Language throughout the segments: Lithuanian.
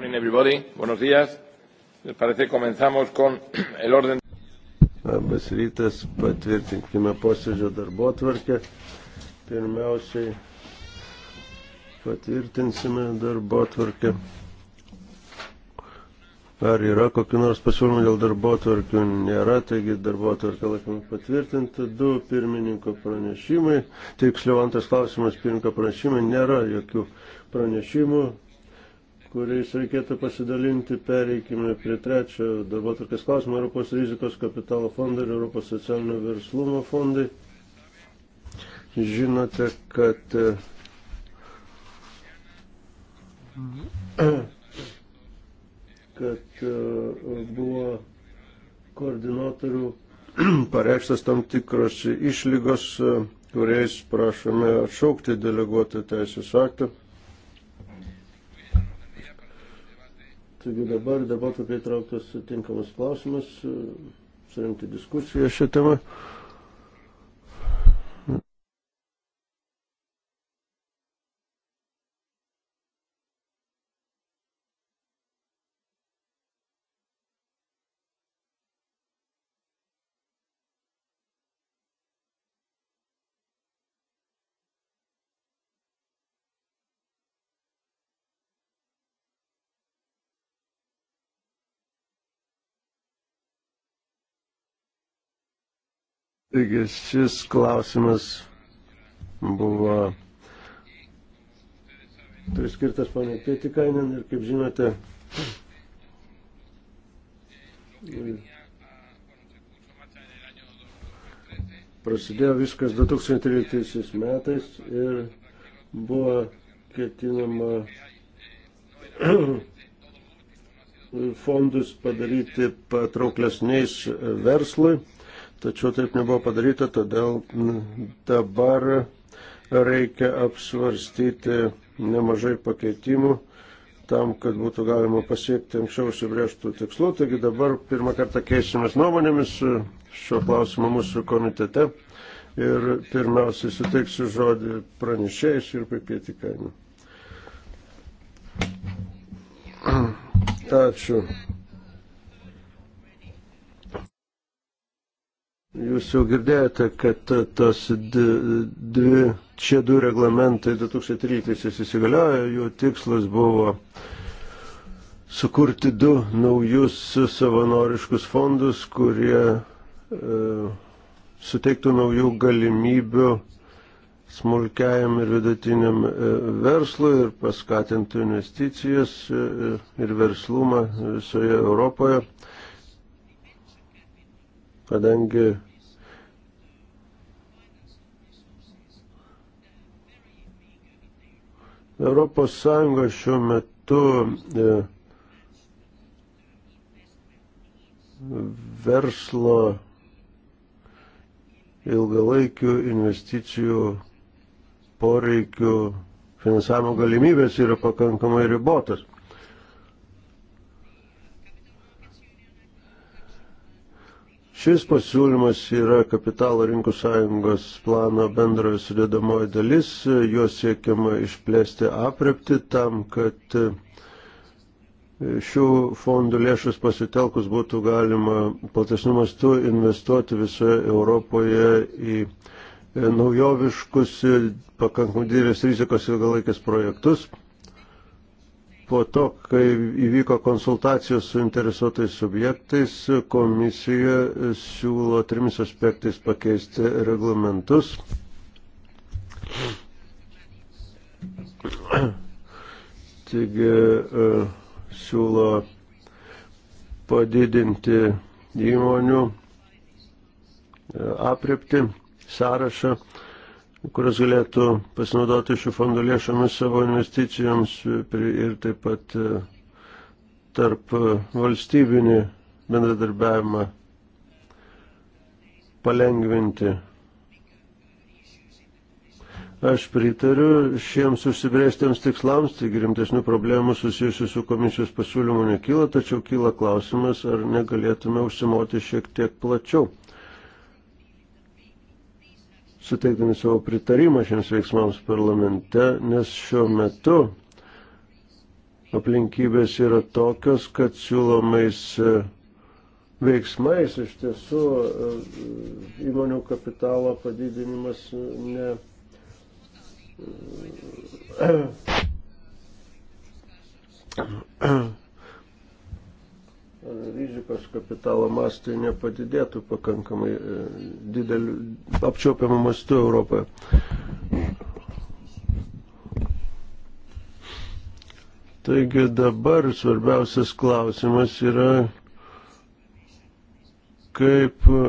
Morning, everybody. Buenos días. Me parece comenzamos con el orden. Labas rytas, patvirtinkime posėdžio darbo tvarkę. Pirmiausiai patvirtinsime darbo tvarkę. Ar yra kokiu nors pasiūlymų dėl darbo tvarkių? Nėra, taigi darbo tvarkė laikom patvirtinti. Du pirmininko pranešimai, tiksliau antras klausimas pirmininko pranešimai, nėra jokių pranešimų, kuriais reikėtų pasidalinti, pereikime prie trečio darbo tokias klausimą Europos rizikos kapitalo fondai ir Europos socialinio verslumo fondai. Žinote, kad kad buvo koordinatorių pareikštas tam tikros išlygos, kuriais prašome atšaukti deleguotą teisės aktą. Taigi dabar dabar apie įtrauktas tinkamas klausimas, e, surinkti diskusiją šią temą. Taigi šis klausimas buvo priskirtas panai Pietikainen ir kaip žinote, prasidėjo viskas 2013 metais ir buvo ketinama fondus padaryti patrauklesniais verslui tačiau taip nebuvo padaryta, todėl dabar reikia apsvarstyti nemažai pakeitimų tam, kad būtų galima pasiekti anksčiau užsibrėžtų tikslų. Taigi dabar pirmą kartą keisimės nuomonėmis šiuo klausimu mūsų komitete ir pirmiausiai suteiksiu žodį pranešėjus ir papėti kainą. Ačiū. Jūs jau girdėjote, kad tos dvi, šie du reglamentai 2013 įsigaliojo, jų tikslas buvo sukurti du naujus savanoriškus fondus, kurie e, suteiktų naujų galimybių smulkiajam ir vidutiniam e, verslui ir paskatintų investicijas e, ir verslumą visoje Europoje kadangi Europos Sąjunga šiuo metu e, verslo ilgalaikių investicijų poreikių finansavimo galimybės yra pakankamai ribotas. Šis pasiūlymas yra kapitalo rinkų sąjungos plano bendrojo sudėdamoji dalis, juos siekiama išplėsti aprepti tam, kad e, šių fondų lėšus pasitelkus būtų galima platesnių mastų investuoti visoje Europoje į e, naujoviškus, e, pakankamai didelės rizikos ilgalaikės projektus. Po to, kai įvyko konsultacijos su interesuotais subjektais, komisija siūlo trimis aspektais pakeisti reglamentus. Taigi e, siūlo padidinti įmonių e, aprepti sąrašą kurios galėtų pasinaudoti šių fondų lėšomis savo investicijoms ir taip pat e, tarp valstybinį bendradarbiavimą palengvinti. Aš pritariu šiems užsibrėžtiems tikslams, taigi rimtesnių problemų susijusių su komisijos pasiūlymu nekyla, tačiau kyla klausimas, ar negalėtume užsimoti šiek tiek plačiau suteikdami savo pritarimą šiems veiksmams parlamente, nes šiuo metu aplinkybės yra tokios, kad siūlomais e, veiksmais iš tiesų e, įmonių kapitalo padidinimas ne. E, rizikos kapitalo mastai nepadidėtų pakankamai e, dideliu apčiopiamu mastu Europoje. Taigi dabar svarbiausias klausimas yra, kaip e,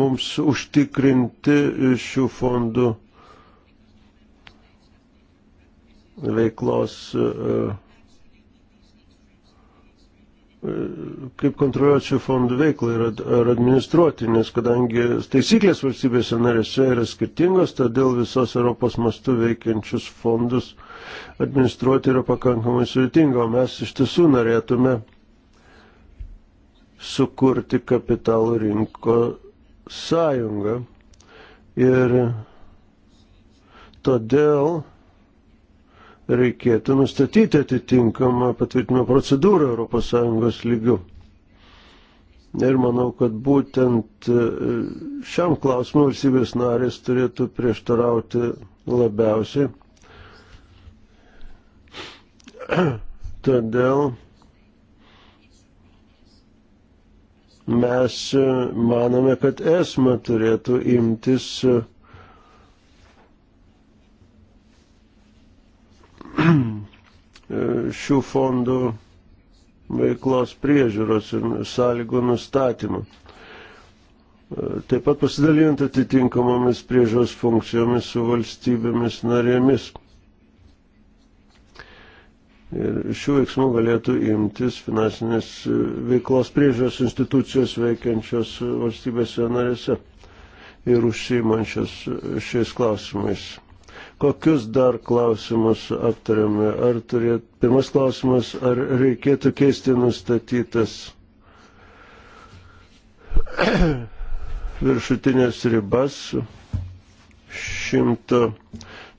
mums užtikrinti šių fondų veiklos uh, kaip kontroliuoti šių fondų veiklą ir, ar administruoti, nes kadangi taisyklės valstybėse narėse yra skirtingos, todėl visos Europos mastu veikiančius fondus administruoti yra pakankamai sudėtinga, o mes iš tiesų norėtume sukurti kapitalų rinko sąjungą ir todėl reikėtų nustatyti atitinkamą patvirtinimo procedūrą ES lygių. Ir manau, kad būtent e, šiam klausimui valstybės narės turėtų prieštarauti labiausiai. Todėl mes e, manome, kad esma turėtų imtis uh, E, šių fondų veiklos priežiūros ir sąlygų nustatymą. E, taip pat pasidalinti atitinkamomis priežiūros funkcijomis su valstybėmis narėmis. Ir šių veiksmų galėtų imtis finansinės veiklos priežiūros institucijos veikiančios valstybėse narėse ir užsiimančios šiais klausimais. Kokius dar klausimus aptariame? Ar turėt, pirmas klausimas, ar reikėtų keisti nustatytas viršutinės ribas 100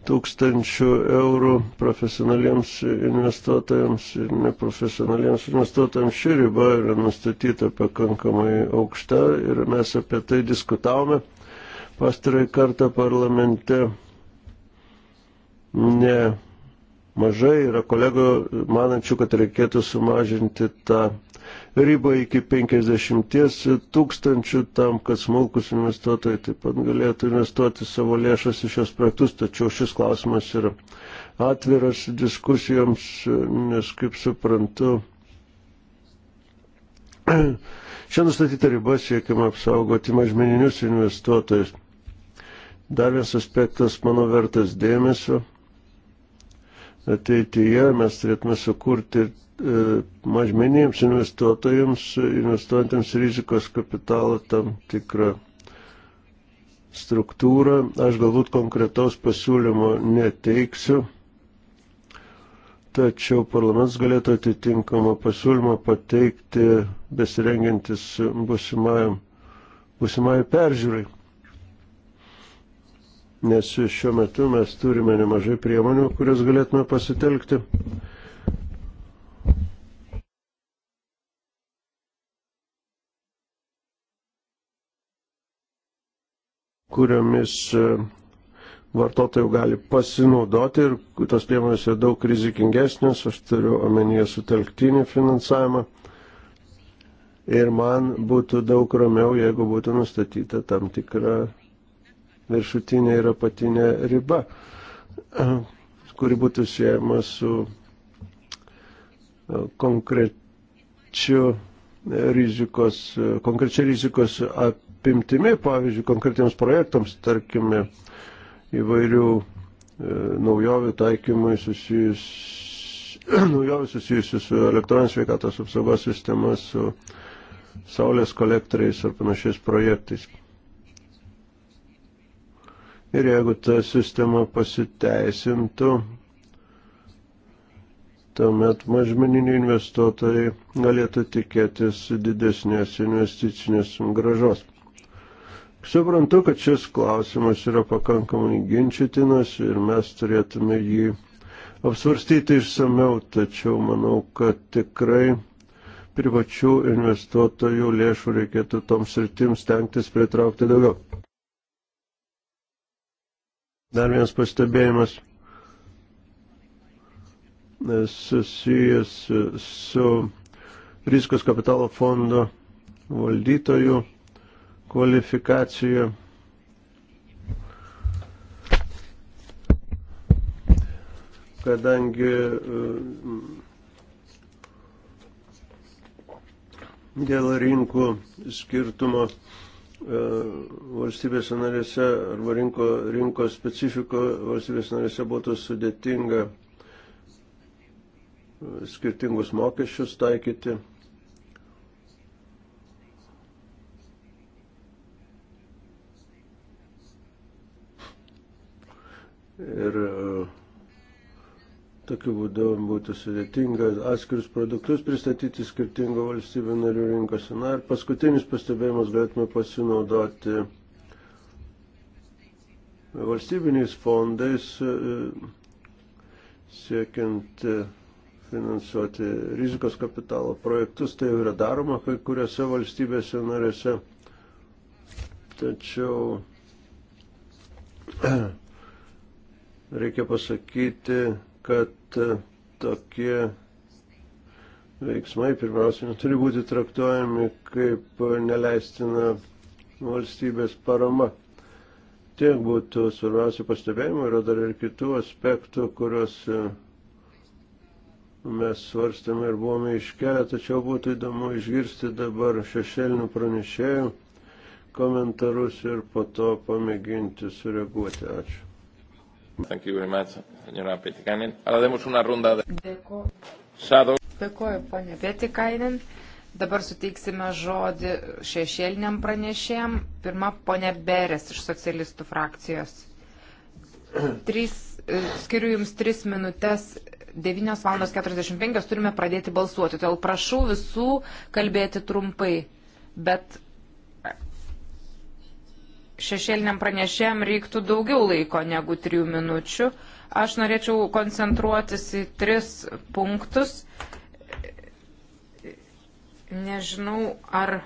tūkstančių eurų profesionaliems investuotojams ir neprofesionaliems investuotojams ši riba yra nustatyta pakankamai aukšta ir mes apie tai diskutavome pastarai kartą parlamente ne mažai yra kolegų manančių, kad reikėtų sumažinti tą ribą iki 50 tūkstančių tam, kad smulkus investuotojai taip pat galėtų investuoti savo lėšas į šios projektus, tačiau šis klausimas yra atviras diskusijoms, nes kaip suprantu, šiandien nustatyta riba siekiama apsaugoti mažmeninius investuotojus. Dar vienas aspektas, mano vertas dėmesio, ateityje mes turėtume sukurti e, mažmeniniams investuotojams, investuojantiems rizikos kapitalą tam tikrą struktūrą. Aš galbūt konkretaus pasiūlymo neteiksiu, tačiau parlamentas galėtų atitinkamą pasiūlymą pateikti besirengiantis busimai peržiūrai nes šiuo metu mes turime nemažai priemonių, kurias galėtume pasitelkti. kuriomis e, vartotojų gali pasinaudoti ir tos priemonės yra daug rizikingesnės, aš turiu omenyje sutelktinį finansavimą ir man būtų daug ramiau, jeigu būtų nustatyta tam tikra viršutinė ir apatinė riba, kuri būtų siejama su e, konkrečiu rizikos, e, konkrečia rizikos apimtimi, pavyzdžiui, konkretiems projektams, tarkime, įvairių e, naujovių taikymui susijus, naujovių susijusių su elektroninės sveikatos apsaugos sistema, su saulės kolektoriais ar panašiais projektais. Ir jeigu ta sistema pasiteisintų, tuomet mažmeniniai investuotojai galėtų tikėtis didesnės investicinės gražos. Suprantu, kad šis klausimas yra pakankamai ginčytinas ir mes turėtume jį apsvarstyti išsameu, tačiau manau, kad tikrai privačių investuotojų lėšų reikėtų toms sritims tenktis pritraukti daugiau. Dar vienas pastebėjimas e, susijęs su rizikos kapitalo fondo valdytojų kvalifikacija. Kadangi e, dėl rinkų skirtumo E, valstybės narėse arba rinko, rinkos specifiko valstybės narėse būtų sudėtinga e, skirtingus mokesčius taikyti. Ir uh, Tokiu būdu būtų sudėtinga atskirius produktus pristatyti skirtingo valstybių narių rinkose. Na ir paskutinis pastebėjimas galėtume pasinaudoti valstybiniais fondais e, siekiant e, finansuoti rizikos kapitalo projektus. Tai jau yra daroma kai kuriuose valstybėse narėse. Tačiau e, reikia pasakyti, kad e, tokie veiksmai pirmiausia neturi būti traktuojami kaip neleistina valstybės parama. Tiek būtų svarbiausia pastebėjimų, yra dar ir kitų aspektų, kuriuos e, mes svarstame ir buvome iškelę, tačiau būtų įdomu išgirsti dabar šešėlinių pranešėjų komentarus ir po to pamėginti sureaguoti. Ačiū. Dėkuoju, ponė Pietikainin. Dabar suteiksime žodį šešėliniam pranešėjam. Pirma, ponė Beres iš socialistų frakcijos. Trys, e, skiriu Jums tris minutės 9 val. 45 turime pradėti balsuoti. Todėl prašau visų kalbėti trumpai. Bet šešėliniam pranešėjam reiktų daugiau laiko negu trijų minučių. Aš norėčiau koncentruotis į tris punktus. Nežinau, ar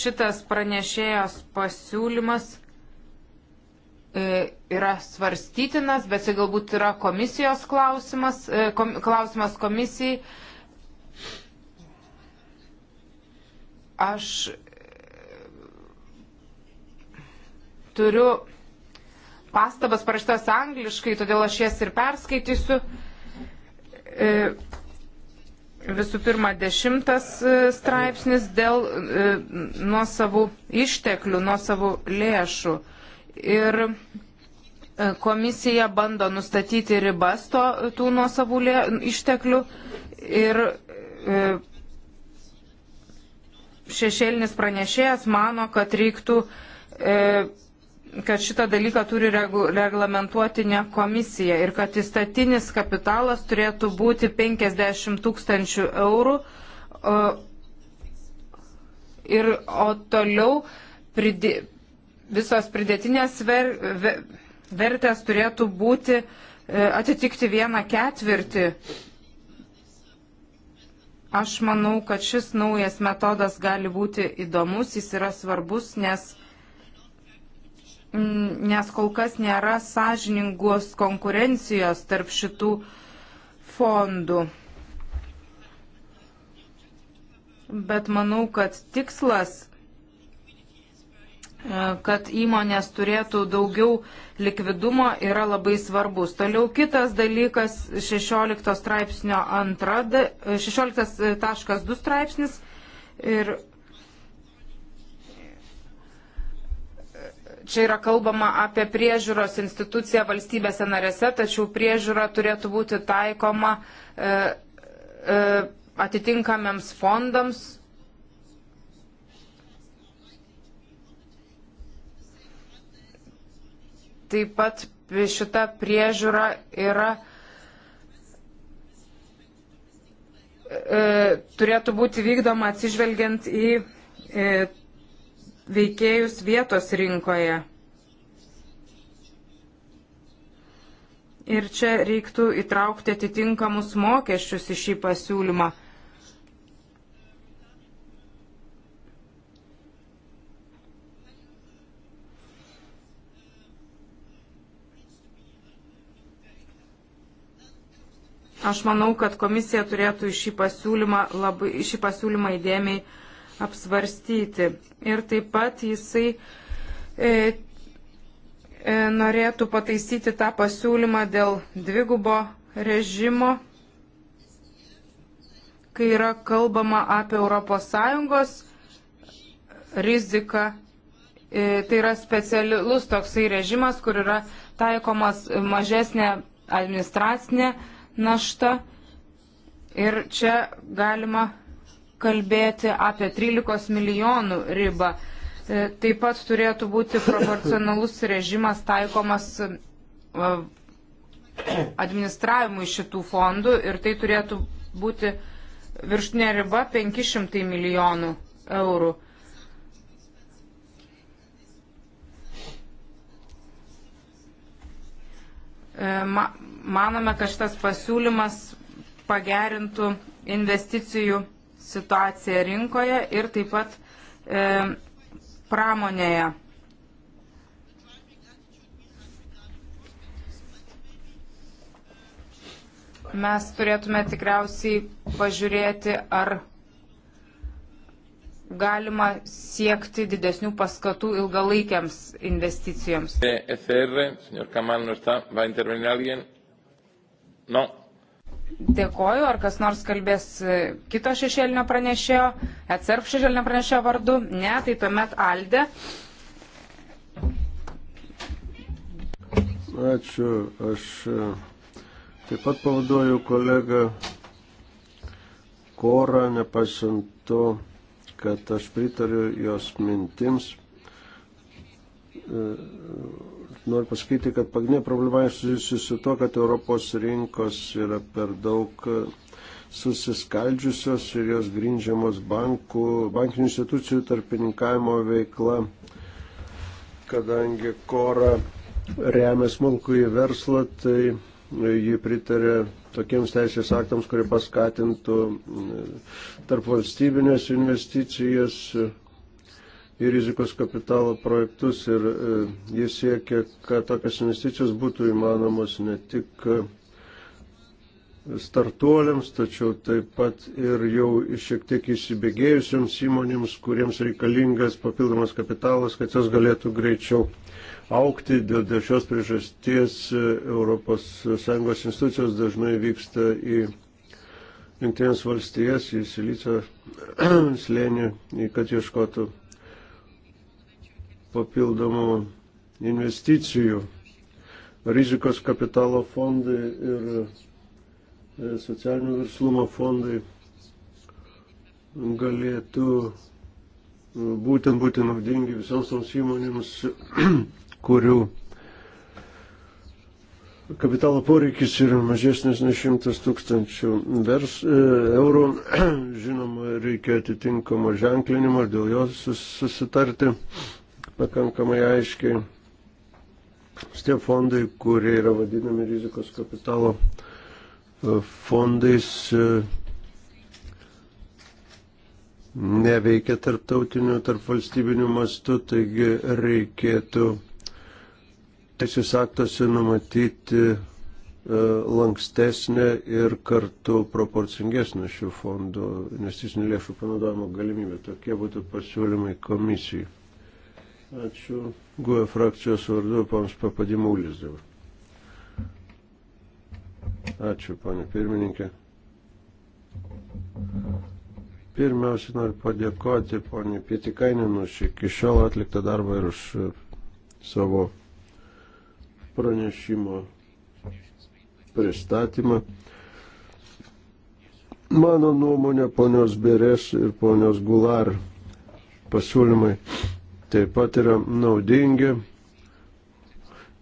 šitas pranešėjos pasiūlymas e, yra svarstytinas, bet tai galbūt yra komisijos klausimas, e, kom, klausimas komisijai Aš turiu pastabas paraštas angliškai, todėl aš jas ir perskaitysiu. E, visų pirma, dešimtas e, straipsnis dėl e, nuo savų išteklių, nuo savų lėšų. Ir komisija bando nustatyti ribas to, tų nuo savų lė, išteklių ir šešėlinis pranešėjas mano, kad reiktų, e, kad šitą dalyką turi reglamentuoti ne komisija ir kad įstatinis kapitalas turėtų būti 50 tūkstančių eurų. Ir, o toliau pridė, visos pridėtinės ver, ver, vertės turėtų būti e, atitikti vieną ketvirtį Aš manau, kad šis naujas metodas gali būti įdomus, jis yra svarbus, nes, mm, nes kol kas nėra sąžiningos konkurencijos tarp šitų fondų. Bet manau, kad tikslas E, kad įmonės turėtų daugiau likvidumo yra labai svarbus. Toliau kitas dalykas 16 straipsnio 16.2 e, e, straipsnis ir čia yra kalbama apie priežiūros instituciją valstybėse narėse, tačiau priežiūra turėtų būti taikoma e, e, atitinkamiems fondams Taip pat šita priežiūra yra. E, turėtų būti vykdoma atsižvelgiant į e, veikėjus vietos rinkoje. Ir čia reiktų įtraukti atitinkamus mokesčius į šį pasiūlymą. Aš manau, kad komisija turėtų šį pasiūlymą, labai, šį pasiūlymą įdėmiai apsvarstyti. Ir taip pat jisai e, e, norėtų pataisyti tą pasiūlymą dėl dvigubo režimo, kai yra kalbama apie ES riziką. E, tai yra specialus toksai režimas, kur yra taikomas mažesnė administracinė našta. Ir čia galima kalbėti apie 13 milijonų ribą. E, taip pat turėtų būti proporcionalus režimas taikomas e, administravimui šitų fondų ir tai turėtų būti virštinė riba 500 milijonų eurų. E, ma, manome, kad šitas pasiūlymas pagerintų investicijų situaciją rinkoje ir taip pat e, pramonėje. Mes turėtume tikriausiai pažiūrėti, ar galima siekti didesnių paskatų ilgalaikiams investicijoms. ECR, No. Dėkoju, ar kas nors kalbės kito šešėlinio pranešėjo, atsarp šešėlinio pranešėjo vardu, ne, tai tuomet Alde. Ačiū, aš e, taip pat pavaduoju kolegą Korą, nepaisant to, kad aš pritariu jos mintims e, noriu pasakyti, kad pagrindinė problema susijusi su to, kad Europos rinkos yra per daug e, susiskaldžiusios ir jos grindžiamos bankų, bankinių institucijų tarpininkavimo veikla, kadangi kora remia smulkųjį verslą, tai jį pritarė tokiems teisės aktams, kurie paskatintų e, tarp valstybinės investicijas į rizikos kapitalo projektus ir e, jis siekia, kad tokias investicijos būtų įmanomos ne tik e, startuoliams, tačiau taip pat ir jau šiek tiek įsibėgėjusiams įmonėms, kuriems reikalingas papildomas kapitalas, kad jos galėtų greičiau aukti. Dėl, dėl šios priežasties ES institucijos dažnai vyksta į Junktinės valstijas, į Silicio slėnį, kad ieškotų papildomų investicijų. Rizikos kapitalo fondai ir e, socialinio verslumo fondai galėtų e, būtent būti naudingi visoms toms įmonėms, kurių kapitalo poreikis yra mažesnis nei 100 tūkstančių vers, e, eurų. Žinoma, reikia atitinkamo ženklinimo ir dėl jo susitarti pakankamai aiškiai. Tie fondai, kurie yra vadinami rizikos kapitalo e, fondais, e, neveikia tarptautiniu, tarp valstybiniu mastu, taigi reikėtų teisės aktuose numatyti e, lankstesnė ir kartu proporcingesnė šių fondų investicinių lėšų panaudojimo galimybė. Tokie būtų pasiūlymai komisijai. Ačiū. Guoja frakcijos vardu, pams papadimulis dabar. Ačiū, panė pirmininkė. Pirmiausia, noriu padėkoti ponė Pietikainin už iki šiol atliktą darbą ir už e, savo pranešimo pristatymą. Mano nuomonė, ponios Berės ir ponios Gular pasiūlymai taip pat yra naudingi.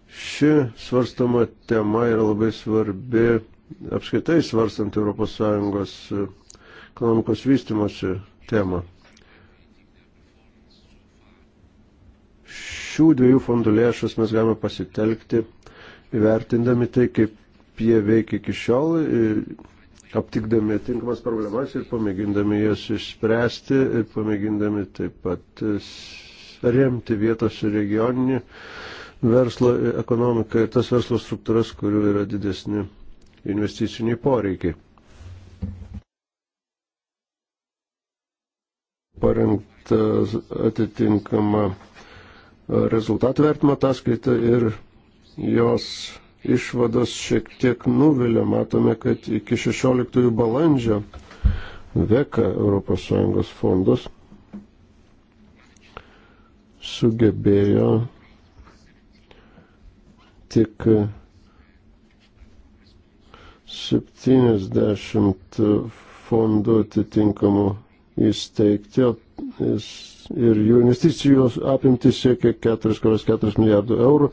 Ši svarstama tema yra labai svarbi apskaitai svarstant ES e, ekonomikos vystimosi temą. Šių dviejų fondų lėšas mes galime pasitelkti, įvertindami tai, kaip jie veikia iki šiol, e, aptikdami tinkamas problemas ir pamėgindami jas išspręsti ir pamėgindami taip pat remti vietos ir regioninį verslo ekonomiką ir tas verslo struktūras, kurių yra didesni investiciniai poreikiai. Parengta atitinkama rezultatų vertimo ataskaita ir jos išvados šiek tiek nuvilia. Matome, kad iki 16 balandžio veka ES fondus sugebėjo tik 70 fondų atitinkamų įsteigti ir jų investicijų apimtis siekia 4,4 milijardų eurų,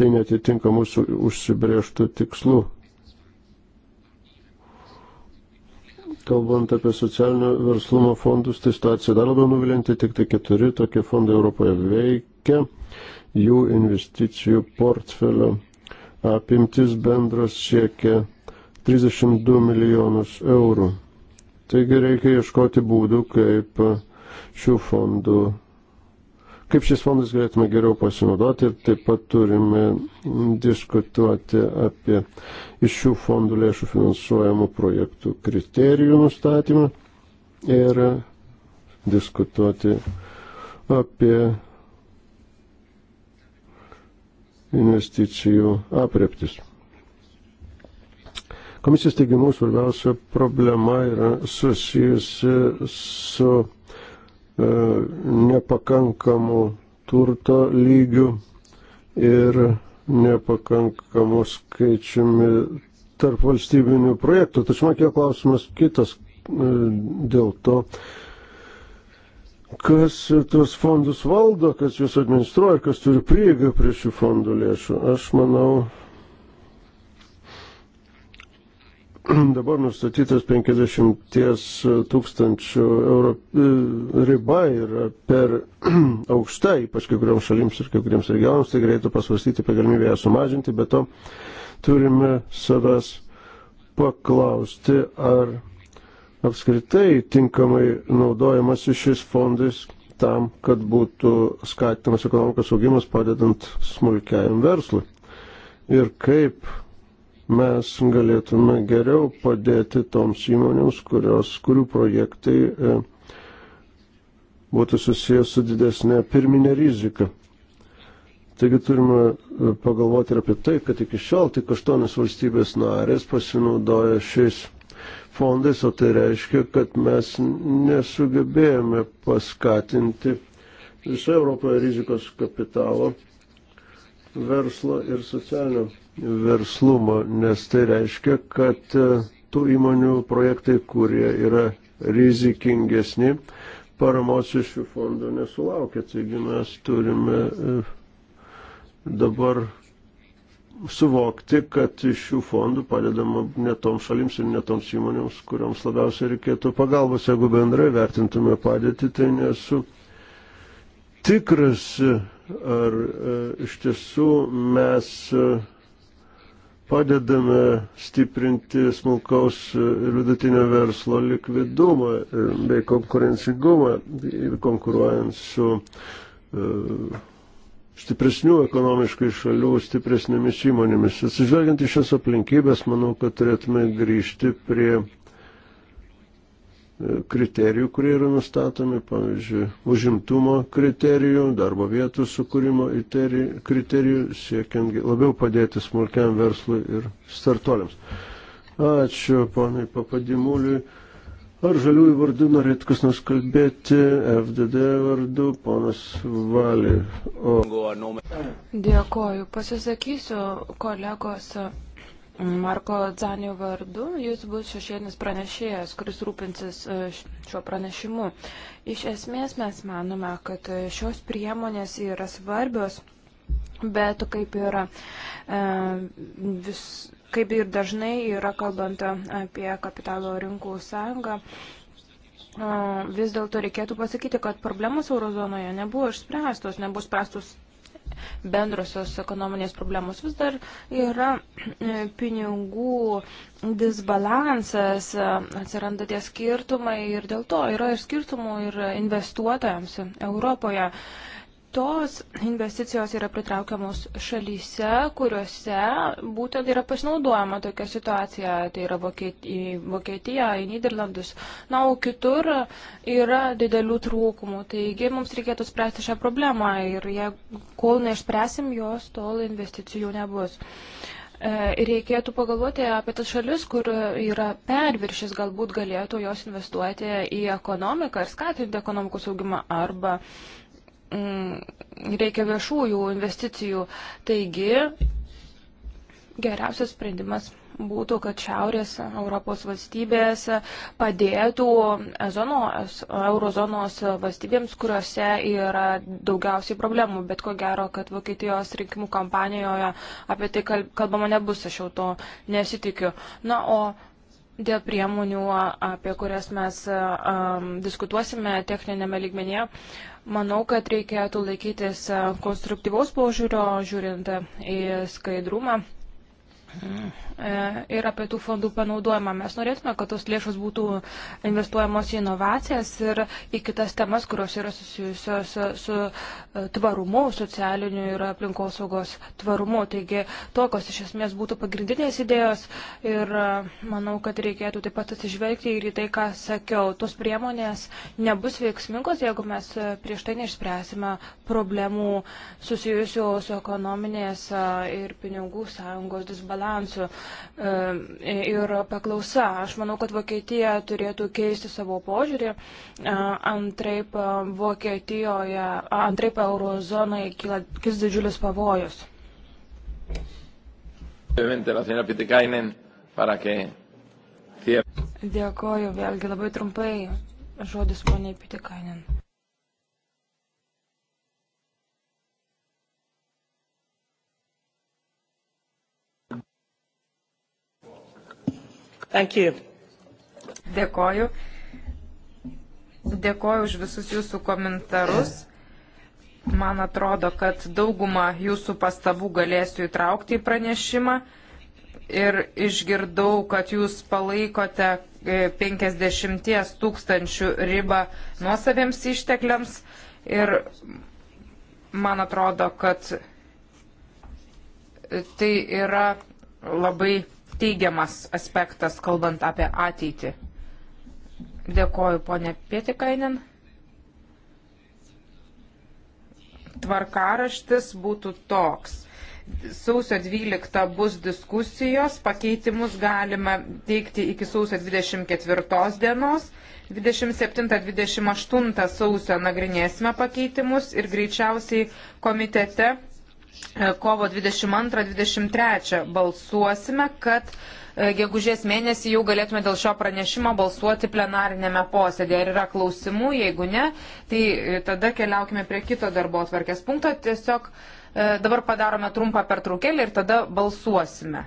tai netitinka mūsų užsibrėžtų tikslų. Kalbant apie socialinio verslumo fondus, tai situacija dar labiau nuvilinti, tik tai keturi tokie fondai Europoje veikia, jų investicijų portfelio apimtis bendras siekia 32 milijonus eurų. Taigi reikia ieškoti būdų, kaip šių fondų kaip šis fondas galėtume geriau pasinaudoti ir taip pat turime diskutuoti apie iš šių fondų lėšų finansuojamų projektų kriterijų nustatymą ir diskutuoti apie investicijų apreptis. Komisijos teigimu svarbiausia problema yra susijusi su E, nepakankamų turto lygių ir nepakankamų skaičiumi tarp valstybinių projektų. Tačiau man kiek klausimas kitas e, dėl to, kas tuos fondus valdo, kas juos administruoja, kas turi prieigą prie šių fondų lėšų. Aš manau, dabar nustatytas 50 tūkstančių euro e, riba yra per aukšta, ypač kai kuriams šalims ir kai kuriems regionams, tai reikėtų pasvarstyti apie galimybę ją sumažinti, bet to turime savęs paklausti, ar apskritai tinkamai naudojamasi šis fondais tam, kad būtų skatinamas ekonomikos augimas padedant smulkiajam verslui. Ir kaip mes galėtume geriau padėti toms įmonėms, kurios, kurių projektai e, būtų susijęs su didesnė pirminė rizika. Taigi turime e, pagalvoti ir apie tai, kad iki šiol tik aštuonis valstybės narės pasinaudoja šiais fondais, o tai reiškia, kad mes nesugebėjome paskatinti visoje Europoje rizikos kapitalo verslo ir socialinio verslumo, nes tai reiškia, kad e, tų įmonių projektai, kurie yra rizikingesni, paramos iš šių fondų nesulaukia. Taigi mes turime e, dabar suvokti, kad iš šių fondų padedama netoms šalims ir netoms įmonėms, kuriams labiausiai reikėtų pagalbos. Jeigu bendrai vertintume padėtį, tai nesu tikras ar e, iš tiesų mes e, padedame stiprinti smulkaus ir vidutinio verslo likvidumą bei konkurencingumą, konkuruojant su e, stipresnių ekonomiškai šalių, stipresnėmis įmonėmis. Atsižvelgiant į šias aplinkybės, manau, kad turėtume grįžti prie kriterijų, kurie yra nustatomi, pavyzdžiui, užimtumo kriterijų, darbo vietų sukūrimo kriterijų, siekiant labiau padėti smulkiam verslui ir startoliams. Ačiū, ponai Papadimuliui. Ar žaliųjų vardų norėtų kas nors kalbėti? FDD vardu, ponas Valė. O... Dėkoju. Pasisakysiu kolegos Marko Dzanio vardu. Jis bus šešėlinis pranešėjas, kuris rūpinsis e, šiuo pranešimu. Iš esmės mes manome, kad e, šios priemonės yra svarbios, bet kaip ir, e, vis, kaip ir dažnai yra kalbant apie kapitalo rinkų sąjungą, Vis dėlto reikėtų pasakyti, kad problemos eurozonoje nebuvo išspręstos, nebuvo spręstos bendrosios ekonominės problemos. Vis dar yra e, pinigų disbalansas, e, atsiranda tie skirtumai ir dėl to yra ir skirtumų ir investuotojams Europoje tos investicijos yra pritraukiamos šalyse, kuriuose būtent yra pasinaudojama tokia situacija, tai yra Vokietija, Vokietija į Niderlandus. Na, o kitur yra didelių trūkumų, taigi mums reikėtų spręsti šią problemą ir je, kol neišspręsim jos, tol investicijų nebus. E, reikėtų pagalvoti apie tas šalis, kur yra perviršis, galbūt galėtų jos investuoti į ekonomiką ir skatinti ekonomikos augimą arba uh, Mm, reikia viešųjų investicijų. Taigi, geriausias sprendimas būtų, kad Šiaurės Europos valstybės padėtų zonos, eurozonos valstybėms, kuriuose yra daugiausiai problemų, bet ko gero, kad Vokietijos rinkimų kampanijoje apie tai kalbama nebus, aš jau to nesitikiu. Na, o dėl priemonių, apie kurias mes um, diskutuosime techninėme lygmenyje, manau, kad reikėtų laikytis konstruktyvaus požiūrio, žiūrint į skaidrumą E, ir apie tų fondų panaudojimą. Mes norėtume, kad tos lėšos būtų investuojamos į inovacijas ir į kitas temas, kurios yra susijusios su e, tvarumu, socialiniu ir aplinkosaugos tvarumu. Taigi tokios iš esmės būtų pagrindinės idėjos ir e, manau, kad reikėtų taip pat atsižvelgti ir į tai, ką sakiau. Tos priemonės nebus veiksmingos, jeigu mes prieš tai neišspręsime problemų susijusių su ekonominės ir pinigų sąjungos disbalansu disbalansu e, ir paklausa. Aš manau, kad Vokietija turėtų keisti savo požiūrį. E, antraip Vokietijoje, antraip eurozonai kils didžiulis pavojus. Dėkoju vėlgi labai trumpai. Žodis poniai Pitikainen. Dėkoju. Dėkoju už visus jūsų komentarus. Man atrodo, kad daugumą jūsų pastabų galėsiu įtraukti į pranešimą. Ir išgirdau, kad jūs palaikote 50 e, tūkstančių ribą nuosaviems ištekliams. Ir man atrodo, kad tai yra labai teigiamas aspektas, kalbant apie ateitį. Dėkoju, ponė Pietikainen. Tvarkaraštis būtų toks. Sausio 12 bus diskusijos, pakeitimus galima teikti iki sausio 24 dienos. 27-28 sausio nagrinėsime pakeitimus ir greičiausiai komitete E, kovo 22-23 balsuosime, kad e, gegužės mėnesį jau galėtume dėl šio pranešimo balsuoti plenarinėme posėdėje. Ar yra klausimų? Jeigu ne, tai e, tada keliaukime prie kito darbo atvarkės punkto. Tiesiog dabar padarome trumpą pertraukėlį ir tada balsuosime.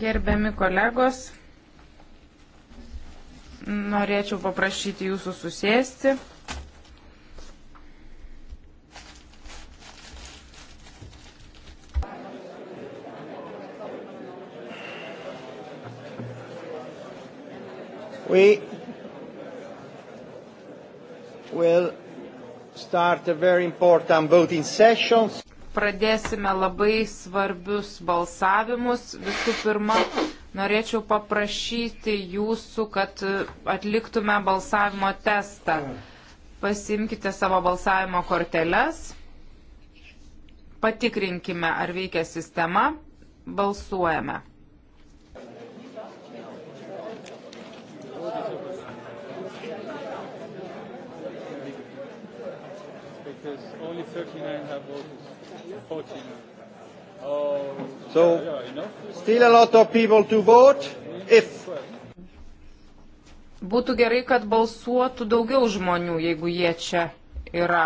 Gerbiami kolegos, norėčiau paprašyti jūsų susėsti. We will start a very important voting sessions pradėsime labai svarbius balsavimus. Visų pirma, norėčiau paprašyti jūsų, kad atliktume balsavimo testą. Pasimkite savo balsavimo korteles, patikrinkime, ar veikia sistema, balsuojame. because only 39 have voted. 14. Oh, so, still a lot of people to vote if. Būtų gerai, kad balsuotų daugiau žmonių, jeigu jie čia yra.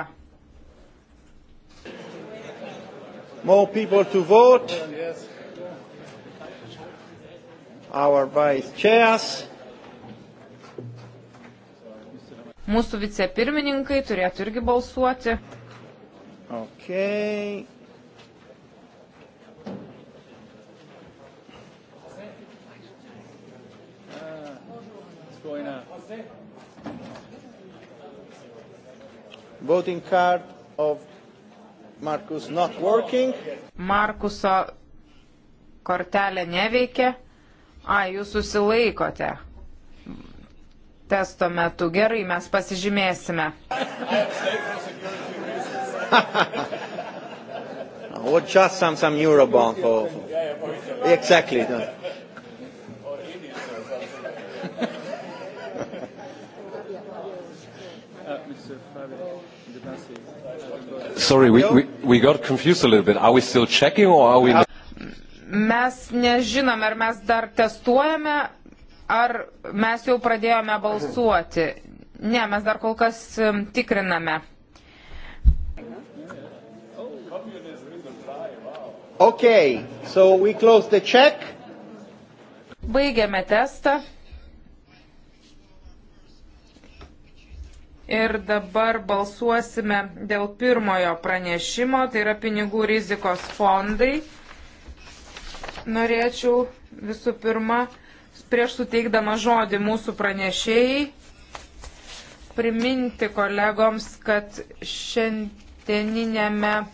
More people to vote. Our vice chairs. Mūsų vicepirmininkai turėtų irgi balsuoti. Okay. Voting card of Markus not working. Markuso kortelė neveikia. A, jūs susilaikote. Testo metu gerai, mes pasižymėsime. What just some some Eurobond for? Exactly. No. Sorry, we, we, we got confused a little bit. Are we still checking or are we not? Mes nežinom, ar mes dar testuojame, ar mes jau pradėjome balsuoti. Ne, mes dar kol kas um, tikriname. Okay, so we close the check. Baigiame testą. Ir dabar balsuosime dėl pirmojo pranešimo, tai yra pinigų rizikos fondai. Norėčiau visų pirma, prieš suteikdama žodį mūsų pranešėjai, priminti kolegoms, kad šiandieninėme e,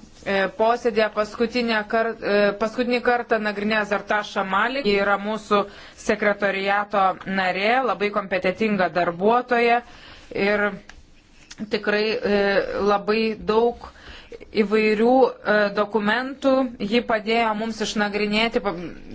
posėdėje paskutinį, kar, e, paskutinį kartą nagrinė Zartaša Malik. Ji yra mūsų sekretoriato narė, labai kompetitinga darbuotoja. Ir tikrai e, labai daug įvairių e, dokumentų. Ji padėjo mums išnagrinėti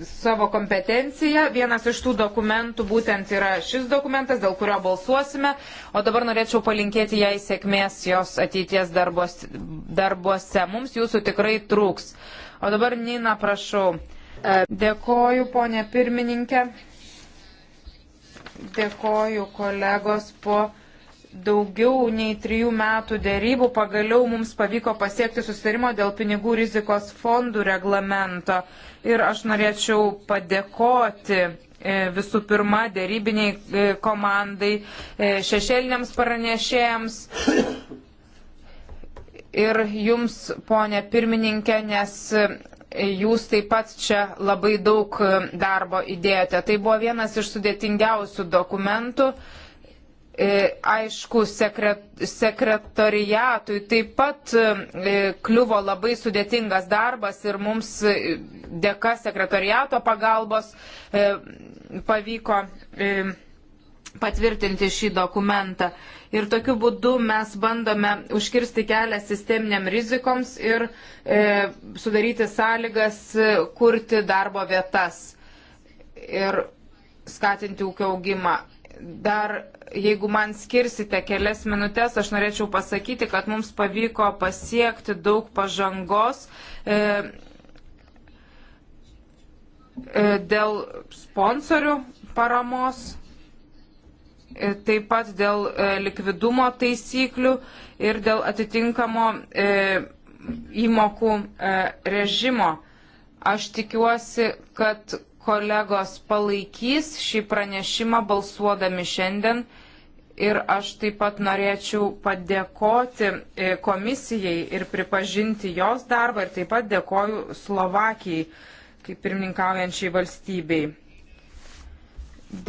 savo kompetenciją. Vienas iš tų dokumentų būtent yra šis dokumentas, dėl kurio balsuosime. O dabar norėčiau palinkėti jai sėkmės jos ateities darbos, darbuose. Mums jūsų tikrai trūks. O dabar Nina, prašau. Dėkoju, ponė pirmininkė. Dėkoju, kolegos, po. Po daugiau nei trijų metų dėrybų pagaliau mums pavyko pasiekti susitarimo dėl pinigų rizikos fondų reglamento. Ir aš norėčiau padėkoti e, visų pirma dėrybiniai e, komandai, e, šešėliniams paranešėjams ir jums, ponė pirmininkė, nes jūs taip pat čia labai daug darbo įdėjote. Tai buvo vienas iš sudėtingiausių dokumentų. E, aišku, sekret, sekretariatui taip pat e, kliuvo labai sudėtingas darbas ir mums e, dėka sekretariato pagalbos pavyko patvirtinti šį dokumentą. Ir tokiu būdu mes bandome užkirsti kelią sisteminiam rizikoms ir e, sudaryti sąlygas kurti darbo vietas ir skatinti ūkio augimą. Dar jeigu man skirsite kelias minutės, aš norėčiau pasakyti, kad mums pavyko pasiekti daug pažangos e, e dėl sponsorių paramos, e, taip pat dėl e, likvidumo taisyklių ir dėl atitinkamo įmokų režimo. Aš tikiuosi, kad kolegos palaikys šį pranešimą balsuodami šiandien Ir aš taip pat norėčiau padėkoti e, komisijai ir pripažinti jos darbą ir taip pat dėkoju Slovakijai kaip pirmininkaujančiai valstybei.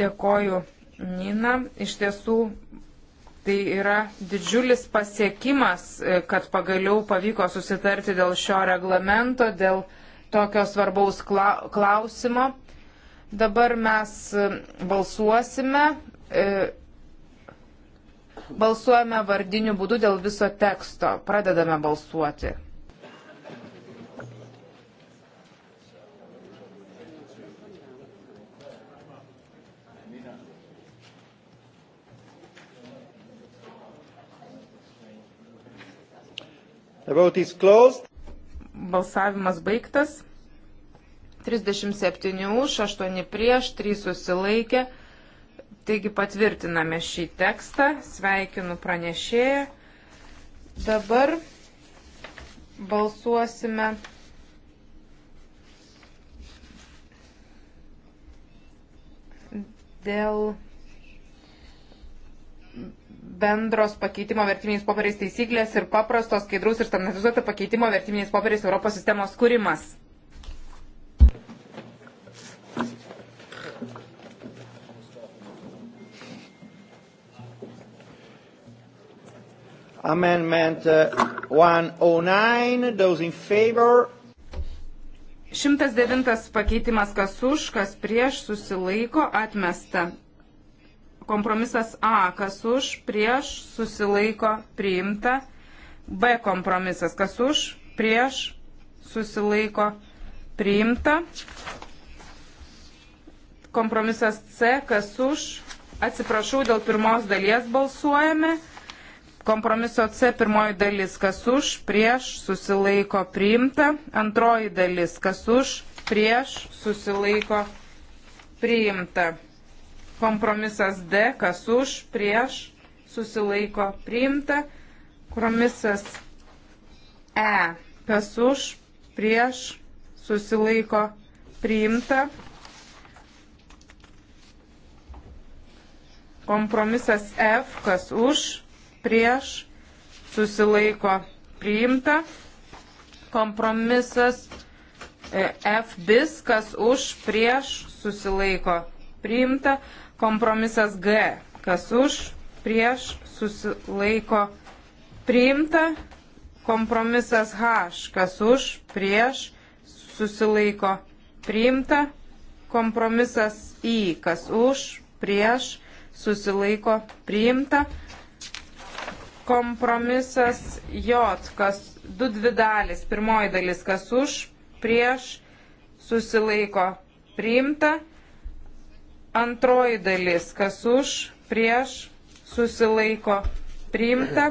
Dėkoju Nina. Iš tiesų tai yra didžiulis pasiekimas, e, kad pagaliau pavyko susitarti dėl šio reglamento, dėl tokio svarbaus klausimo. Dabar mes e, balsuosime Balsuojame vardiniu būdu dėl viso teksto. Pradedame balsuoti. Balsavimas baigtas. 37 už, 8 prieš, 3 susilaikė. Taigi patvirtiname šį tekstą, sveikinu pranešėją. Dabar balsuosime. Dėl bendros pakeitimo vertiminiais popieriais taisyklės ir paprastos, skaidrus ir standartizuoto pakeitimo vertiminiais popieriais Europos sistemos kūrimas. Amendment 109, uh, those in favor. 109 pakeitimas kas už, kas prieš, susilaiko, atmesta. Kompromisas A, kas už, prieš, susilaiko, priimta. B kompromisas, kas už, prieš, susilaiko, priimta. Kompromisas C, kas už, atsiprašau, dėl pirmos dalies balsuojame Kompromiso C pirmoji dalis, kas už, prieš, susilaiko priimta. Antroji dalis, kas už, prieš, susilaiko priimta. Kompromisas D, kas už, prieš, susilaiko priimta. Kompromisas E, kas už, prieš, susilaiko priimta. Kompromisas F, kas už, prieš, susilaiko priimta. Kompromisas e, F bis, kas už, prieš, susilaiko priimta. Kompromisas G, kas už, prieš, susilaiko priimta. Kompromisas H, kas už, prieš, susilaiko priimta. Kompromisas I, kas už, prieš, susilaiko priimta. Kompromisas J, kas du dvi dalis, pirmoji dalis, kas už, prieš, susilaiko, priimta, antroji dalis, kas už, prieš, susilaiko, priimta,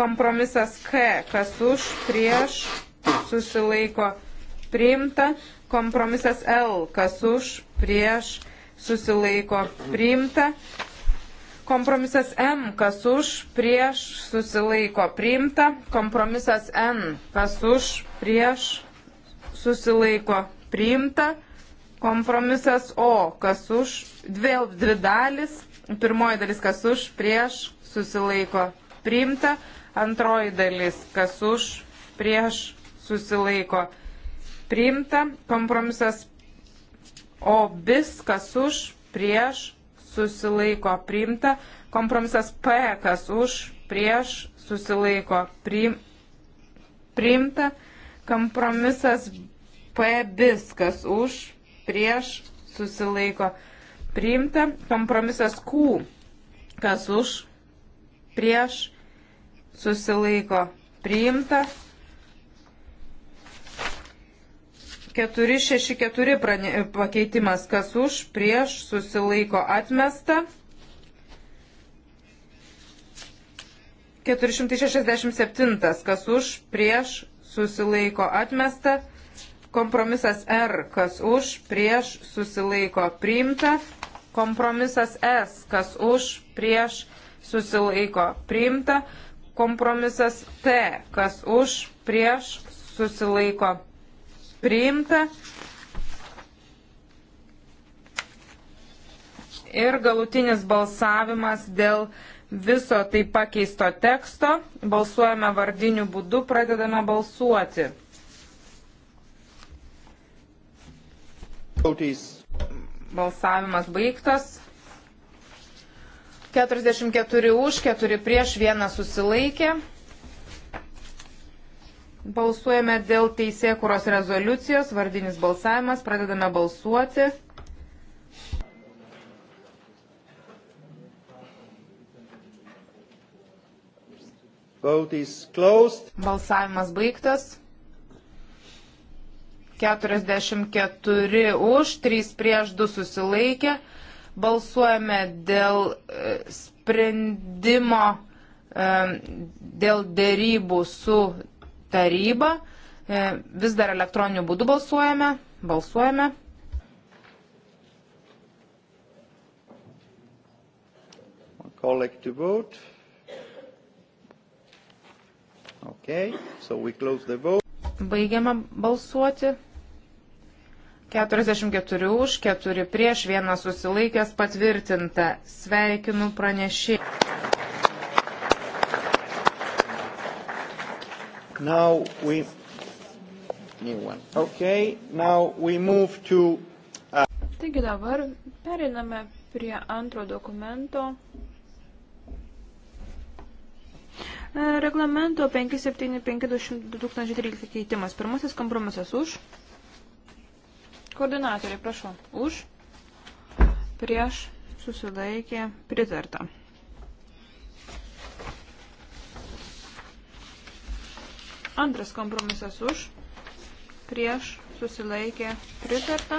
kompromisas K, kas už, prieš, susilaiko, priimta, kompromisas L, kas už, prieš, susilaiko, priimta, Kompromisas M, kas už, prieš, susilaiko priimta. Kompromisas N, kas už, prieš, susilaiko priimta. Kompromisas O, kas už, vėl dvi dalis. Pirmoji dalis, kas už, prieš, susilaiko priimta. Antroji dalis, kas už, prieš, susilaiko priimta. Kompromisas O, bis, kas už, prieš, susilaiko priimta. Kompromisas P, kas už, prieš, susilaiko priim, priimta. Kompromisas P, viskas už, prieš, susilaiko priimta. Kompromisas Q, kas už, prieš, susilaiko priimta. 464 prane, pakeitimas, kas už, prieš, susilaiko atmesta. 467, kas už, prieš, susilaiko atmesta. Kompromisas R, kas už, prieš, susilaiko priimta. Kompromisas S, kas už, prieš, susilaiko priimta. Kompromisas T, kas už, prieš, susilaiko priimta priimta. Ir galutinis balsavimas dėl viso tai pakeisto teksto. Balsuojame vardiniu būdu, pradedame balsuoti. Balsavimas baigtas. 44 už, 4 prieš, 1 susilaikė. Balsuojame dėl teisėkuros rezoliucijos, vardinis balsavimas, pradedame balsuoti. Balsavimas baigtas. 44 už, 3 prieš 2 susilaikė. Balsuojame dėl e, sprendimo, e, dėl dėrybų su taryba. E, vis dar elektroniniu būdu balsuojame. Balsuojame. Collective vote. Okay, so we close the vote. Baigiame balsuoti. 44 už, 4 prieš, vienas susilaikęs patvirtinta. Sveikinu pranešį. Now we new one. Okay, now we move to uh... Taigi dabar periname prie antro dokumento. E, reglamento 575-2013 keitimas. Pirmasis kompromisas už. Koordinatoriai, prašau. Už. Prieš. Susilaikė. Pritarta. Antras kompromisas už, prieš, susilaikė, pritarta.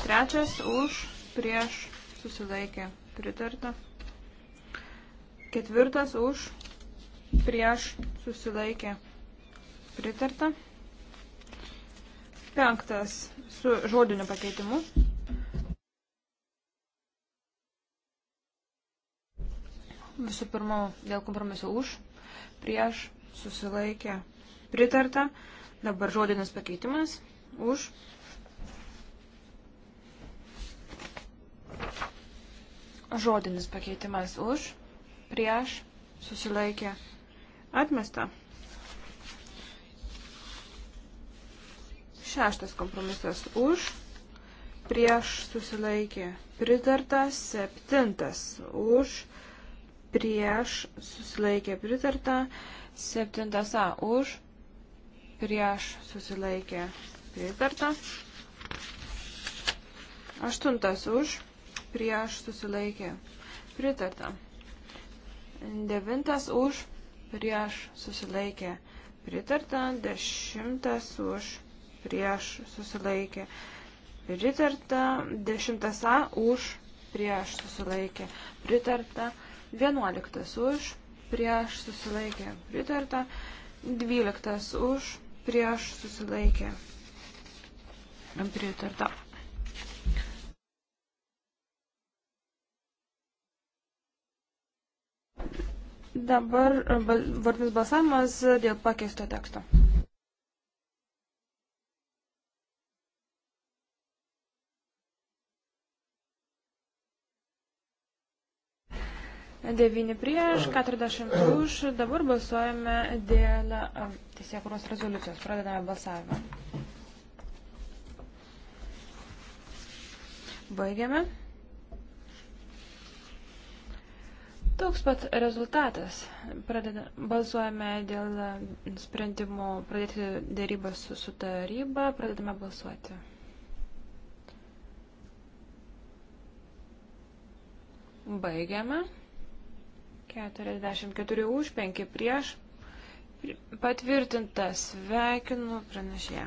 Trečias už, prieš, susilaikė, pritarta. Ketvirtas už, prieš, susilaikė, pritarta. Penktas su žodiniu pakeitimu. Visų pirma, dėl kompromiso už, prieš, susilaikė pritarta. Dabar žodinis pakeitimas už. Žodinis pakeitimas už, prieš, susilaikė, atmesta. Šeštas kompromisas už, prieš, susilaikė, pritarta. Septintas už, prieš, susilaikė, pritarta. Pritarta. Septintas A už, prieš susilaikė pritarta. Aštuntas už, prieš susilaikė pritarta. Devintas už, prieš susilaikė pritarta. Dešimtas už, prieš susilaikė pritarta. Dešimtas A už, prieš susilaikė pritarta. Vienuoliktas už, prieš susilaikė pritarta prieš susilaikė pritarta, 12 už prieš susilaikė pritarta. Dabar vardinis balsavimas dėl pakeisto teksto. 9 prieš, 40 už. Dabar balsuojame dėl teisėkuros rezoliucijos. Pradedame balsavimą. Baigiame. Toks pat rezultatas. Pradeda, balsuojame dėl sprendimo pradėti dėrybą su, su taryba. Pradedame balsuoti. Baigiame. 44 už, 5 prieš. Patvirtintas. Sveikinu pranešėją.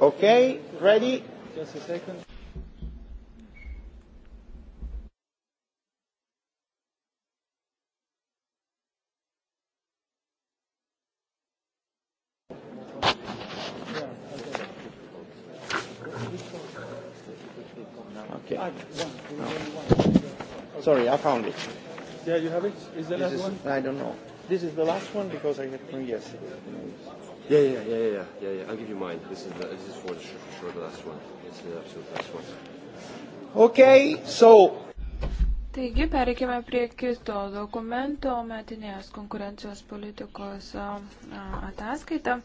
Okay, ready? Just a second. Okay. No. Sorry, I found it. Yeah, you have it? Is the this last is, one? I don't know. This is the last one because I had from yesterday. Yeah, yeah, yeah, yeah, yeah, yeah. I'll give you mine. This is the, this is for sure, for sure the last one. It's the absolute last one. Okay, so. Taigi, pereikime prie kito dokumento metinės konkurencijos politikos ataskaita.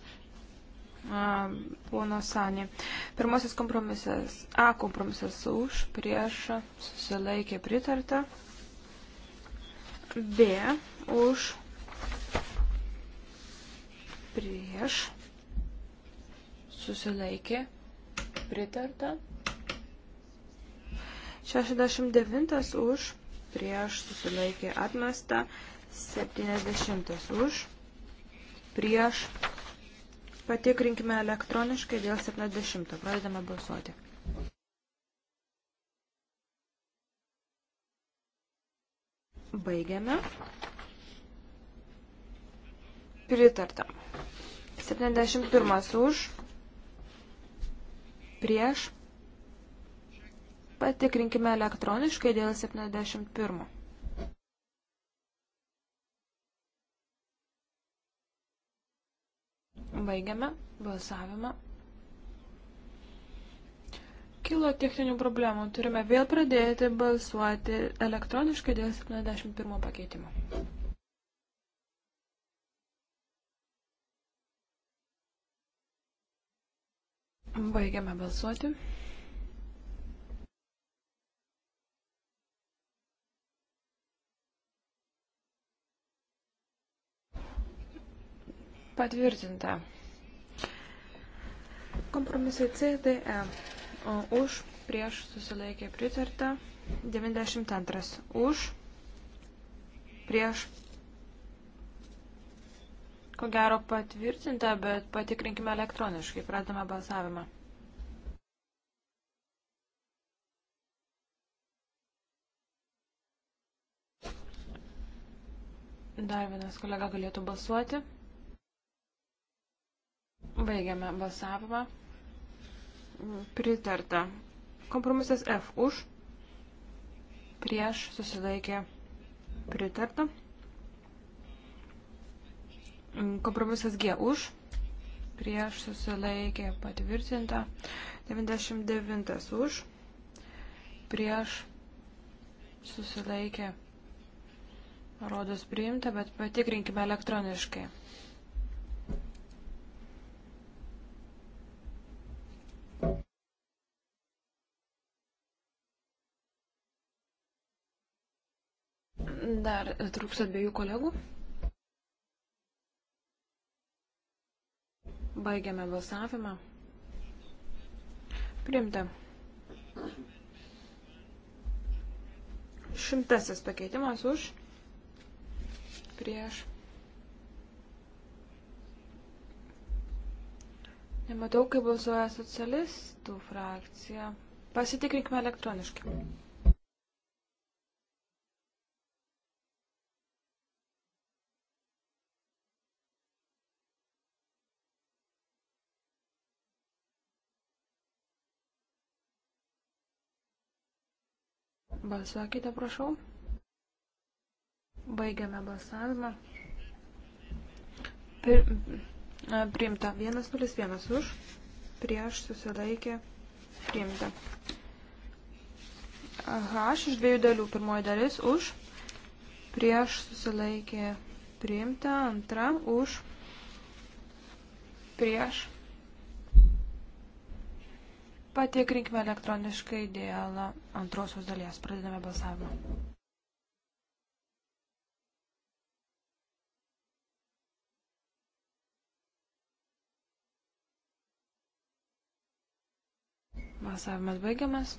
Pono Sanė. Pirmasis kompromisas. A kompromisas už, prieš, susilaikė pritarta. B už, prieš, susilaikė, pritarta. 69 už, prieš, susilaikė, atmesta. 70 už, prieš. Patikrinkime elektroniškai dėl 70. Pradedame balsuoti. Baigiame. Pritarta. 71 už. Prieš. Patikrinkime elektroniškai dėl 71. Baigiame balsavimą. Kilo techninių problemų. Turime vėl pradėti balsuoti elektroniškai dėl 71 pakeitimo. Baigiame balsuoti. Patvirtinta. Kompromisai CDE. Už, prieš susilaikė pritarta. 92. Už, prieš Ko gero patvirtinta, bet patikrinkime elektroniškai. Pradame balsavimą. Dar vienas kolega galėtų balsuoti. Baigiame balsavimą. Pritarta. Kompromisas F už. Prieš susilaikė pritarta. Kompromisas G už, prieš susilaikė patvirtinta. 99 už, prieš susilaikė. Rodos priimta, bet patikrinkime elektroniškai. Dar trūksta dviejų kolegų. Baigiame balsavimą. Priimta. Šimtasis pakeitimas už. Prieš. Nematau, kaip balsuoja socialistų frakcija. Pasitikrinkime elektroniškai. Balsuokite, prašau. Baigiame balsavimą. Pir, priimta 101 už, prieš susilaikė priimta. H iš dviejų dalių. Pirmoji dalis už, prieš susilaikė priimta, antra už, prieš Patikrinkime elektroniškai dėl antrosios dalies. Pradedame balsavimą. Balsavimas baigiamas.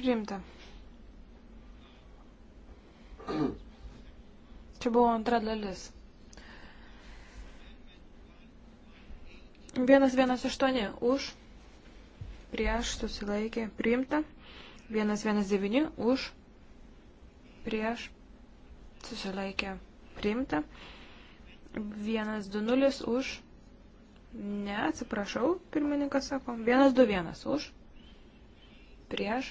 Priimta. Čia buvo antra dalis. 118 už, prieš susilaikė priimta, 119 už, prieš susilaikė priimta, 120 už, ne, atsiprašau, pirmininkas sako, 121 už, prieš,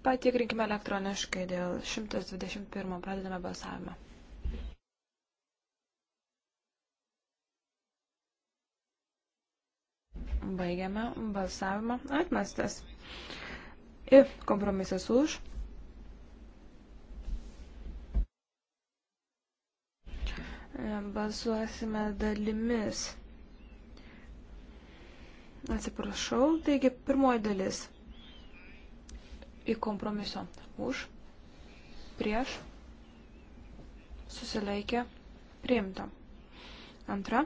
patikrinkime elektroniškai dėl 121 pradedame balsavimą. Baigiame balsavimą. Atmestas. Ir kompromisas už. Balsuosime dalimis. Atsiprašau, taigi pirmoji dalis į kompromiso. Už, prieš, susilaikė, priimta. Antra.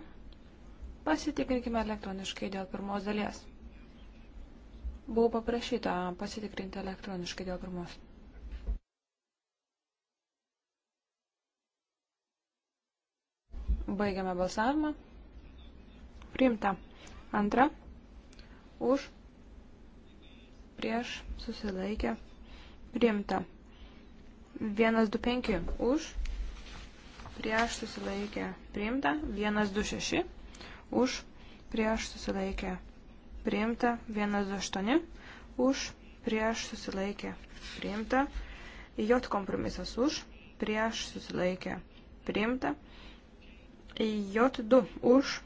Pasitikrinkime elektroniškai dėl pirmos dalies. Buvo paprašyta pasitikrinti elektroniškai dėl pirmos. Baigiame balsavimą. Priimta. Antra. Už. Prieš. Susilaikė. Priimta. 1, 2, 5. Už. Prieš. Susilaikė. Priimta. 1, 2, 6 už, prieš susilaikė priimta, 128 už, prieš susilaikė priimta, J kompromisas už, prieš susilaikė priimta, J2 už,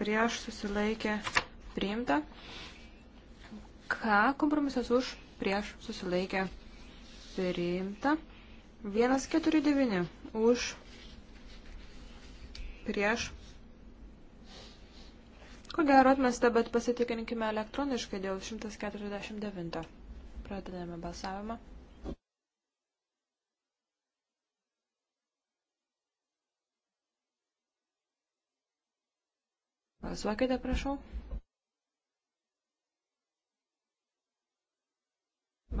prieš susilaikė priimta, K kompromisas už, prieš susilaikė priimta, 149 už, prieš Ko gero atmesta, bet pasitikinkime elektroniškai dėl 149. Pradedame balsavimą. Balsuokite, prašau.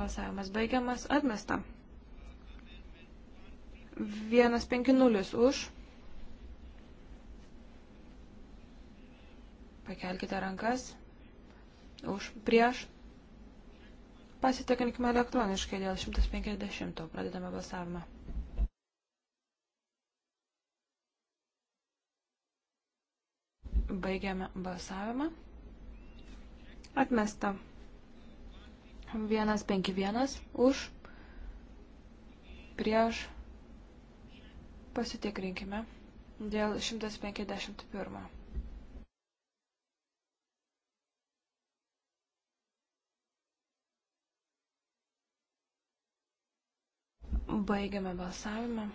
Balsavimas baigiamas. Atmesta. 150 už. Pakelkite rankas. Už, prieš. Pasitikinkime elektroniškai dėl 150. Pradedame balsavimą. Baigiame balsavimą. Atmesta. 151 už. Prieš. Pasitikrinkime dėl 151. Baigiame balsavimą.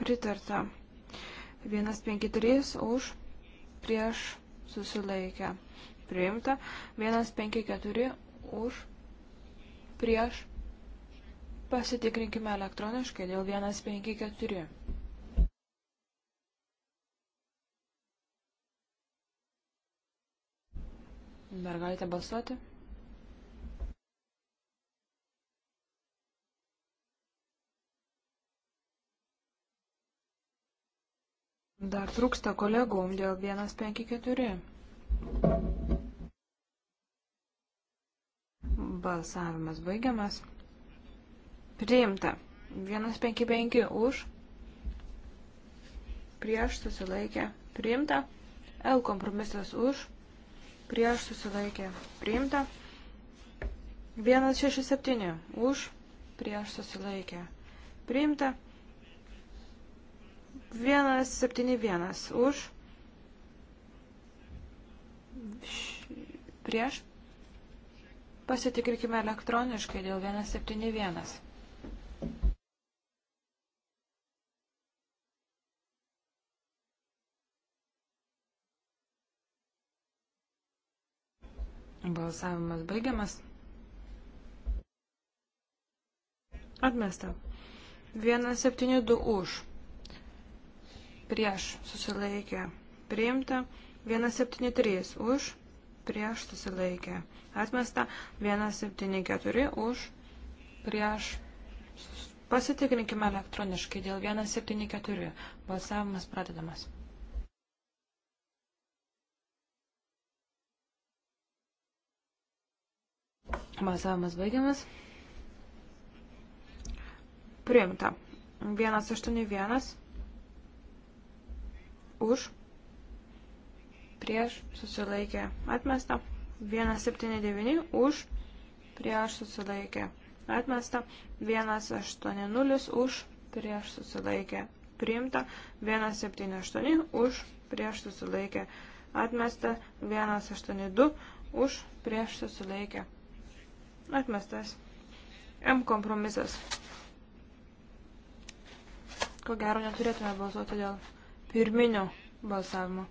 Pritarta. 153 už, prieš susilaikę. Priimta. 154 už, prieš. Pasitikrinkime elektroniškai dėl 154. Dar galite balsuoti? Dar trūksta kolegų dėl 154. Balsavimas baigiamas. Priimta. 155 už. Prieš susilaikė. Priimta. L kompromisas už. Prieš susilaikė. Priimta. 167 už. Prieš susilaikė. Priimta. 171 už. Prieš. Pasitikrinkime elektroniškai dėl 171. Balsavimas baigiamas. Atmesta. 172 už prieš susilaikę priimta, 173 už prieš susilaikę atmesta, 174 už prieš pasitikrinkime elektroniškai dėl 174 balsavimas pradedamas. Balsavimas baigiamas. Priimta. 181 už, prieš susilaikė atmesta, 179 už, prieš susilaikė atmesta, 180 už, prieš susilaikė priimta, 178 už, prieš susilaikė atmesta, 182 už, prieš susilaikė atmestas. M kompromisas. Ko gero neturėtume balsuoti dėl pirminio balsavimo.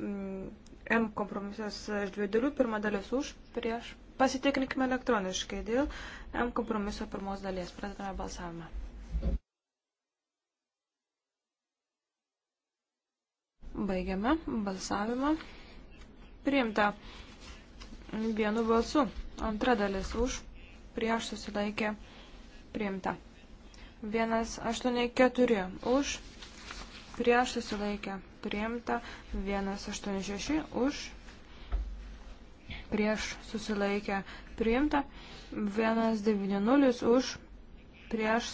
Mm, M kompromisas iš dviejų dalių, pirma dalis už, prieš. Pasitikrinkime elektroniškai dėl M kompromiso pirmos dalies. Pradedame balsavimą. Baigiame balsavimą. Priimta vienu balsu. Antra dalis už, prieš susilaikė priimta. 184 už, prieš susilaikę priimta, 186 už, prieš susilaikę priimta, 190 už, prieš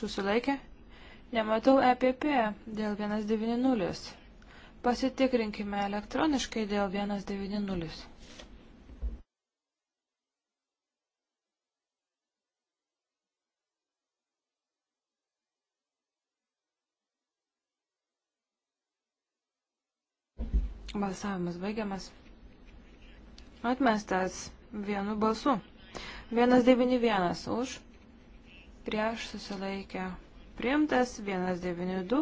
susilaikę. Nematau EPP dėl 190. Pasitikrinkime elektroniškai dėl 190. Balsavimas baigiamas. Atmestas vienu balsu. 191 už, prieš susilaikę priimtas, 192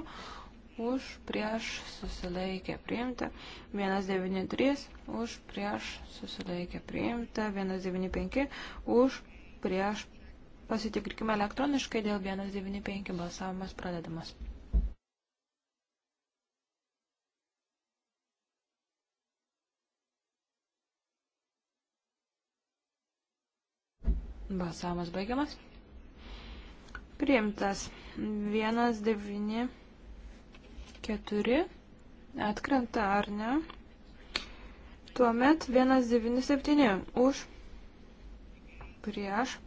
už, prieš susilaikę priimta, 193 už, prieš susilaikę priimta, 195 už, prieš pasitikrinkime elektroniškai dėl 195 balsavimas pradedamas. Balsavimas baigiamas. Priimtas. 1, 9, 4. Atkrenta ar ne? Tuomet 197 už prieš.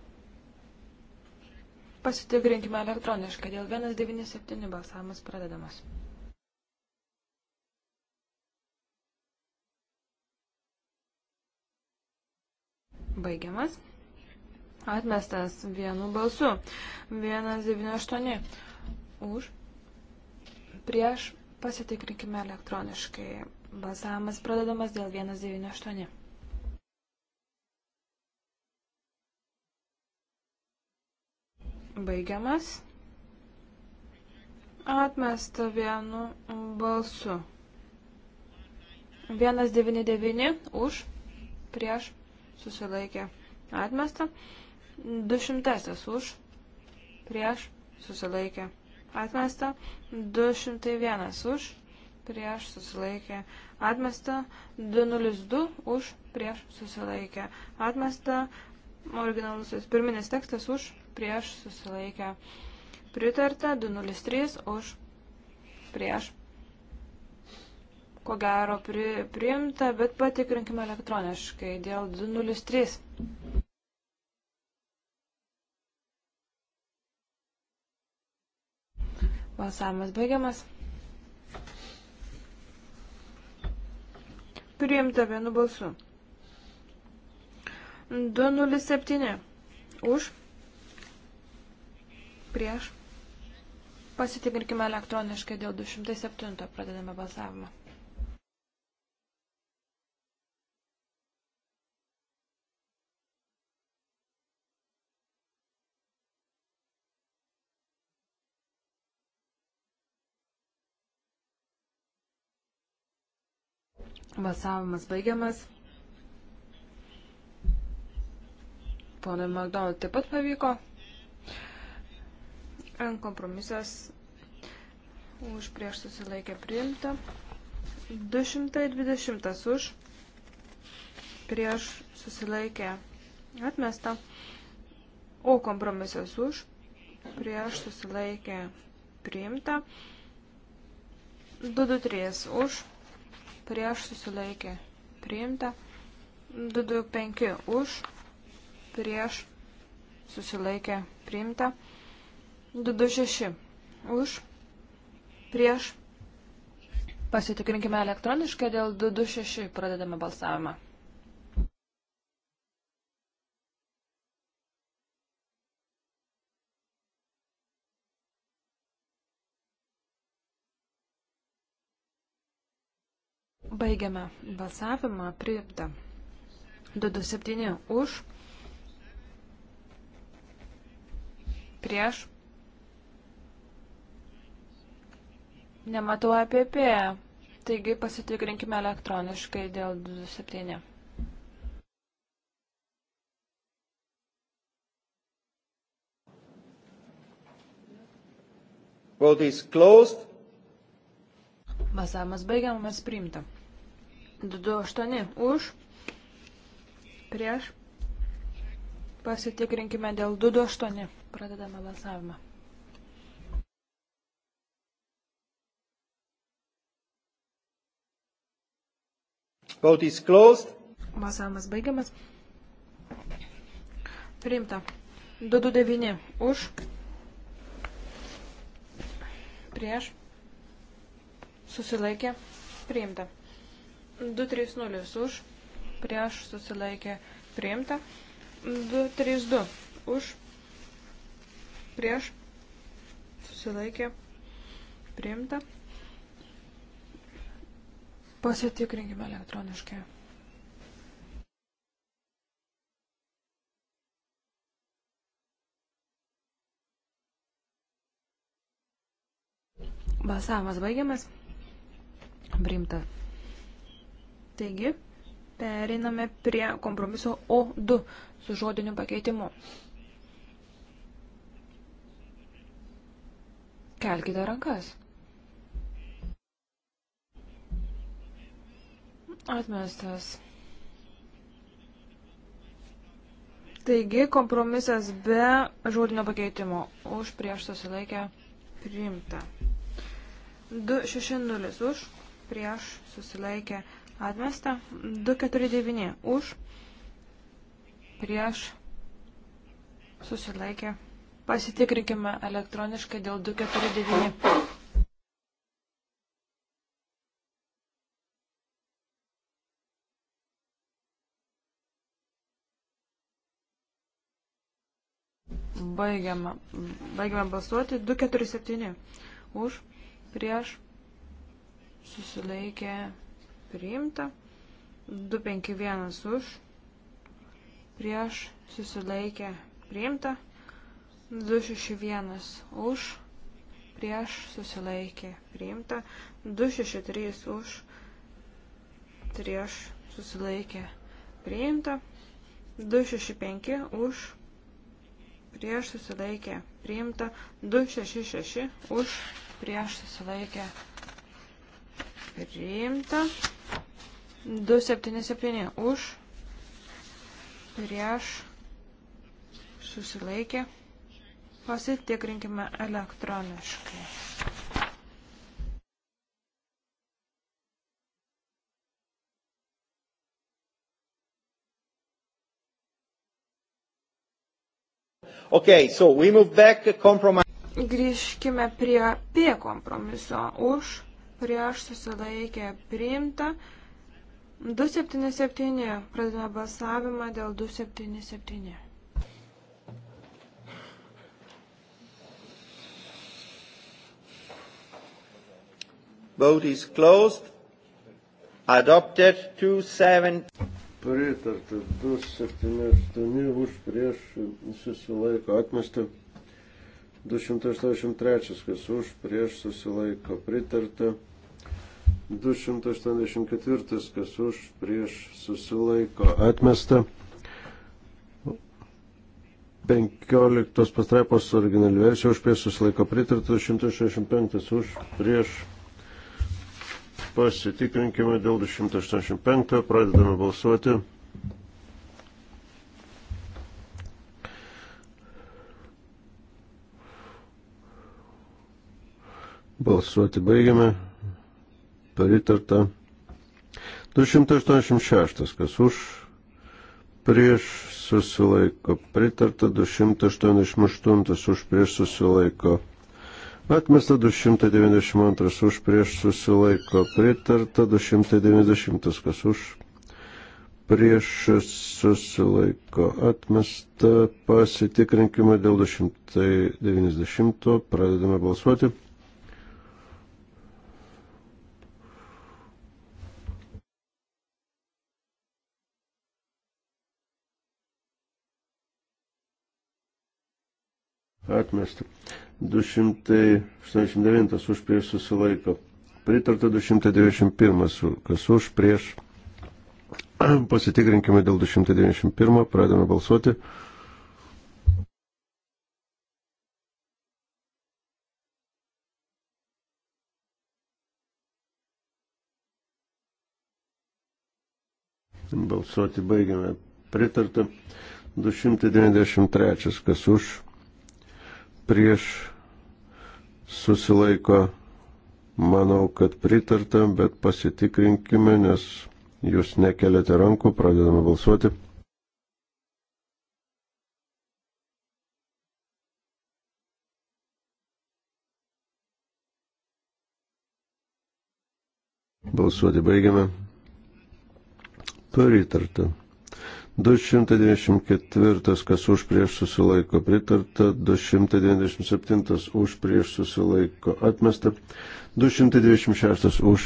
Pasitikrinkime elektroniškai. Dėl 197 balsavimas pradedamas. Baigiamas. Atmestas vienu balsu. 198. Už. Prieš pasitikrinkime elektroniškai. Balsavimas pradedamas dėl 198. Baigiamas. Atmesta vienu balsu. 199 už, prieš, susilaikė, atmesta. 200 už, prieš, susilaikė, atmesta, 201 už, prieš, susilaikė, atmesta, 202 už, prieš, susilaikė, atmesta, originalusis pirminis tekstas už, prieš, susilaikė, pritarta, 203 už, prieš, ko gero pri, priimta, bet patikrinkime elektroniškai dėl 203. Balsavimas baigiamas. Priimta vienu balsu. 207. Už. Prieš. Pasitikrinkime elektroniškai dėl 207. Pradedame balsavimą. Balsavimas baigiamas. Ponui McDonald taip pat pavyko. N kompromisas už prieš susilaikę priimta. 220 už prieš susilaikę atmesta. O kompromisas už prieš susilaikę priimta. 223 už prieš susilaikė priimta, 225 už, prieš susilaikė priimta, 226 už, prieš pasitikrinkime elektroniškai, dėl 226 pradedame balsavimą. Baigiame balsavimą, priimta. 227 už, prieš, nematau APP, taigi pasitikrinkime elektroniškai dėl 227. Vote is closed. Balsavimas baigiamas priimta. 228 už, prieš, pasitikrinkime dėl 228, pradedame balsavimą. Vote is closed. Balsavimas baigiamas. Priimta. 229 už, prieš, susilaikė, priimta. 230 už, prieš susilaikė priimta. 232 už, prieš susilaikė priimta. Pasitikrinkime elektroniškai. Balsavimas baigiamas. Priimta Taigi, periname prie kompromiso O2 su žodiniu pakeitimu. Kelkite rankas. Atmestas. Taigi, kompromisas be žodinio pakeitimo. Už prieš susilaikę priimta. 260 už prieš susilaikę priimta. Atmesta. 249 už. Prieš. Susilaikė. Pasitikrinkime elektroniškai dėl 249. Baigiame, baigiame balsuoti. 247 už, prieš, susilaikė, priimta. 251 už, prieš susilaikė priimta. 261 už, prieš susilaikė priimta. 263 už, prieš susilaikė priimta. 265 už, prieš susilaikė priimta. 266 už, prieš susilaikė priimta Priimta. 277 už. Prieš. Susilaikė. Pasitikrinkime elektroniškai. Okay, so we move back compromise. Grįžkime prie P kompromiso už prieš susilaikė priimta. 277. Pradedame balsavimą dėl 277. Vote is closed. Adopted 27. Pritarta 278 už prieš susilaiko atmestą. 283 kas už prieš susilaiko pritarta. 284, kas už prieš susilaiko atmesta. 15 pastraipos originaliuose už prieš susilaiko pritarta, 165 už prieš. Pasitikrinkime dėl 285, pradedame balsuoti. Balsuoti baigiame pritarta. 286, kas už, prieš susilaiko pritarta, 288 už prieš susilaiko atmesta, 292 už prieš susilaiko pritarta, 290 kas už prieš susilaiko atmesta, pasitikrinkime dėl 290, pradedame balsuoti. atmesta. 289 už prieš susilaiko. Pritarta 291, kas už prieš. Pasitikrinkime dėl 291, pradame balsuoti. Balsuoti baigiame. Pritarta 293, kas už prieš susilaiko. Manau, kad pritarta, bet pasitikrinkime, nes jūs nekeliate rankų, pradedame balsuoti. Balsuoti baigiame. Pritarta. 294, kas už prieš susilaiko pritarta, 297 už prieš susilaiko atmesta, 226 už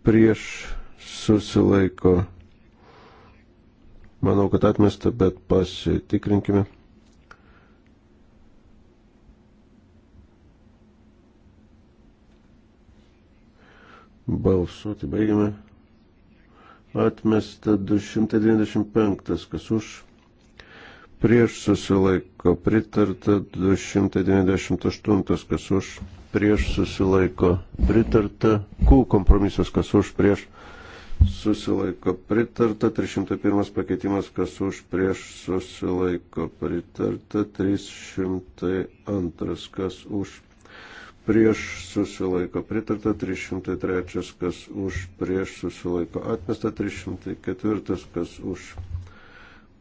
prieš susilaiko. Manau, kad atmesta, bet pasitikrinkime. Balsuoti baigiame atmesta 295, kas už, prieš susilaiko pritarta 298, kas už, prieš susilaiko pritarta, Q kompromisas, kas už, prieš susilaiko pritarta, 301 pakeitimas, kas už, prieš susilaiko pritarta, 302, kas už prieš susilaiko pritarta, 303 kas už, prieš susilaiko atmesta, 304 kas už,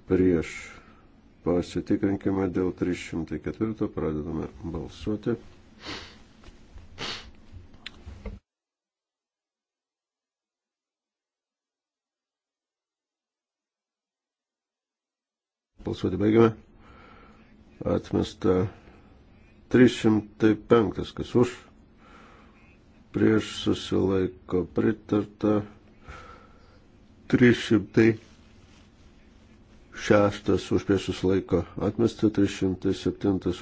prieš. Pasitikrinkime dėl 304, pradedame balsuoti. Balsuoti baigiame. Atmesta 305, kas už, prieš susilaiko pritarta, 306 už prieš susilaiko atmesta, 307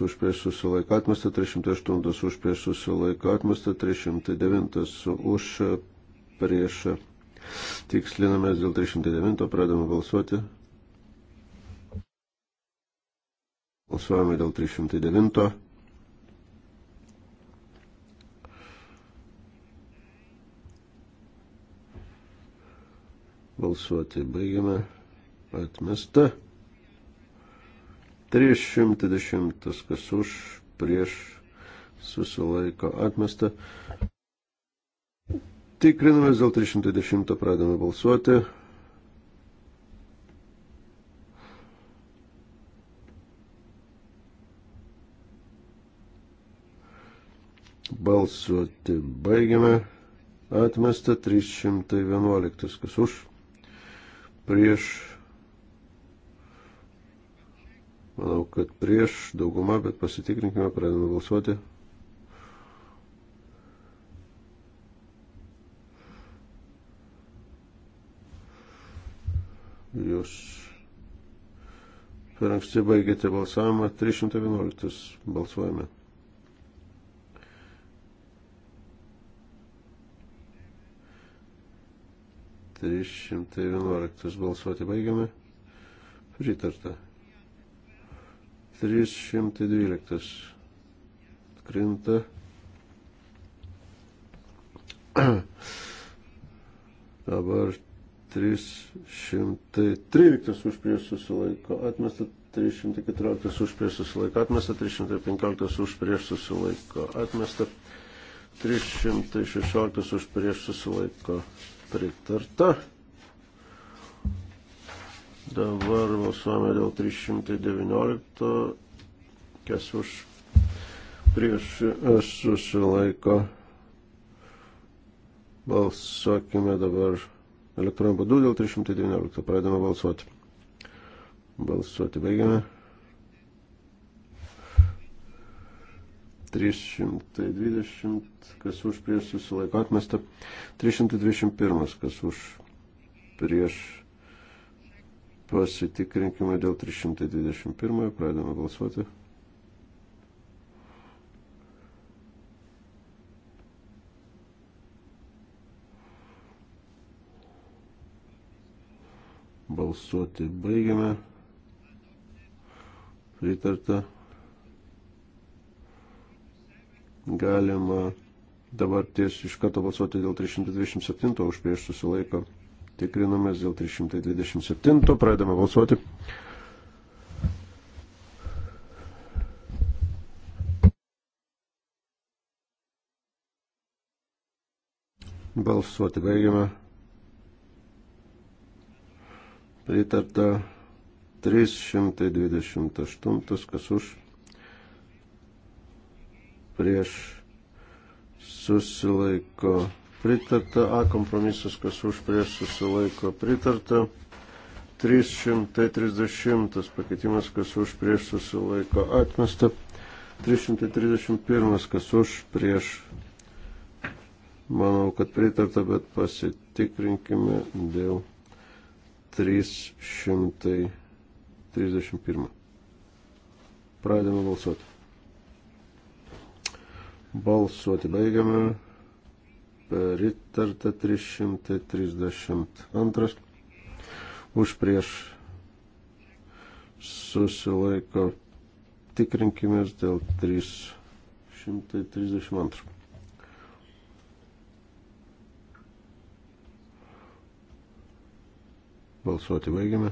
už prieš susilaiko atmesta, 308 už prieš susilaiko atmesta, 309 už prieš. Tikslinamės dėl 309, pradame balsuoti. Balsuojame dėl 309. Balsuoti baigiame. Atmesta. 310 kas už, prieš susilaiko atmesta. Tikrinamės dėl 310 pradame balsuoti. Balsuoti baigiame. Atmesta 311 kas už prieš, manau, kad prieš daugumą, bet pasitikrinkime, pradedame balsuoti. Jūs per anksti baigėte balsavimą, 311 balsuojame. 311 balsuoti baigiame. Pritarta. 312 krinta. Dabar 313 už prieš susilaiko. Atmesta 314 už prieš susilaiko. Atmesta 315 už prieš susilaiko. Atmesta 316 už prieš susilaiko pritarta. Dabar balsuojame dėl 319, kas už prieš e, susilaiko. Balsuokime dabar elektroniniu būdu dėl 319. Pradedame balsuoti. Balsuoti baigiame. 320, kas už prieš susilaiko atmesta, 321, kas už prieš pasitikrinkime dėl 321, pradedame balsuoti. Balsuoti baigiame. Pritarta. galima dabar ties iš karto balsuoti dėl 327, už prieš susilaiko tikrinamės dėl 327, pradedame balsuoti. Balsuoti baigiame. Pritarta 328, kas už prieš susilaiko pritarta, A kompromisas, kas už prieš susilaiko pritarta, 330 pakeitimas, kas už prieš susilaiko atmesta, 331 kas už prieš, manau, kad pritarta, bet pasitikrinkime dėl 331. Pradėjome balsuoti. Balsuoti baigiame. Pritarta 332. Už prieš susilaiko. Tikrinkimės dėl 332. Balsuoti baigiame.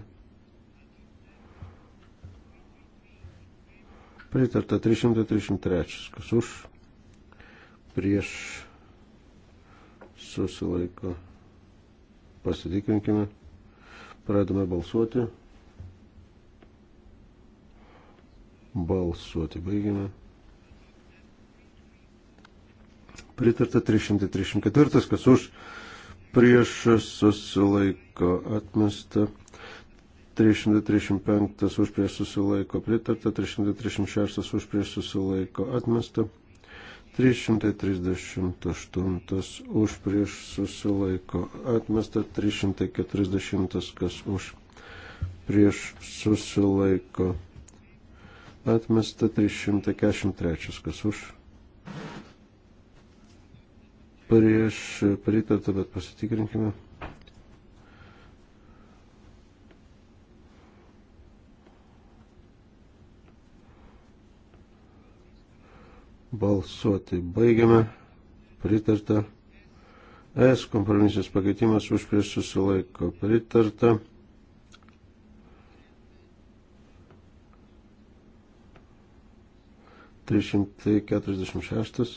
Pritarta 333. Kas už? prieš susilaiko. Pasitikrinkime. Pradame balsuoti. Balsuoti baigime. Pritarta 334, kas už prieš susilaiko atmesta. 335 už prieš susilaiko pritarta, 336 už prieš susilaiko atmesta. 338 už prieš susilaiko atmesta, 340 kas už prieš susilaiko atmesta, 343 kas už prieš pritarta, bet pasitikrinkime. Balsuoti baigiame. Pritarta. S kompromisas pakeitimas už prieš susilaiko. Pritarta. Trys šimtai keturiasdešimt šeštas.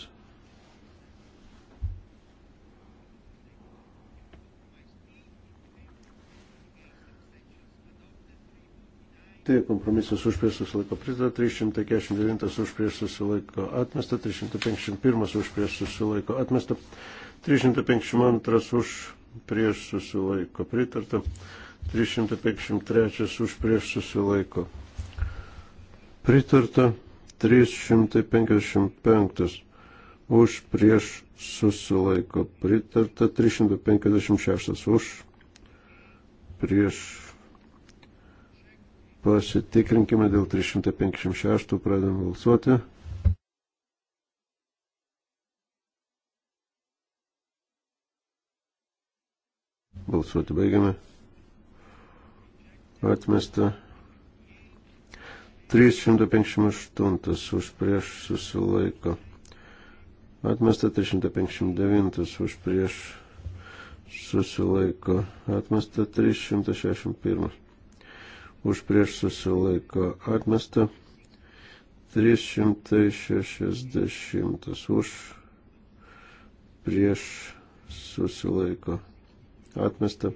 priimti, kompromisas už prieš susilaiko pritarta, 349 už prieš susilaiko atmesta, 351 už prieš susilaiko atmesta, 352 už prieš susilaiko pritarta, 353 už prieš susilaiko pritarta, 355 už prieš susilaiko pritarta, 356 už prieš Pasitikrinkime dėl 356, pradėm balsuoti. Balsuoti baigiame. Atmesta. 358 už prieš susilaiko. Atmesta 359 už prieš susilaiko. Atmesta 361 už prieš susilaiko atmesta. 360 už prieš susilaiko atmesta.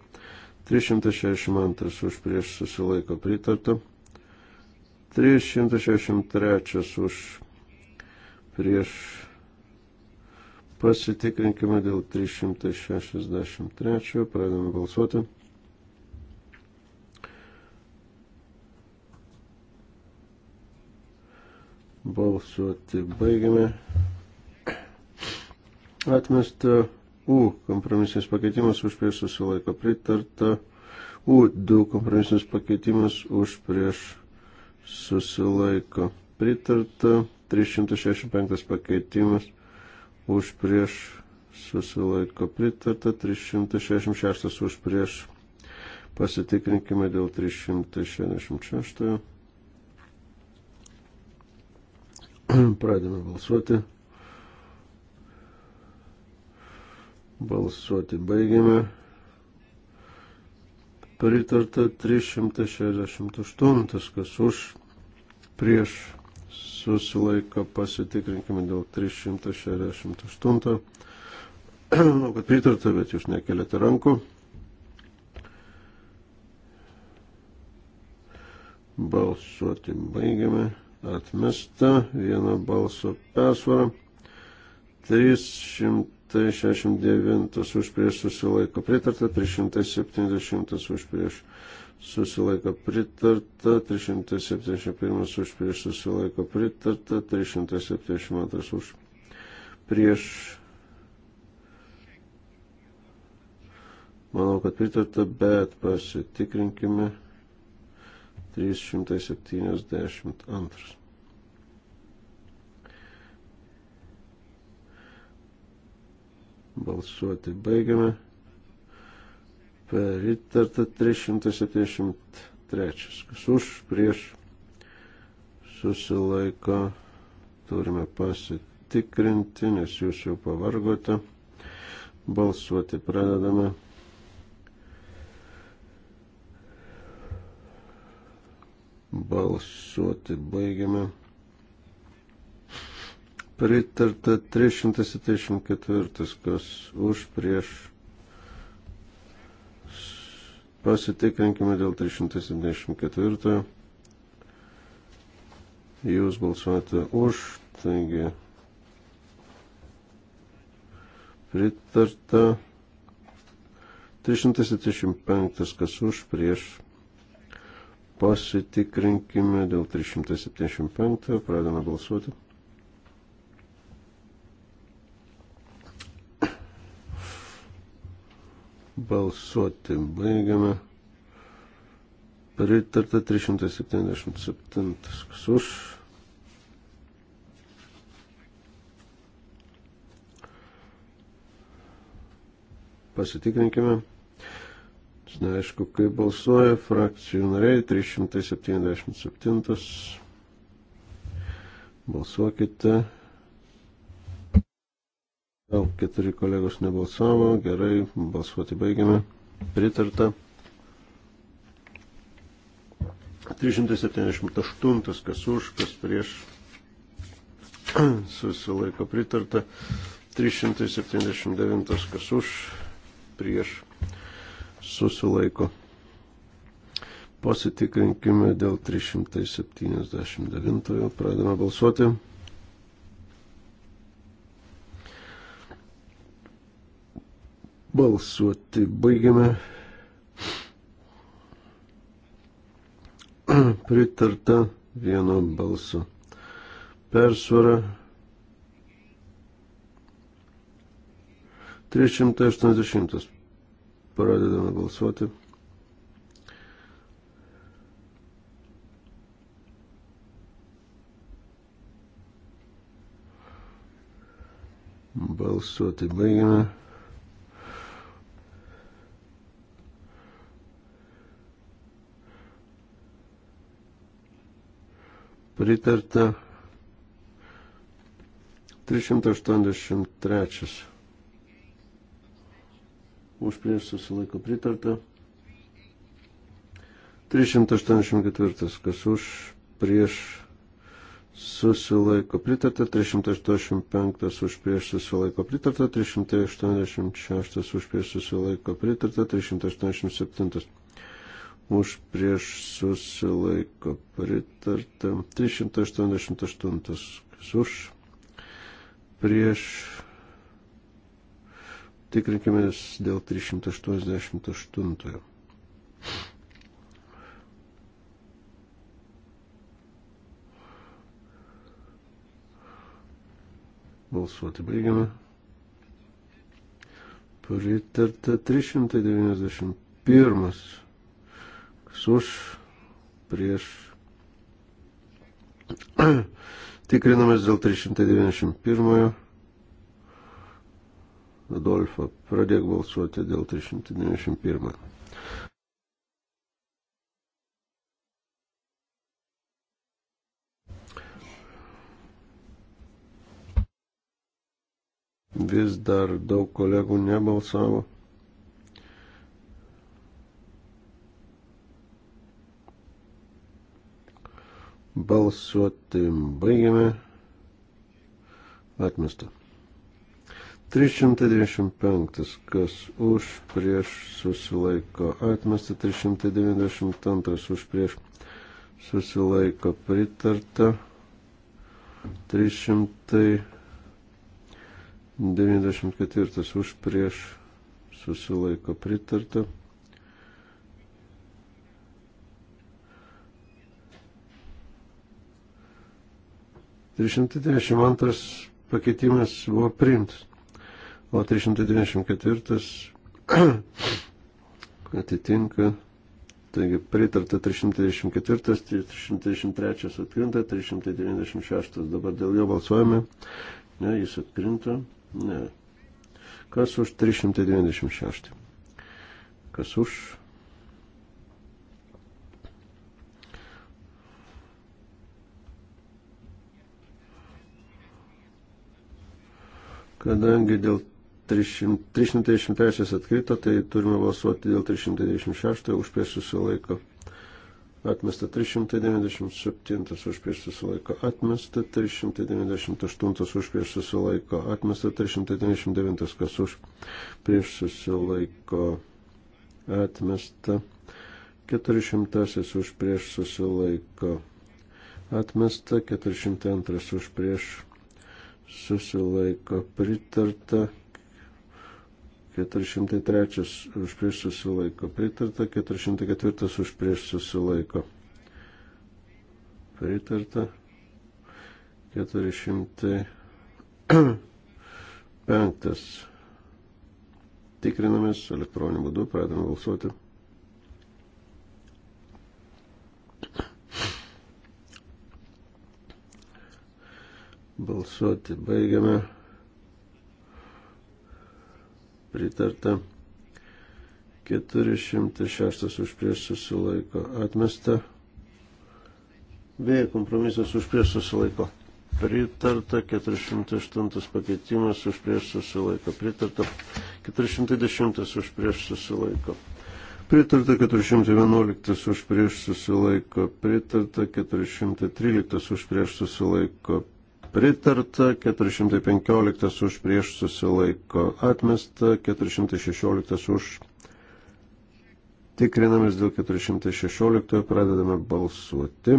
362 už prieš susilaiko pritarta. 363 už prieš pasitikrinkime dėl 363. Pradedame balsuoti. Balsuoti baigiame. Atmesta U kompromisinis pakeitimas už prieš susilaiko pritarta. U2 kompromisinis pakeitimas už prieš susilaiko pritarta. 365 pakeitimas už prieš susilaiko pritarta. 366 už prieš. Pasitikrinkime dėl 366. Pradėme balsuoti. Balsuoti baigiame. Pritarta 368, kas už, prieš susilaiko pasitikrinkime dėl 368. Manau, kad pritarta, bet jūs nekeliate rankų. Balsuoti baigiame atmesta vieno balso persvara. 369 už prieš susilaiko pritarta, 370 už prieš susilaiko pritarta, 371 už prieš susilaiko pritarta, 372 už prieš. Manau, kad pritarta, bet pasitikrinkime. 372. Balsuoti baigiame. Peritarta 373. Kas už, prieš, susilaiko, turime pasitikrinti, nes jūs jau pavargote. Balsuoti pradedame. Balsuoti baigiame. Pritarta 374, kas už prieš. Pasitikrinkime dėl 374. Jūs balsuojate už, taigi pritarta 375, kas už prieš Pasitikrinkime dėl 375, pradame balsuoti. Balsuoti baigiame. Pritarta 377. Kas už? Pasitikrinkime. Neaišku, kaip balsuoja frakcijų nariai 377. Balsuokite. Gal keturi kolegos nebalsavo. Gerai, balsuoti baigiame. Pritarta. 378, kas už, kas prieš. Susilaiko pritarta. 379, kas už, prieš susilaiko. Pasitikrinkime dėl 379. Pradame balsuoti. Balsuoti baigiame. Pritarta vieno balso. Persvara 380 Pradedame balsuoti. Balsuoti baigiame. Pritarta 383 už prieš susilaiko pritarta. 384, kas už prieš susilaiko pritarta, 385 už prieš susilaiko pritarta, 386 už prieš susilaiko pritarta, 387 už prieš susilaiko pritarta, 388 kas už prieš Tikrinkime dėl 388. Balsuoti baigiame. Pritarta 391. Kas už, prieš. Tikrinamės dėl 391. Adolfo, pradėk balsuoti dėl 391. Vis dar daug kolegų nebalsavo. Balsuoti baigiame. Atmesta. 395, kas už prieš susilaiko atmesta, 392 už prieš susilaiko pritarta, 394 už prieš susilaiko pritarta. Trisimtai dvidešimt antras pakeitimas buvo priimtas o 394 atitinka. Taigi pritarta 324, 323 atkrinta, 396 dabar dėl jo balsuojame. Ne, jis atkrinta. Ne. Kas už 396? Kas už? Kadangi dėl 393 atkrito, tai turime balsuoti dėl 396 už prieš susilaiko. Atmesta 397 už prieš susilaiko. Atmesta 398 už prieš susilaiko. Atmesta 399 kas už prieš susilaiko. Atmesta 400 už prieš susilaiko. Atmesta 402 už prieš susilaiko. Pritarta 403 už prieš susilaiko pritarta, 404 už prieš susilaiko pritarta, 405. Tikrinamės elektroniniu būdu, pradame balsuoti. Balsuoti baigiame pritarta. 406 už prieš susilaiko atmesta. V kompromisas už prieš susilaiko pritarta. 408 pakeitimas už prieš susilaiko pritarta. 410 už prieš susilaiko. Pritarta 411 už prieš susilaiko, pritarta 413 už prieš susilaiko, pritarta, 415 už prieš susilaiko atmesta, 416 už tikrinamės dėl 416, pradedame balsuoti.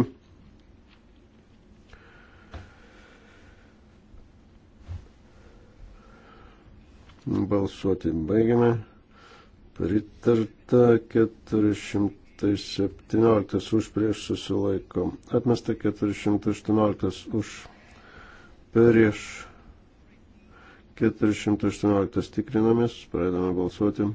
Balsuoti baigiame. Pritarta 400. 417 už prieš susilaiko, atmesta 418 už prieš 418 tikrinamės, pradedame balsuoti.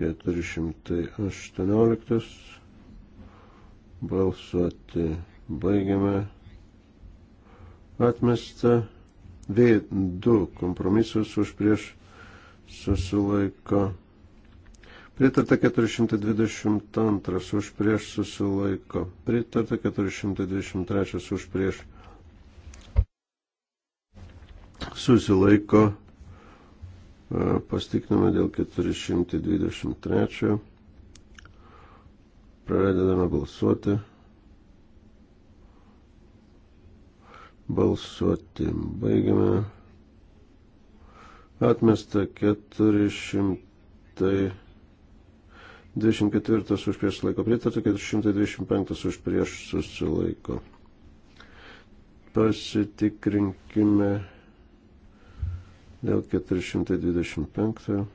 Keturi šimtai aštuonioliktas. Balsuoti baigiame. Atmesta. V2 kompromisas už prieš susilaiko. Pritarta 422 už prieš susilaiko. Pritarta 423 už prieš susilaiko. E, Pastikname dėl 423. Pradedame balsuoti. Balsuoti baigiame. Atmesta 400. 24 už prieš laiko pritarta, 425 už prieš susilaiko. Pasitikrinkime dėl 425.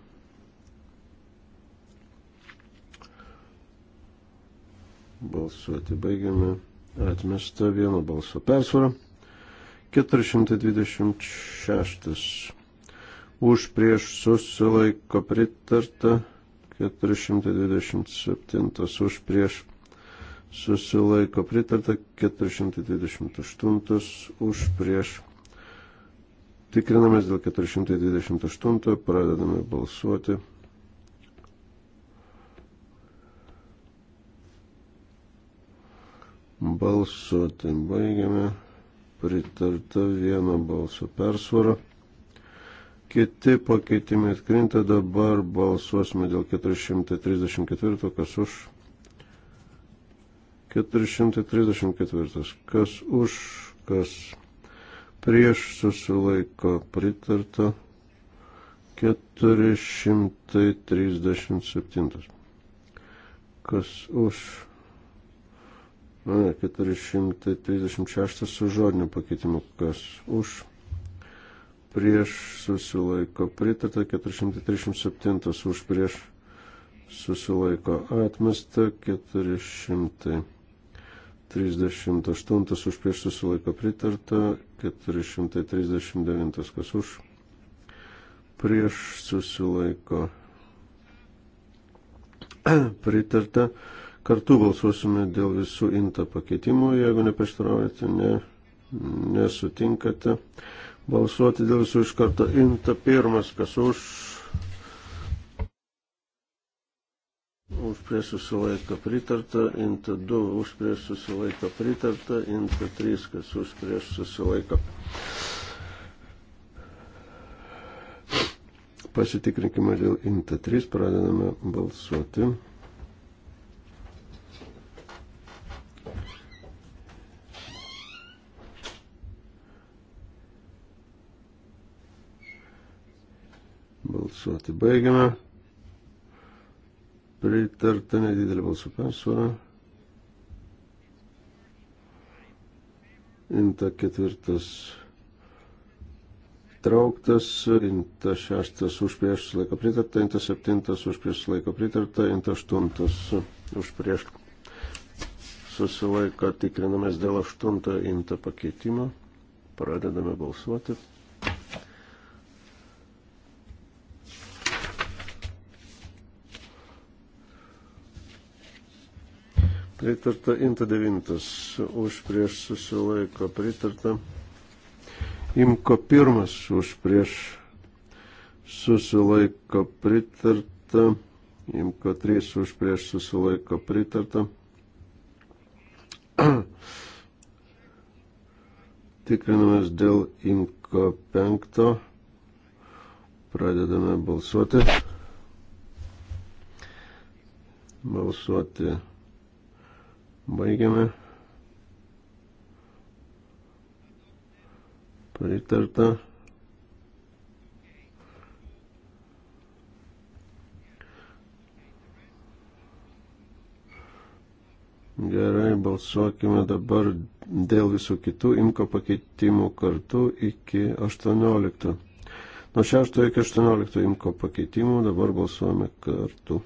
Balsuoti baigiame. Atmesta vieno balso persvara. 426. Už prieš susilaiko pritarta. 427 už prieš susilaiko pritarta, 428 už prieš. Tikrinamės dėl 428, pradedame balsuoti. Balsuoti baigiame, pritarta vieno balso persvaro. Kiti pakeitimai atkrinta, dabar balsuosime dėl 434, kas už. 434, kas už, kas prieš susilaiko pritarta. 437. Kas už? Na, 436 su žodiniu pakeitimu. Kas už? prieš susilaiko pritarta, 437 už prieš susilaiko atmesta, 438 už prieš susilaiko pritarta, 439 kas už prieš susilaiko pritarta. Kartu balsuosime dėl visų inta pakeitimų, jeigu neprieštaraujate, ne, nesutinkate. Ne balsuoti dėl visų iš karto. Inta pirmas, kas už. Už prieš susilaiką pritarta, inta 2 už prieš susilaiką pritarta, inta 3 kas už prieš susilaiką. Pasitikrinkime dėl inta 3, pradedame balsuoti. Balsuoti baigiame. Pritarta nedidelė balsų persvara. Inta ketvirtas trauktas, inta šeštas už prieš laiko pritarta, inta septintas už prieš laiko pritarta, inta aštuntas už prieš susilaiko tikrinamės dėl aštunto inta pakeitimo. Pradedame balsuoti. Pritarta Inta 9 už prieš susilaiko. Pritarta Imko 1 už prieš susilaiko. Pritarta Imko 3 už prieš susilaiko. Pritarta. Tikrinamas dėl Imko 5. Pradedame balsuoti. Balsuoti Baigiame. Pritarta. Gerai, balsuokime dabar dėl visų kitų imko pakeitimų kartu iki 18. Nuo 6 iki 18 imko pakeitimų dabar balsuojame kartu.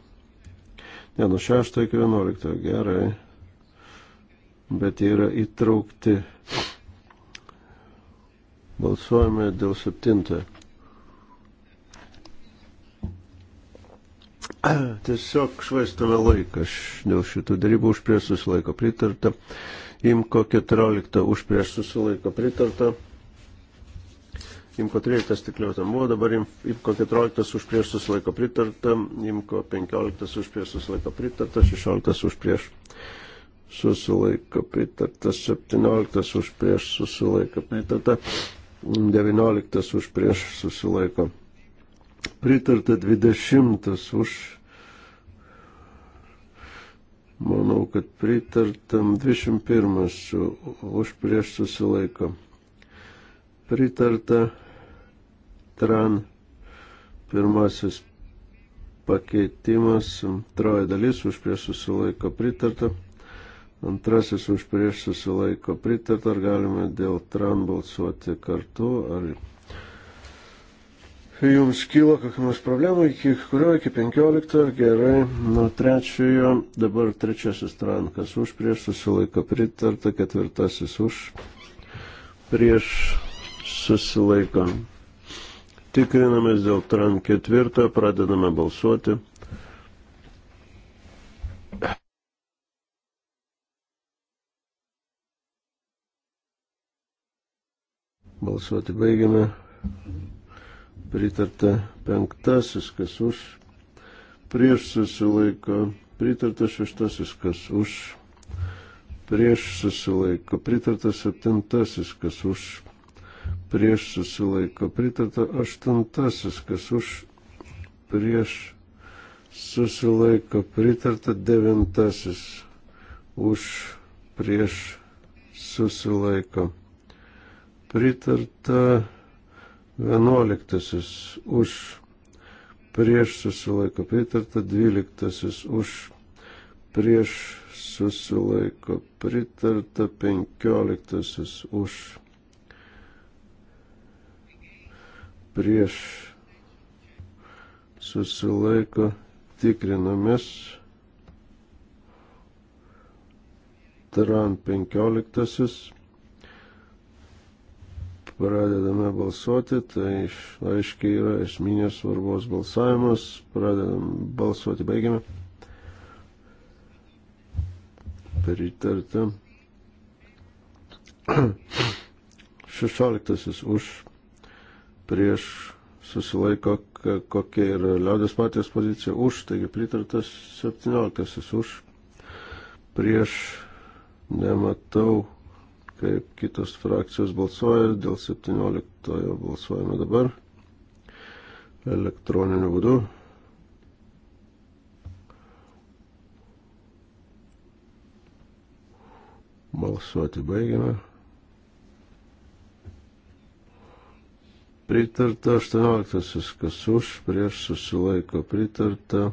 Ne, nuo 6 iki 11. Gerai bet jie yra įtraukti. Balsuojame dėl septintojo. Tiesiog švaistame laiką dėl šitų darybų už prieš susilaiko pritarta. Imko 14 už prieš susilaiko pritarta. Imko 13 tikliau ten buvo, dabar Imko 14 už prieš susilaiko pritarta. Imko 15 už prieš susilaiko pritarta. 16 už prieš susilaiko pritarta, 17 už prieš susilaiko pritarta, 19 už prieš susilaiko pritarta, 20 už. Manau, kad pritartam 21 už prieš susilaiko. Pritarta tran pirmasis pakeitimas, antroji dalis už prieš susilaiko pritarta. Antrasis už prieš susilaiko pritarta, ar galime dėl tran balsuoti kartu, ar jums kyla kokių nors problemų, iki kurio, iki 15, gerai, nuo trečiojo, dabar trečiasis tran, kas už prieš susilaiko pritarta, ketvirtasis už prieš susilaiko. Tikrinamės dėl tran ketvirtojo, pradedame balsuoti. Balsuoti baigiame. Pritarta penktasis, kas už. Prieš susilaiko. Pritarta šeštasis, kas už. Prieš susilaiko. Pritarta septintasis, kas už. Prieš susilaiko. Pritarta aštuntasis, kas už. Prieš susilaiko. Pritarta devintasis. Už. Prieš susilaiko pritarta 11 už prieš susilaiko pritarta 12 už prieš susilaiko pritarta 15 už prieš susilaiko tikrinamės Taran 15 Pradedame balsuoti, tai aiškiai yra esminės svarbos balsavimas. Pradedam balsuoti, baigiame. Pritarta. 16 už prieš susilaiko, kokia yra liaudės partijos pozicija už, taigi pritartas 17 už prieš nematau kaip kitos frakcijos balsuoja, dėl 17 balsuojame dabar elektroniniu būdu. Balsuoti baigiame. Pritarta 18, kas už, prieš susilaiko pritarta,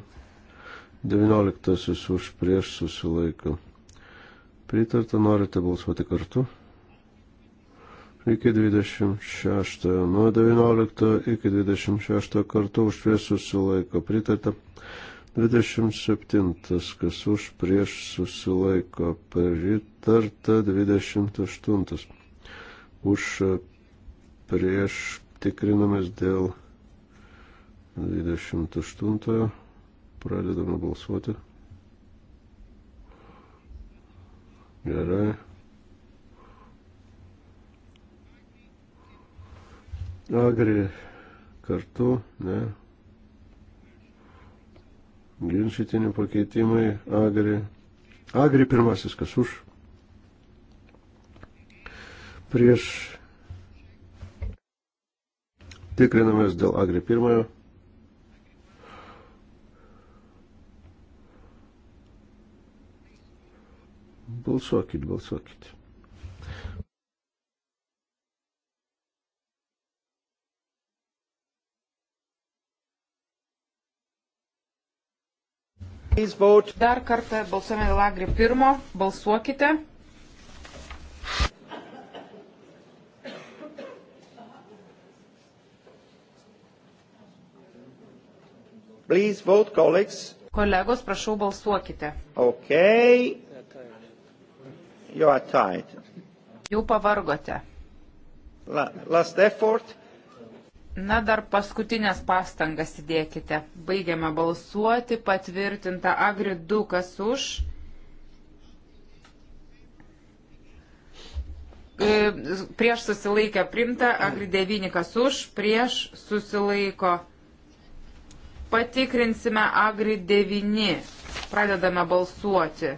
19 už, prieš susilaiko pritarta. Pritarta, norite balsuoti kartu? Iki 26. Nuo 19 iki 26 kartu už prieš susilaiko. Pritarta. 27. Kas už prieš susilaiko. Pritarta. 28. Už prieš tikrinamės dėl 28. Pradedame balsuoti. Gerai. Agri kartu, ne. Ginčytini pakeitimai, agri. Agri pirmasis, kas už. Prieš tikrinamės dėl agri pirmojo. Balsuokit, balsuokit. Dar kartą balsuojame dėl agri pirmo, balsuokite. Please vote, colleagues. Kolegos, prašau balsuokite. Okay you are tired. Jau pavargote. La, last effort. Na dar paskutinės pastangas įdėkite. Baigiame balsuoti, patvirtinta agri 2, kas už. E, prieš susilaikę primta, agri 9, kas už, prieš susilaiko. Patikrinsime agri 9. Pradedame balsuoti.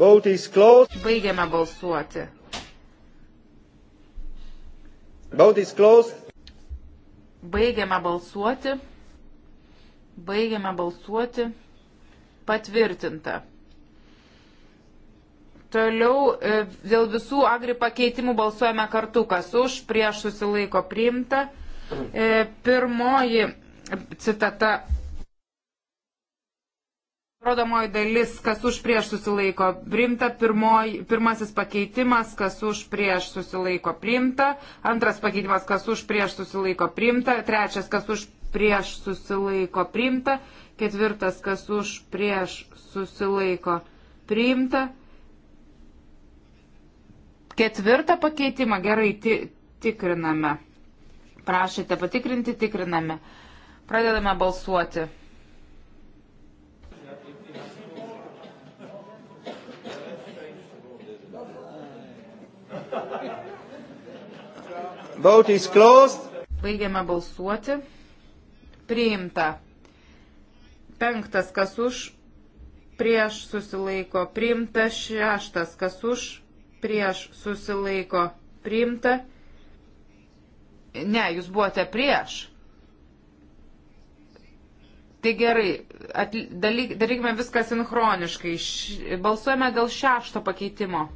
Baigiame balsuoti. Baigiame balsuoti. Baigiame balsuoti. Patvirtinta. Toliau e, dėl visų agri pakeitimų balsuojame kartu, kas už, prieš susilaiko priimta. E, pirmoji citata Rodomoji dalis, kas už prieš susilaiko priimta, pirmoj, pirmasis pakeitimas, kas už prieš susilaiko priimta, antras pakeitimas, kas už prieš susilaiko priimta, trečias, kas už prieš susilaiko priimta, ketvirtas, kas už prieš susilaiko priimta. Ketvirtą pakeitimą gerai ti, tikriname. Prašėte patikrinti, tikriname. Pradedame balsuoti. Vote is closed. Baigiame balsuoti. Priimta. Penktas, kas už, prieš susilaiko. Priimta. Šeštas, kas už, prieš susilaiko. Priimta. Ne, jūs buvote prieš. Tai gerai, atly, dalyk, darykime viską sinchroniškai. Š, balsuojame dėl šešto pakeitimo.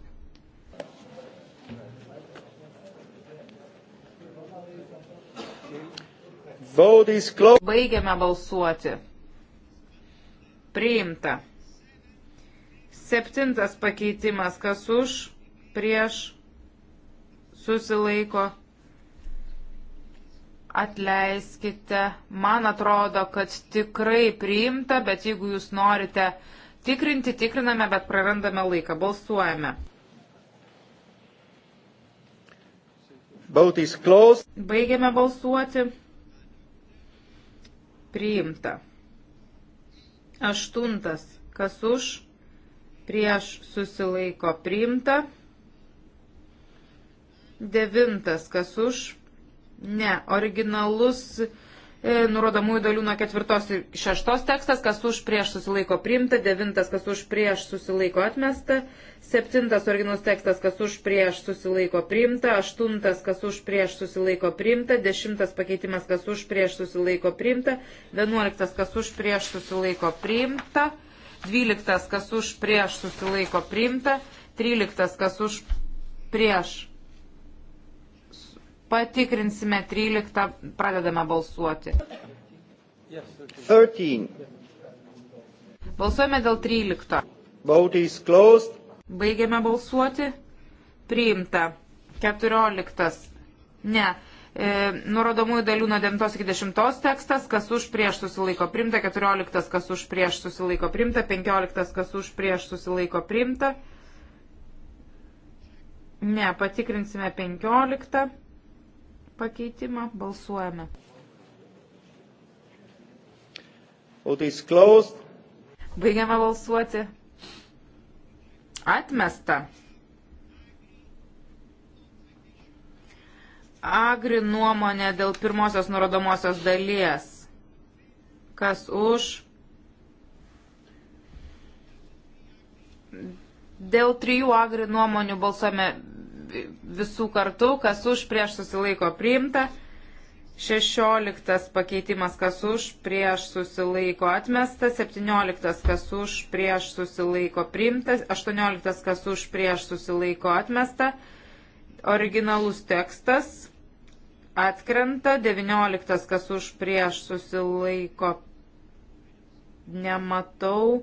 Baigiame balsuoti. Priimta. Septintas pakeitimas, kas už, prieš, susilaiko. Atleiskite, man atrodo, kad tikrai priimta, bet jeigu jūs norite tikrinti, tikriname, bet prarandame laiką. Balsuojame. Bautais klaus. Baigiame balsuoti priimta. Aštuntas, kas už, prieš susilaiko priimta. Devintas, kas už, ne, originalus E, nurodomųjų dalių nuo ketvirtos ir šeštos tekstas, kas už prieš susilaiko priimta, devintas, kas už prieš susilaiko atmesta, septintas originus tekstas, kas už prieš susilaiko priimta, aštuntas, kas už prieš susilaiko priimta, dešimtas pakeitimas, kas už prieš susilaiko priimta, vienuoliktas, kas už prieš susilaiko priimta, dvyliktas, kas už prieš susilaiko priimta, tryliktas, kas už prieš Patikrinsime 13, pradedame balsuoti. 13. Balsuojame dėl 13. Vote is closed. Baigiame balsuoti. Priimta. 14. Ne. E, nurodomųjų dalių nuo 9 iki 10 tekstas, kas už prieš susilaiko primta, 14 kas už prieš susilaiko primta, 15 kas už prieš susilaiko primta. Ne, patikrinsime 15 pakeitimą. Balsuojame. Baigiame balsuoti. Atmesta. Agri nuomonė dėl pirmosios nurodomosios dalies. Kas už? Dėl trijų agri nuomonių balsuojame visų kartų, kas už prieš susilaiko priimta. 16 pakeitimas, kas už prieš susilaiko atmesta, 17 kas už prieš susilaiko priimta, 18 kas už prieš susilaiko atmesta, originalus tekstas atkrenta, 19 kas už prieš susilaiko nematau.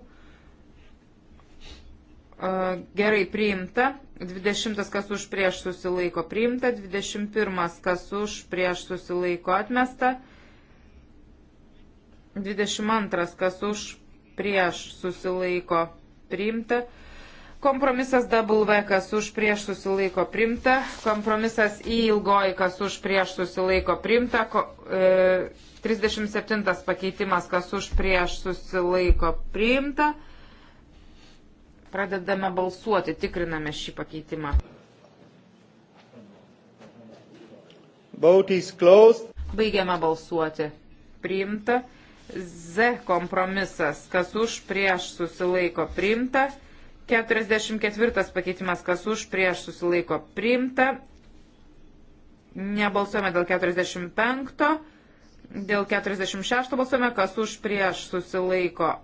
Gerai priimta. 20 kas už prieš susilaiko priimta, 21 kas už prieš susilaiko atmesta, 22 kas už prieš susilaiko priimta, kompromisas W kas už prieš susilaiko priimta, kompromisas I ilgoji kas už prieš susilaiko priimta, ko, e, 37 pakeitimas kas už prieš susilaiko priimta. Pradedame balsuoti, tikriname šį pakeitimą. Baigiame balsuoti. Priimta. Z kompromisas, kas už prieš susilaiko priimta. 44 pakeitimas, kas už prieš susilaiko priimta. Nebalsuojame dėl 45. Dėl 46 balsuojame, kas už prieš susilaiko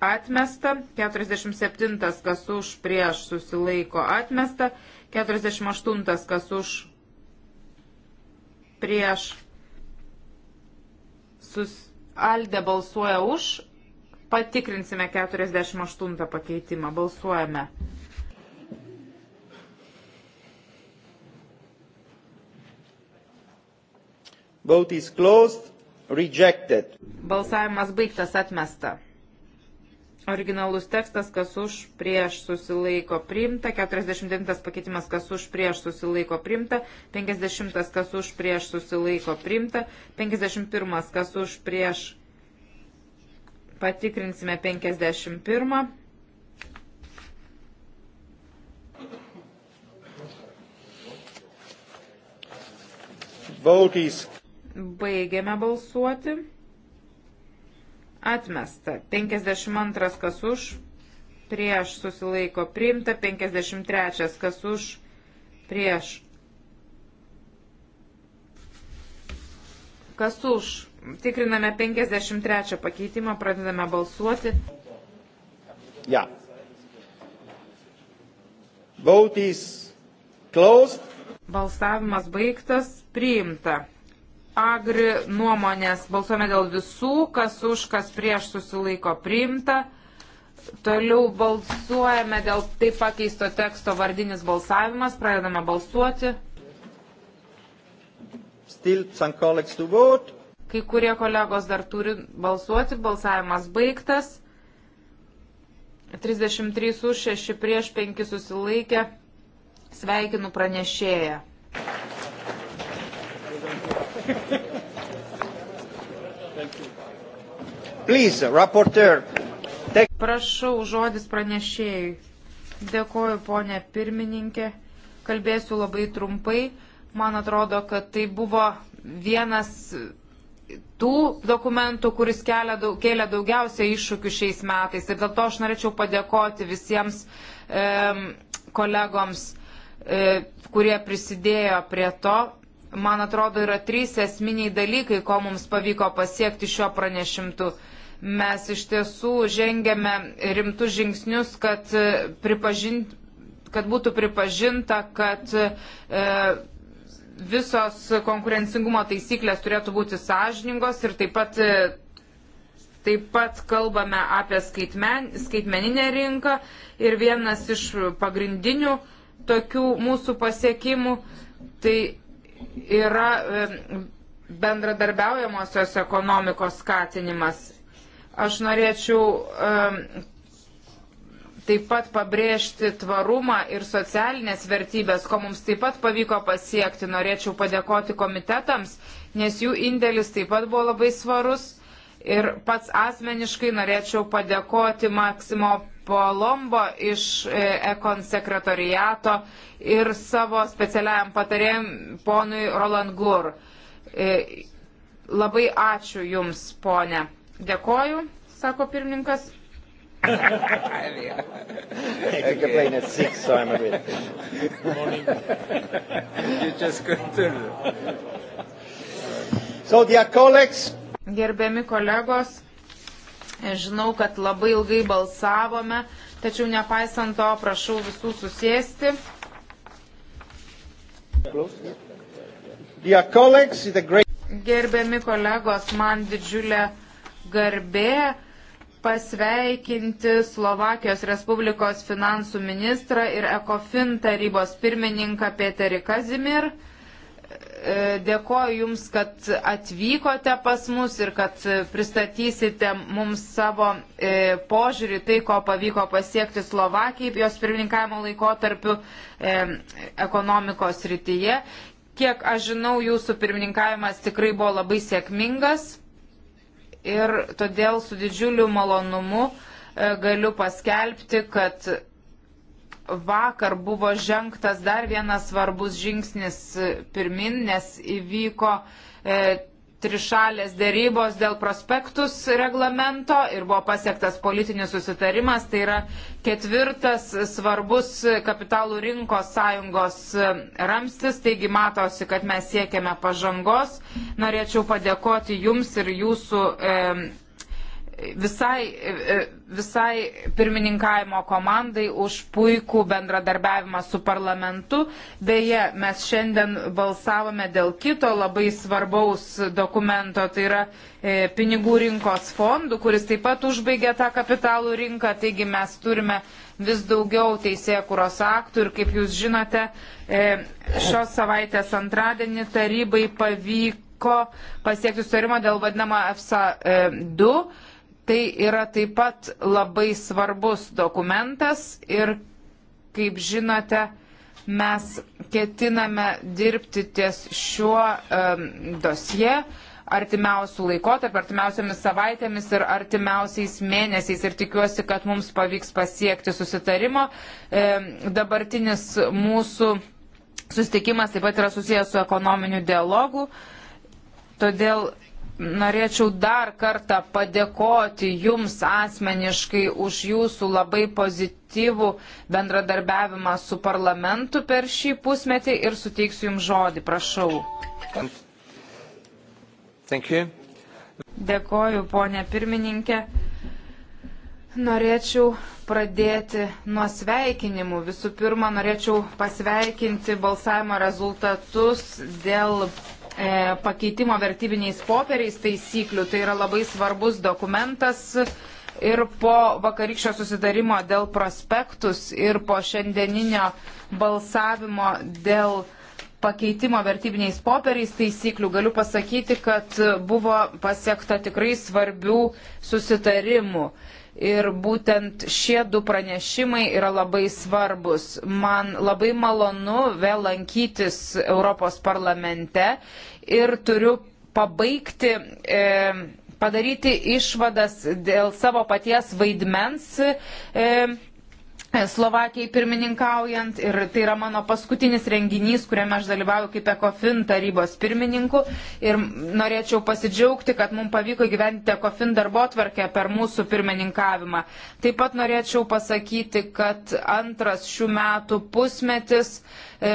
atmesta, 47 kas už prieš susilaiko atmesta, 48 kas už prieš sus... Alde balsuoja už, patikrinsime 48 pakeitimą, balsuojame. Vote is closed, rejected. Balsavimas baigtas, atmesta. Originalus tekstas, kas už prieš susilaiko primta, 49 pakeitimas, kas už prieš susilaiko primta, 50 kas už prieš susilaiko primta, 51 kas už prieš patikrinsime 51. Bautys. Baigiame balsuoti atmesta. 52 kas už, prieš susilaiko priimta, 53 kas už, prieš. Kas už? Tikriname 53 pakeitimą, pradedame balsuoti. Ja. Vote is closed. Balsavimas baigtas, priimta agri nuomonės. Balsuojame dėl visų, kas už, kas prieš susilaiko priimta. Toliau balsuojame dėl taip pakeisto teksto vardinis balsavimas. Pradedame balsuoti. Kai kurie kolegos dar turi balsuoti. Balsavimas baigtas. 33 už 6 prieš 5 susilaikė. Sveikinu pranešėją. Please, rapporteur. Take... Prašau, žodis pranešėjai. Dėkoju, ponė pirmininkė. Kalbėsiu labai trumpai. Man atrodo, kad tai buvo vienas tų dokumentų, kuris kelia, daug, kelia daugiausia iššūkių šiais metais. Ir dėl to aš norėčiau padėkoti visiems e, kolegoms, e, kurie prisidėjo prie to man atrodo, yra trys esminiai dalykai, ko mums pavyko pasiekti šio pranešimtu. Mes iš tiesų žengėme rimtus žingsnius, kad, e, pripažint, kad būtų pripažinta, kad e, visos konkurencingumo taisyklės turėtų būti sąžiningos ir taip pat, e, taip pat kalbame apie skaitmen, skaitmeninę rinką ir vienas iš pagrindinių tokių mūsų pasiekimų tai yra bendradarbiaujamosios ekonomikos skatinimas. Aš norėčiau taip pat pabrėžti tvarumą ir socialinės vertybės, ko mums taip pat pavyko pasiekti. Norėčiau padėkoti komitetams, nes jų indėlis taip pat buvo labai svarus. Ir pats asmeniškai norėčiau padėkoti Maksimo Palombo iš e, Ekon sekretoriato ir savo specialiajam patarėjim ponui Roland Gur. E, labai ačiū Jums, ponė. Dėkoju, sako pirmininkas. okay. You complain at six, so I'm a bit. Morning. you just continue. So, dear colleagues. Gerbiami kolegos. Žinau, kad labai ilgai balsavome, tačiau nepaisant to prašau visų susėsti. Gerbiami kolegos, man didžiulė garbė pasveikinti Slovakijos Respublikos finansų ministrą ir ECOFIN tarybos pirmininką Peterį Kazimir. E, dėkoju Jums, kad atvykote pas mus ir kad pristatysite mums savo e, požiūrį tai, ko pavyko pasiekti Slovakijai, jos pirmininkavimo laikotarpiu e, ekonomikos rytyje. Kiek aš žinau, Jūsų pirmininkavimas tikrai buvo labai sėkmingas ir todėl su didžiuliu malonumu galiu paskelbti, kad vakar buvo žengtas dar vienas svarbus žingsnis e, pirmin, nes įvyko e, trišalės dėrybos dėl prospektus reglamento ir buvo pasiektas politinis susitarimas. Tai yra ketvirtas svarbus kapitalų rinkos sąjungos e, ramstis, taigi matosi, kad mes siekiame pažangos. Norėčiau padėkoti Jums ir Jūsų. E, visai, visai pirmininkavimo komandai už puikų bendradarbiavimą su parlamentu. Beje, mes šiandien balsavome dėl kito labai svarbaus dokumento, tai yra e, pinigų rinkos fondų, kuris taip pat užbaigė tą kapitalų rinką, taigi mes turime vis daugiau teisėkuros aktų ir kaip jūs žinote, e, šios savaitės antradienį tarybai pavyko pasiekti sutarimo dėl vadinamo EFSA 2 e, Tai yra taip pat labai svarbus dokumentas ir, kaip žinote, mes ketiname dirbti ties šiuo um, dosie artimiausių laikotarpių, artimiausiamis savaitėmis ir artimiausiais mėnesiais ir tikiuosi, kad mums pavyks pasiekti susitarimo. E, dabartinis mūsų susitikimas taip pat yra susijęs su ekonominiu dialogu, todėl norėčiau dar kartą padėkoti Jums asmeniškai už Jūsų labai pozityvų bendradarbiavimą su parlamentu per šį pusmetį ir suteiksiu Jums žodį, prašau. Dėkoju, ponė pirmininkė. Norėčiau pradėti nuo sveikinimų. Visų pirma, norėčiau pasveikinti balsavimo rezultatus dėl E, pakeitimo vertybiniais popieriais taisyklių. Tai yra labai svarbus dokumentas. Ir po vakarykščio susidarimo dėl prospektus ir po šiandieninio balsavimo dėl pakeitimo vertybiniais popieriais taisyklių galiu pasakyti, kad buvo pasiekta tikrai svarbių susitarimų. Ir būtent šie du pranešimai yra labai svarbus. Man labai malonu vėl lankytis Europos parlamente ir turiu pabaigti, e, padaryti išvadas dėl savo paties vaidmens. E, Slovakijai pirmininkaujant ir tai yra mano paskutinis renginys, kuriame aš dalyvauju kaip ECOFIN tarybos pirmininku ir norėčiau pasidžiaugti, kad mums pavyko gyventi ECOFIN darbo tvarkę per mūsų pirmininkavimą. Taip pat norėčiau pasakyti, kad antras šių metų pusmetis e,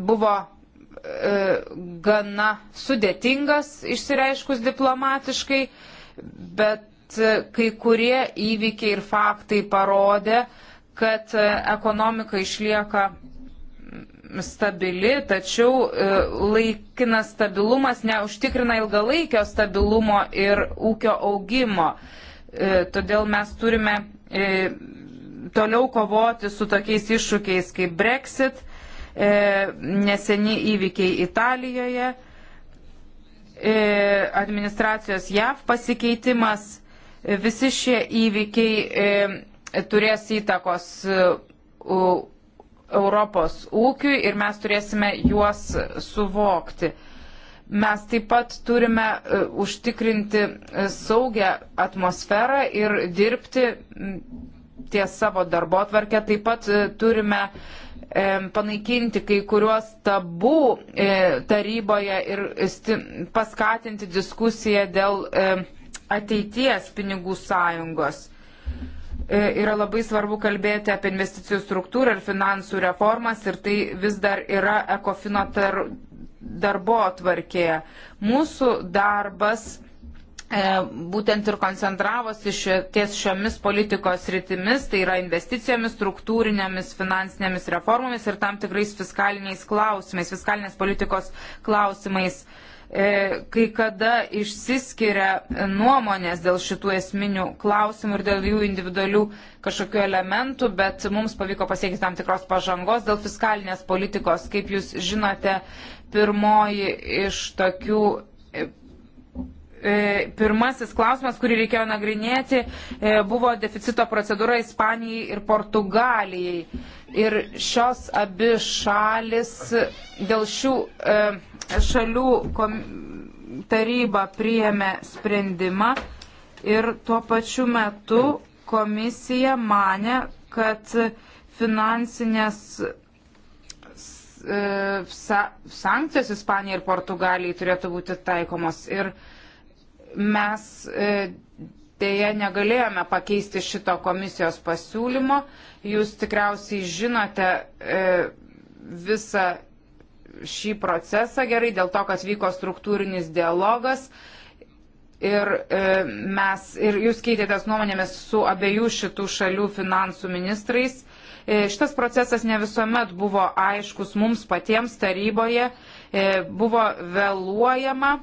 buvo e, gana sudėtingas, išsireiškus diplomatiškai, bet e, kai kurie įvykiai ir faktai parodė, kad e, ekonomika išlieka stabili, tačiau e, laikinas stabilumas neužtikrina ilgalaikio stabilumo ir ūkio augimo. E, todėl mes turime toliau kovoti su tokiais iššūkiais kaip Brexit, neseni įvykiai Italijoje, administracijos JAV pasikeitimas. Visi šie įvykiai turės įtakos e, Europos ūkiui ir mes turėsime juos suvokti. Mes taip pat turime e, užtikrinti e, saugią atmosferą ir dirbti ties savo darbo tvarkę. Taip pat turime panaikinti kai kuriuos tabų taryboje ir paskatinti diskusiją dėl ateities pinigų sąjungos. E, yra labai svarbu kalbėti apie investicijų struktūrą ir finansų reformas ir tai vis dar yra ekofino tar, darbo atvarkėje. Mūsų darbas e, būtent ir koncentravosi šio, ties šiomis politikos rytimis, tai yra investicijomis, struktūrinėmis, finansinėmis reformomis ir tam tikrais fiskaliniais klausimais, fiskalinės politikos klausimais. E, E, kai kada išsiskiria nuomonės dėl šitų esminių klausimų ir dėl jų individualių kažkokių elementų, bet mums pavyko pasiekti tam tikros pažangos dėl fiskalinės politikos. Kaip jūs žinote, pirmoji iš tokių. E, e, pirmasis klausimas, kurį reikėjo nagrinėti, buvo deficito procedūra Ispanijai ir Portugalijai Ir šios abi šalis dėl šių e, šalių kom, taryba priėmė sprendimą ir tuo pačiu metu komisija mane, kad finansinės e, sa, sankcijos Ispanijai ir Portugalijai turėtų būti taikomos. Ir mes e, Deja, negalėjome pakeisti šito komisijos pasiūlymo. Jūs tikriausiai žinote e, visą šį procesą gerai, dėl to, kad vyko struktūrinis dialogas. Ir, e, mes, ir jūs keitėtės nuomonėmis su abiejų šitų šalių finansų ministrais. E, šitas procesas ne visuomet buvo aiškus mums patiems taryboje, e, buvo vėluojama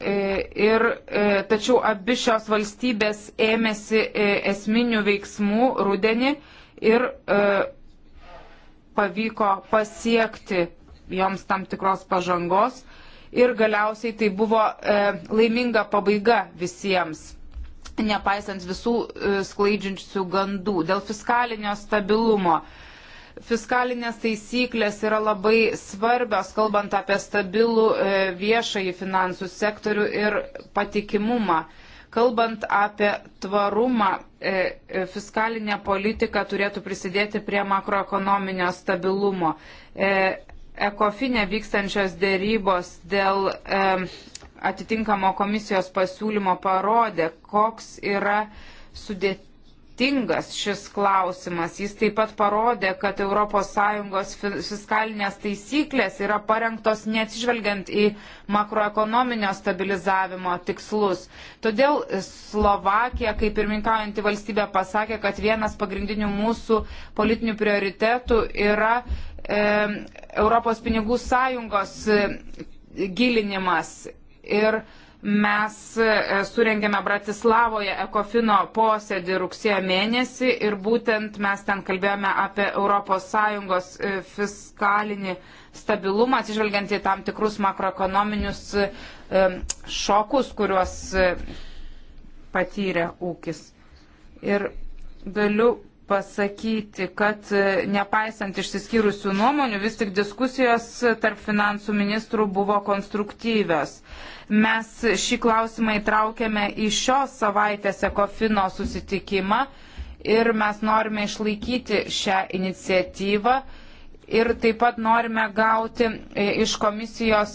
E, ir e, tačiau abi šios valstybės ėmėsi e, esminių veiksmų rudenį ir pavyko pasiekti joms tam tikros pažangos ir galiausiai tai buvo laiminga pabaiga visiems, nepaisant visų sklaidžiančių gandų dėl fiskalinio stabilumo fiskalinės taisyklės yra labai svarbios, kalbant apie stabilų e, viešąjį finansų sektorių ir patikimumą. Kalbant apie tvarumą, e, e, fiskalinė politika turėtų prisidėti prie makroekonominio stabilumo. Ekofinė vykstančios dėrybos dėl atitinkamo komisijos pasiūlymo parodė, koks yra sudėtingas sudėtingas šis klausimas. Jis taip pat parodė, kad ES fiskalinės taisyklės yra parengtos neatsižvelgiant į makroekonominio stabilizavimo tikslus. Todėl Slovakija, kaip pirminkaujanti valstybė, pasakė, kad vienas pagrindinių mūsų politinių prioritetų yra e, Europos pinigų sąjungos e, gilinimas. Ir e, mes e, surengėme Bratislavoje Ekofino posėdį rugsėjo mėnesį ir būtent mes ten kalbėjome apie ES e, fiskalinį stabilumą, atsižvelgiant į tam tikrus makroekonominius e, šokus, kuriuos patyrė ūkis. Ir galiu pasakyti, kad nepaisant išsiskyrusių nuomonių, vis tik diskusijos tarp finansų ministrų buvo konstruktyvios. Mes šį klausimą įtraukėme į šios savaitės ekofino susitikimą ir mes norime išlaikyti šią iniciatyvą. Ir taip pat norime gauti e, iš komisijos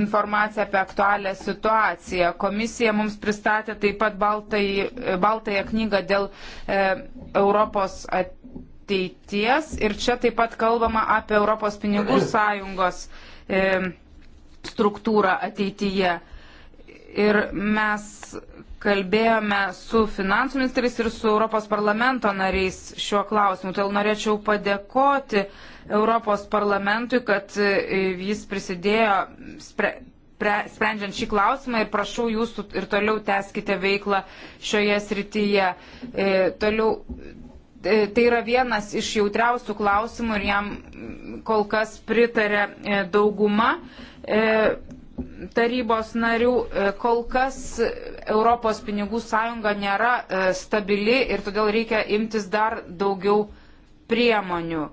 informaciją apie aktualią situaciją. Komisija mums pristatė taip pat baltai, e, baltąją knygą dėl e, Europos ateities. Ir čia taip pat kalbama apie Europos pinigų sąjungos. E, struktūrą ateityje. Ir mes kalbėjome su finansų ministrais ir su Europos parlamento nariais šiuo klausimu. Todėl norėčiau padėkoti Europos parlamentui, kad e, jis prisidėjo spre, pre, sprendžiant šį klausimą ir prašau jūsų ir toliau teskite veiklą šioje srityje. E, toliau, e, tai yra vienas iš jautriausių klausimų ir jam kol kas pritarė e, dauguma. E, E, tarybos narių. E, kol kas Europos pinigų sąjunga nėra e, stabili ir todėl reikia imtis dar daugiau priemonių.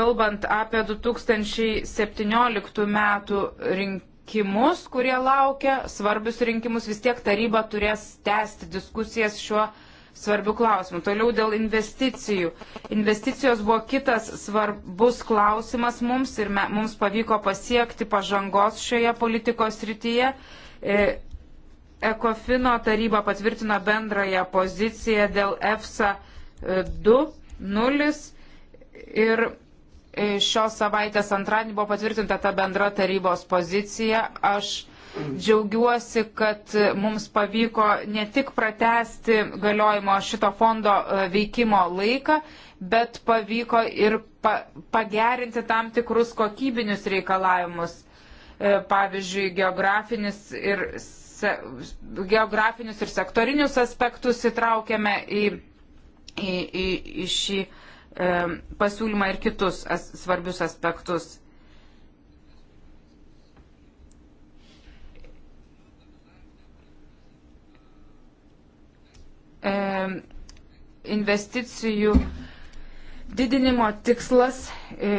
Kalbant apie 2017 metų rinkimus, kurie laukia, svarbius rinkimus, vis tiek taryba turės tęsti diskusijas šiuo klausimu svarbių klausimų. Toliau dėl investicijų. Investicijos buvo kitas svarbus klausimas mums ir me, mums pavyko pasiekti pažangos šioje politikos rytyje. E, Ekofino taryba patvirtino bendrąją poziciją dėl EFSA 2.0 e, ir e, šios savaitės antradienį buvo patvirtinta ta bendra tarybos pozicija. Aš Džiaugiuosi, kad mums pavyko ne tik pratesti galiojimo šito fondo e, veikimo laiką, bet pavyko ir pa pagerinti tam tikrus kokybinius reikalavimus. E, pavyzdžiui, geografinis ir, se, geografinius ir sektorinius aspektus įtraukėme į, į, į, į šį e, pasiūlymą ir kitus as, svarbius aspektus. e, investicijų didinimo tikslas e,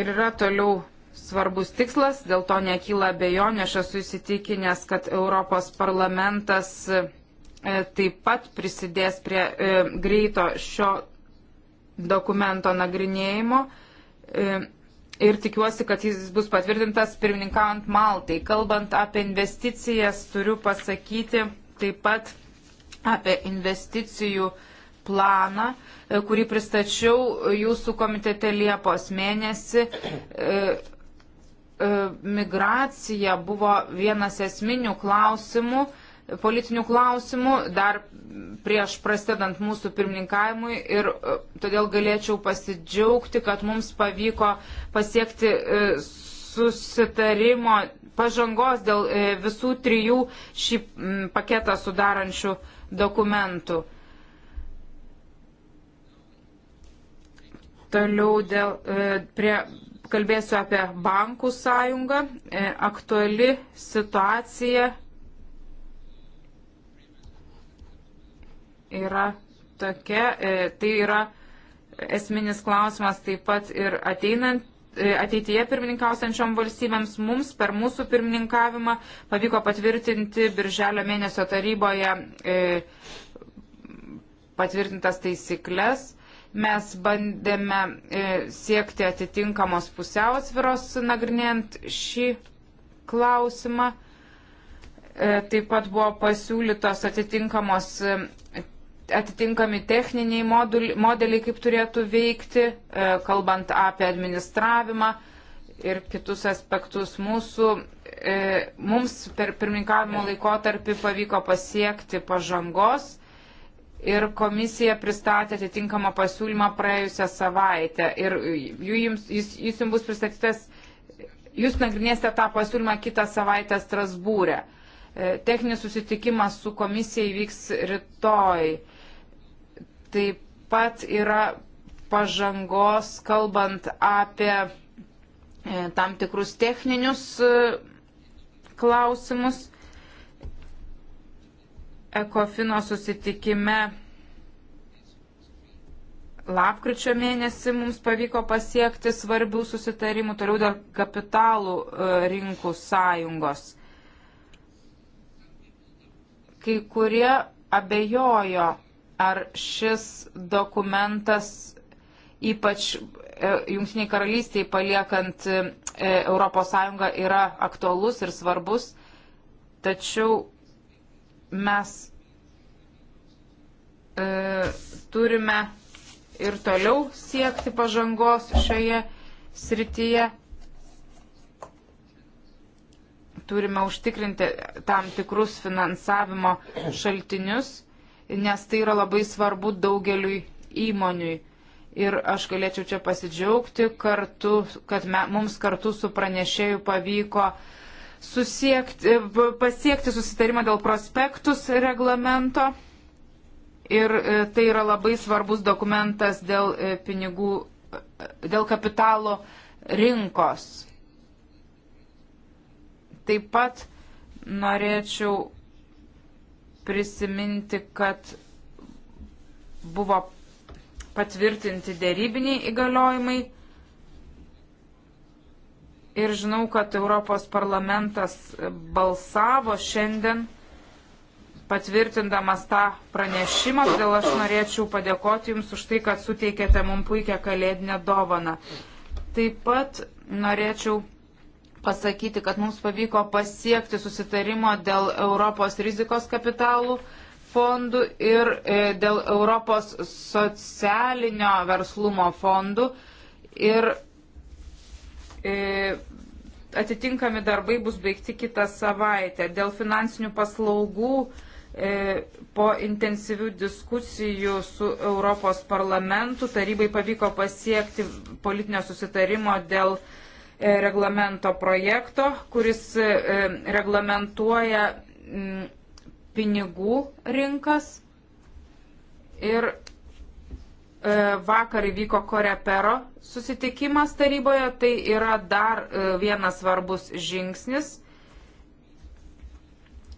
ir yra toliau svarbus tikslas, dėl to nekyla bejonė, aš esu įsitikinęs, kad Europos parlamentas e, taip pat prisidės prie e, greito šio dokumento nagrinėjimo. E, ir tikiuosi, kad jis bus patvirtintas pirmininkaujant Maltai. Kalbant apie investicijas, turiu pasakyti taip pat, apie investicijų planą, e, kurį pristačiau jūsų komitete Liepos mėnesį. E, e, migracija buvo vienas esminių klausimų, politinių klausimų dar prieš prasidedant mūsų pirmininkavimui ir todėl galėčiau pasidžiaugti, kad mums pavyko pasiekti susitarimo pažangos dėl visų trijų šį paketą sudarančių dokumentų. Toliau dėl, e, prie, kalbėsiu apie bankų sąjungą. E, aktuali situacija yra tokia. E, tai yra esminis klausimas taip pat ir ateinant E, ateityje pirmininkausiančiom valstybėms. Mums per mūsų pirmininkavimą pavyko patvirtinti Birželio mėnesio taryboje e, patvirtintas taisyklės. Mes bandėme e, siekti atitinkamos pusiausviros nagrinėjant šį klausimą. Taip pat buvo pasiūlytos atitinkamos atitinkami techniniai modeliai, kaip turėtų veikti, e, kalbant apie administravimą ir kitus aspektus mūsų. E, mums per pirmininkavimo laikotarpį pavyko pasiekti pažangos ir komisija pristatė atitinkamą pasiūlymą praėjusią savaitę. Ir jums, jis, jis jums bus pristatytas, jūs nagrinėsite tą pasiūlymą kitą savaitę Strasbūrę. E, techninis susitikimas su komisija įvyks rytoj. Taip pat yra pažangos, kalbant apie e, tam tikrus techninius e, klausimus. Ekofino susitikime lapkričio mėnesį mums pavyko pasiekti svarbių susitarimų toliau dėl kapitalų e, rinkų sąjungos. Kai kurie abejojo, ar šis dokumentas ypač e, Junktiniai karalystiai paliekant ES yra aktualus ir svarbus, tačiau mes e, turime ir toliau siekti pažangos šioje srityje. Turime užtikrinti tam tikrus finansavimo šaltinius nes tai yra labai svarbu daugeliui įmoniui. Ir aš galėčiau čia pasidžiaugti kartu, kad me, mums kartu su pranešėju pavyko susiekti, pasiekti susitarimą dėl prospektus reglamento. Ir e, tai yra labai svarbus dokumentas dėl e, pinigų, e, dėl kapitalo rinkos. Taip pat norėčiau prisiminti, kad buvo patvirtinti dėrybiniai įgaliojimai. Ir žinau, kad Europos parlamentas balsavo šiandien patvirtindamas tą pranešimą, todėl aš norėčiau padėkoti Jums už tai, kad suteikėte mums puikią kalėdinę dovaną. Taip pat norėčiau pasakyti, kad mums pavyko pasiekti susitarimo dėl Europos rizikos kapitalų fondų ir e, dėl Europos socialinio verslumo fondų. Ir e, atitinkami darbai bus baigti kitą savaitę. Dėl finansinių paslaugų e, po intensyvių diskusijų su Europos parlamentu tarybai pavyko pasiekti politinio susitarimo dėl uh, E, reglamento projekto, kuris e, reglamentuoja pinigų rinkas. Ir e, vakar įvyko Korepero susitikimas taryboje, tai yra dar vienas svarbus žingsnis.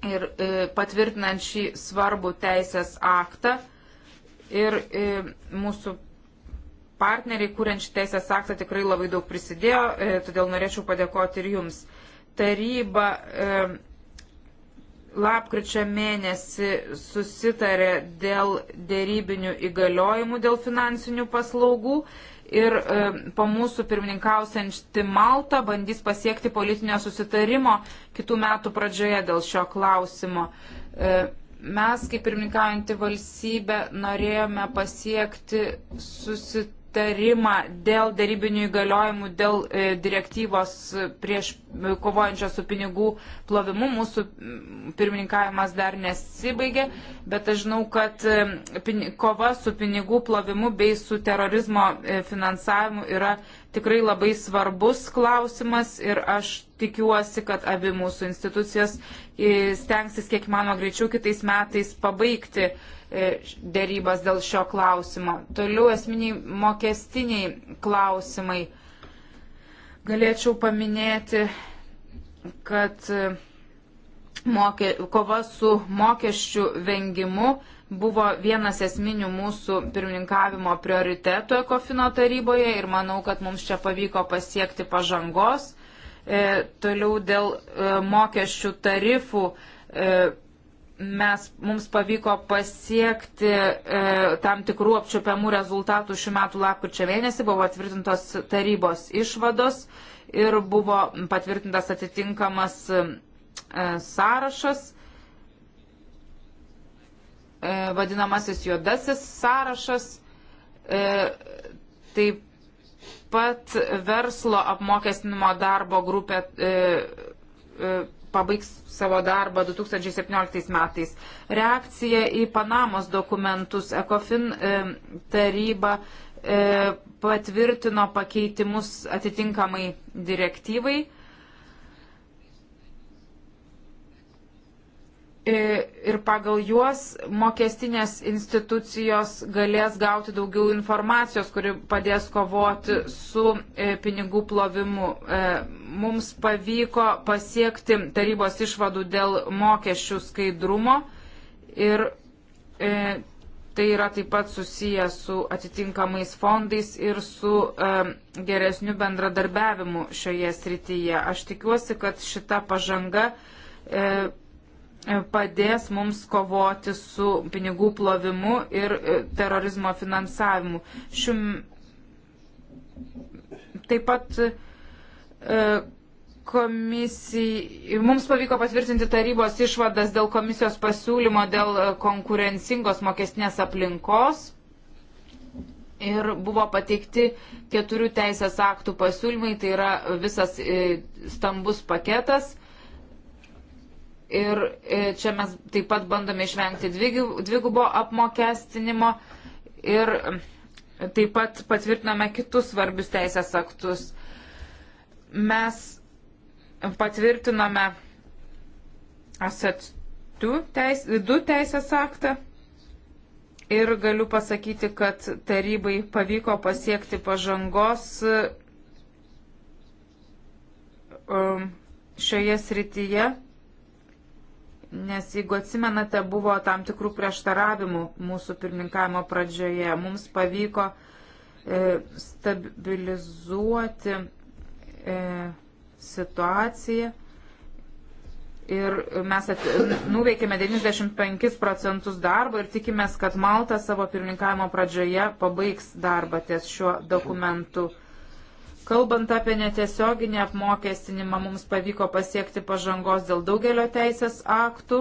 Ir patvirtinant šį svarbų teisės aktą ir mūsų partneriai, kuriant šį teisės aktą, tikrai labai daug prisidėjo, e, todėl norėčiau padėkoti ir jums. Taryba e, lapkričio mėnesį susitarė dėl dėrybinių įgaliojimų dėl finansinių paslaugų ir e, po mūsų pirmininkausianti Malta bandys pasiekti politinio susitarimo kitų metų pradžioje dėl šio klausimo. E, mes, kaip pirmininkaujanti valstybė, norėjome pasiekti susitarimo tarimą dėl darybinių įgaliojimų, dėl e, direktyvos prieš e, kovojančios su pinigų plovimu. Mūsų pirmininkavimas dar nesibaigė, bet aš žinau, kad e, pin, kova su pinigų plovimu bei su terorizmo e, finansavimu yra tikrai labai svarbus klausimas ir aš tikiuosi, kad abi mūsų institucijas e, stengsis kiek mano greičiau kitais metais pabaigti E, dėrybas dėl šio klausimo. Toliau esminiai mokestiniai klausimai. Galėčiau paminėti, kad e, mokė, kova su mokesčių vengimu buvo vienas esminių mūsų pirmininkavimo prioritetų Ekofino taryboje ir manau, kad mums čia pavyko pasiekti pažangos. E, toliau dėl e, mokesčių tarifų e, mes, mums pavyko pasiekti e, tam tikrų apčiopiamų rezultatų šių metų lapkričio mėnesį, buvo atvirtintos tarybos išvados ir buvo patvirtintas atitinkamas e, sąrašas, e, vadinamasis juodasis sąrašas. E, taip pat verslo apmokestinimo darbo grupė. E, e, pabaigs savo darbą 2017 metais. Reakcija į Panamos dokumentus. Ekofin e, taryba e, patvirtino pakeitimus atitinkamai direktyvai. E, ir pagal juos mokestinės institucijos galės gauti daugiau informacijos, kuri padės kovoti su e, pinigų plovimu. E, mums pavyko pasiekti tarybos išvadų dėl mokesčių skaidrumo ir e, tai yra taip pat susiję su atitinkamais fondais ir su geresniu bendradarbiavimu šioje srityje. Aš tikiuosi, kad šita pažanga padės mums kovoti su pinigų plovimu ir e, terorizmo finansavimu. Šium... Taip pat e, komisijai, mums pavyko patvirtinti tarybos išvadas dėl komisijos pasiūlymo dėl e, konkurencingos mokestinės aplinkos. Ir buvo pateikti keturių teisės aktų pasiūlymai, tai yra visas stambus paketas Ir e, čia mes taip pat bandome išvengti dvigubo apmokestinimo ir e, taip pat patvirtiname kitus svarbius teisės aktus. Mes patvirtiname ASET 2 teis, teisės aktą ir galiu pasakyti, kad tarybai pavyko pasiekti pažangos e, šioje srityje. Nes jeigu atsimenate, buvo tam tikrų prieštaravimų mūsų pirmininkavimo pradžioje. Mums pavyko e, stabilizuoti e, situaciją ir mes at, nuveikėme 95 procentus darbo ir tikimės, kad Malta savo pirmininkavimo pradžioje pabaigs darbą ties šiuo dokumentu. Kalbant apie netiesioginį apmokestinimą, mums pavyko pasiekti pažangos dėl daugelio teisės aktų.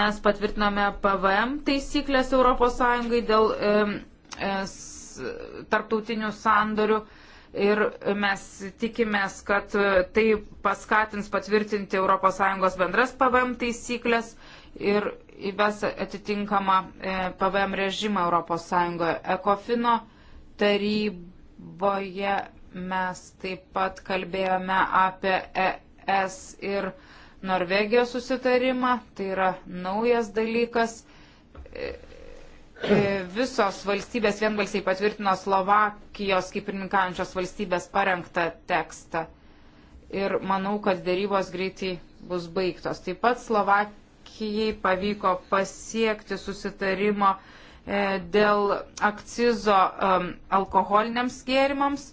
Mes patvirtiname PVM taisyklės ES dėl e, e, tarptautinių sandorių ir mes tikimės, kad tai paskatins patvirtinti ES bendras PVM taisyklės ir įves atitinkamą e, PVM režimą ES. Ekofino taryba taryboje mes taip pat kalbėjome apie ES ir Norvegijos susitarimą. Tai yra naujas dalykas. E, e, visos valstybės vienbalsiai patvirtino Slovakijos kaip pirmininkančios valstybės parengtą tekstą. Ir manau, kad dėrybos greitai bus baigtos. Taip pat Slovakijai pavyko pasiekti susitarimo E, dėl akcizo alkoholiniams gėrimams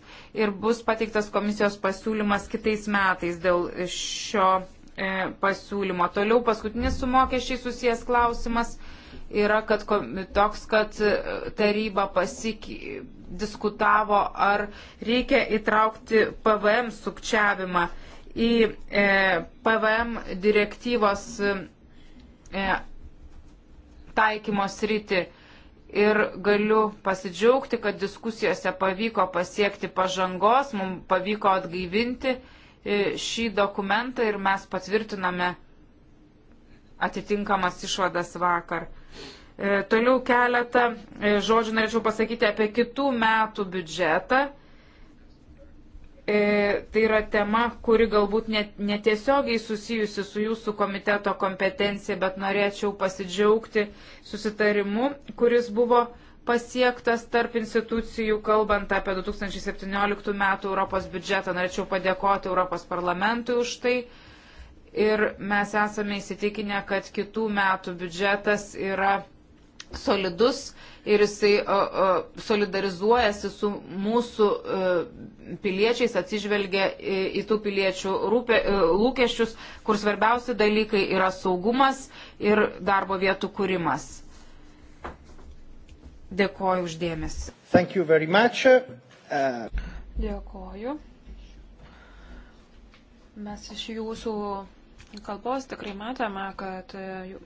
ir bus pateiktas komisijos pasiūlymas kitais metais dėl šio e, pasiūlymo. Toliau paskutinis su mokesčiai susijęs klausimas yra kad, toks, kad e, taryba pasiki, diskutavo, ar reikia įtraukti PVM sukčiavimą į e, PVM direktyvos e, taikymos rytį ir galiu pasidžiaugti, kad diskusijose pavyko pasiekti pažangos, mums pavyko atgaivinti e, šį dokumentą ir mes patvirtiname atitinkamas išvadas vakar. E, toliau keletą e, žodžių norėčiau pasakyti apie kitų metų biudžetą e, tai yra tema, kuri galbūt net, netiesiogiai susijusi su jūsų komiteto kompetencija, bet norėčiau pasidžiaugti susitarimu, kuris buvo pasiektas tarp institucijų, kalbant apie 2017 metų Europos biudžetą. Norėčiau padėkoti Europos parlamentui už tai. Ir mes esame įsitikinę, kad kitų metų biudžetas yra solidus ir jisai o, o, solidarizuojasi su mūsų o, e, piliečiais, atsižvelgia į, į tų piliečių rūpė, e, lūkesčius, kur svarbiausi dalykai yra saugumas ir darbo vietų kūrimas. Dėkoju uždėmesi. Uh... Dėkoju. Mes iš jūsų kalbos tikrai matome, kad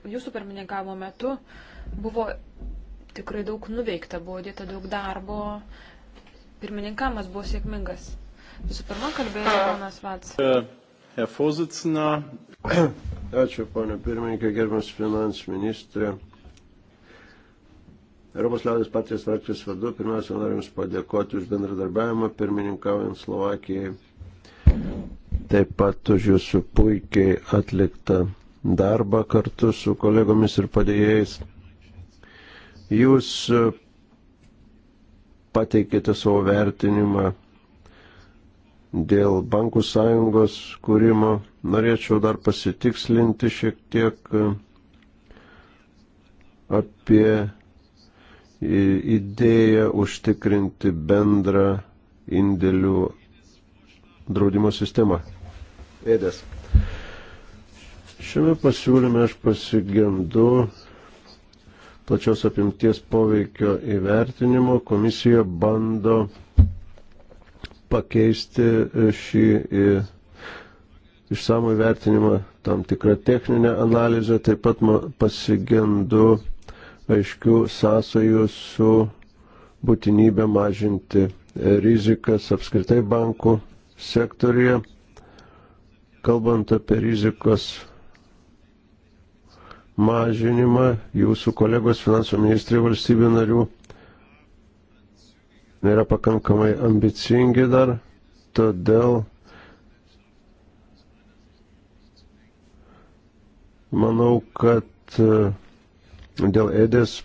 jūsų pirmininkavo metu uh, Buvo tikrai daug nuveikta, buvo dėta daug darbo. Pirmininkamas buvo sėkmingas. Visų pirma, kalbėjo Jonas Vats. Ačiū, ponė pirmininkė, gerbiamas finansų ministrė. Europos liaudės partijos frakcijos vadu, pirmiausia, norim Jums padėkoti už bendradarbiavimą, pirmininkaujant Slovakijai, taip pat už Jūsų puikiai atliktą darbą kartu su kolegomis ir padėjėjais. Jūs e, pateikėte savo vertinimą dėl bankų sąjungos kūrimo. Norėčiau dar pasitikslinti šiek tiek e, apie e, idėją užtikrinti bendrą indėlių draudimo sistemą. Ėdės. Šiame pasiūlyme aš pasigendu plačios apimties poveikio įvertinimo komisija bando pakeisti šį išsamų įvertinimą tam tikrą techninę analizę, taip pat pasigendu aiškių sąsajų su būtinybė mažinti rizikas apskritai bankų sektorija. Kalbant apie rizikos mažinimą. Jūsų kolegos finansų ministrai valstybių narių nėra pakankamai ambicingi dar, todėl manau, kad e, dėl Edės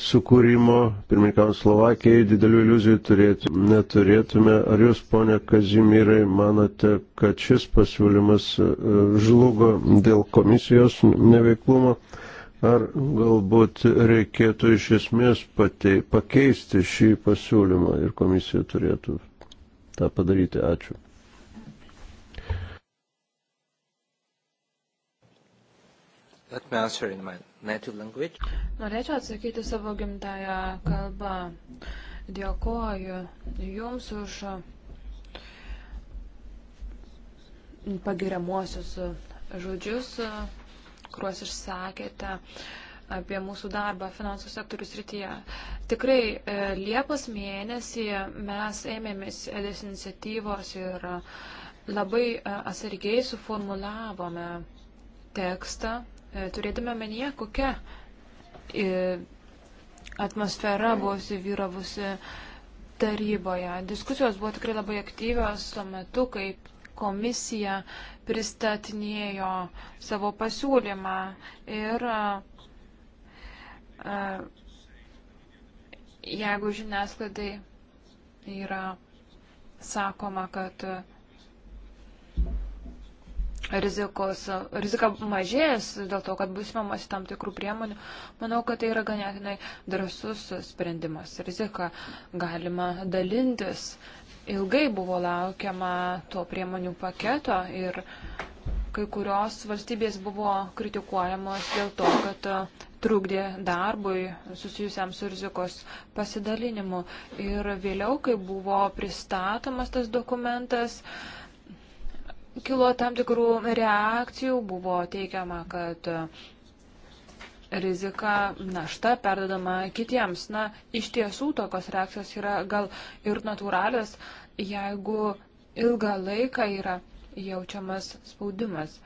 sukūrimo, pirmininkam Slovakijai, didelių iliuzijų turėti neturėtume. Ar jūs, ponė Kazimirai, manote, kad šis pasiūlymas e, žlugo dėl komisijos neveiklumo? Ar galbūt reikėtų iš esmės patei, pakeisti šį pasiūlymą ir komisija turėtų tą padaryti? Ačiū. Let me answer in my native language. Norėčiau atsakyti savo gimtają kalbą. Dėkoju Jums už pagiriamuosius žodžius, kuriuos išsakėte apie mūsų darbą finansų sektorių srityje. Tikrai e, Liepos mėnesį mes ėmėmės edės iniciatyvos ir e, labai e, atsargiai suformulavome tekstą, E, turėdami menyje, kokia e, atmosfera buvo įsivyravusi taryboje. Diskusijos buvo tikrai labai aktyvios tuo metu, kai komisija pristatinėjo savo pasiūlymą ir e, jeigu žiniasklaidai yra sakoma, kad rizikos, rizika mažės dėl to, kad bus įmamas tam tikrų priemonių. Manau, kad tai yra ganėtinai drasus sprendimas. Rizika galima dalintis. Ilgai buvo laukiama to priemonių paketo ir kai kurios valstybės buvo kritikuojamos dėl to, kad trukdė darbui susijusiam su rizikos pasidalinimu. Ir vėliau, kai buvo pristatomas tas dokumentas, uh, kilo tam tikrų reakcijų, buvo teikiama, kad rizika, našta perdodama kitiems. Na, iš tiesų tokios reakcijos yra gal ir natūralios, jeigu ilgą laiką yra jaučiamas spaudimas.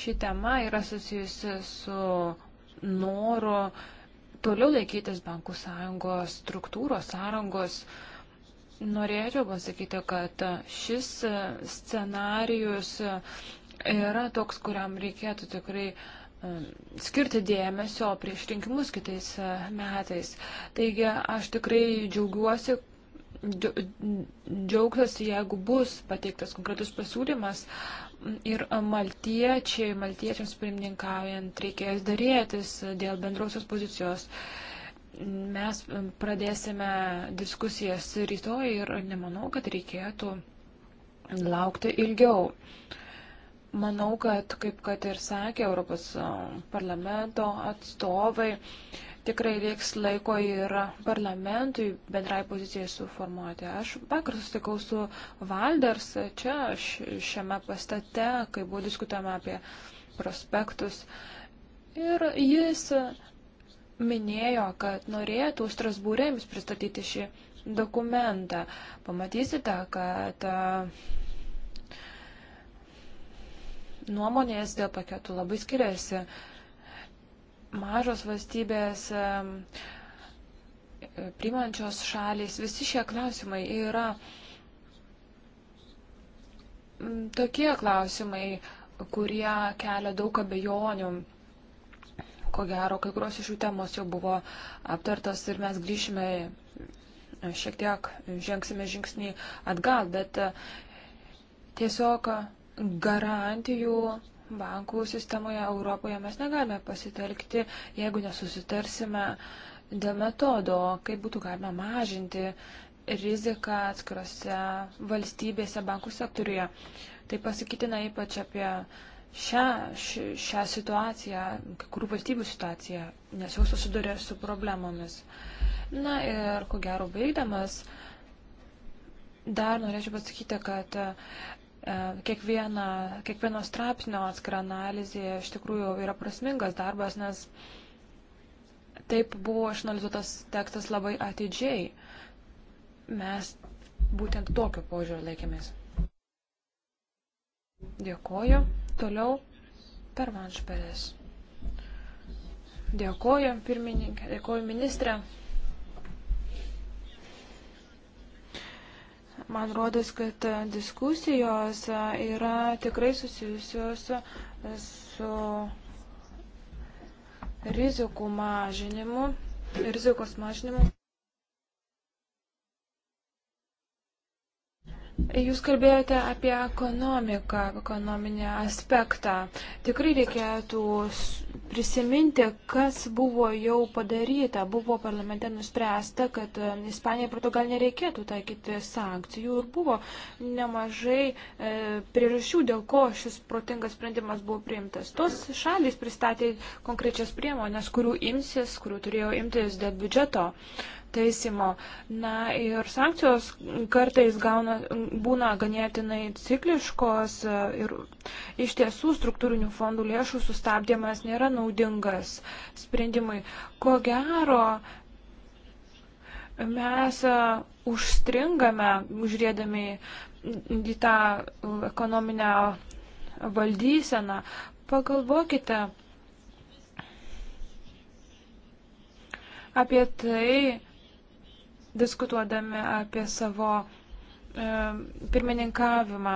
Ši tema yra susijusi su noru toliau laikytis bankų sąjungos struktūros sąrangos. Uh, Norėčiau pasakyti, kad šis scenarijus yra toks, kuriam reikėtų tikrai um, skirti dėmesio prieš rinkimus kitais uh, metais. Taigi aš tikrai džiaugiuosi, džiaugsiuosi, jeigu bus pateiktas konkretus pasiūlymas ir maltiečiai, maltiečiams pirmininkaujant reikės darėtis dėl bendrosios pozicijos. Uh, Mes pradėsime diskusijas rytoj ir nemanau, kad reikėtų laukti ilgiau. Manau, kad, kaip kad ir sakė Europos parlamento atstovai, tikrai reiks laiko ir parlamentui bendrai pozicijai suformuoti. Aš vakar susitikau su Valders čia, šiame pastate, kai buvo diskutama apie prospektus. Ir jis minėjo, kad norėtų Strasbūrė jums pristatyti šį dokumentą. Pamatysite, kad e, nuomonės dėl paketų labai skiriasi. Mažos valstybės, e, primančios šalys, visi šie klausimai yra tokie klausimai, kurie kelia daug abejonių Ko gero, kai kurios iš jų temos jau buvo aptartos ir mes grįšime e, šiek tiek, žengsime žingsnį atgal, bet e, tiesiog garantijų bankų sistemoje Europoje mes negalime pasitelkti, jeigu nesusitarsime dėl metodo, kaip būtų galima mažinti riziką atskirose valstybėse bankų sektoriuje. Tai pasakytina ypač apie uh, šią, šią situaciją, kai kurių valstybių situaciją, nes jau susiduria su problemomis. Na ir ko gero baigdamas, dar norėčiau pasakyti, kad e, kiekviena, kiekvieno straipsnio atskira analizė iš tikrųjų yra prasmingas darbas, nes taip buvo išanalizuotas tekstas labai atidžiai. Mes būtent tokio požiūrio laikėmės. Dėkoju. Toliau per Manšperės. Dėkoju, pirmininkė, dėkoju, ministrė. Man rodos, kad diskusijos yra tikrai susijusios su rizikų mažinimu, rizikos mažinimu. Jūs kalbėjote apie ekonomiką, ekonominį aspektą. Tikrai reikėtų prisiminti, kas buvo jau padaryta. Buvo parlamente nuspręsta, kad um, Ispanija ir Portugalija nereikėtų taikyti sankcijų ir buvo nemažai e, priežasčių, dėl ko šis protingas sprendimas buvo priimtas. Tos šalys pristatė konkrečias priemonės, kurių imsis, kurių turėjo imtis dėl biudžeto. E, teisimo. Na ir sankcijos kartais gauna, būna ganėtinai cikliškos e, ir iš tiesų struktūrinių fondų lėšų sustabdymas nėra naudingas sprendimui. Ko gero, mes e, užstringame, žiūrėdami į tą ekonominę valdyseną. Pagalvokite apie tai, diskutuodami apie savo e, pirmininkavimą.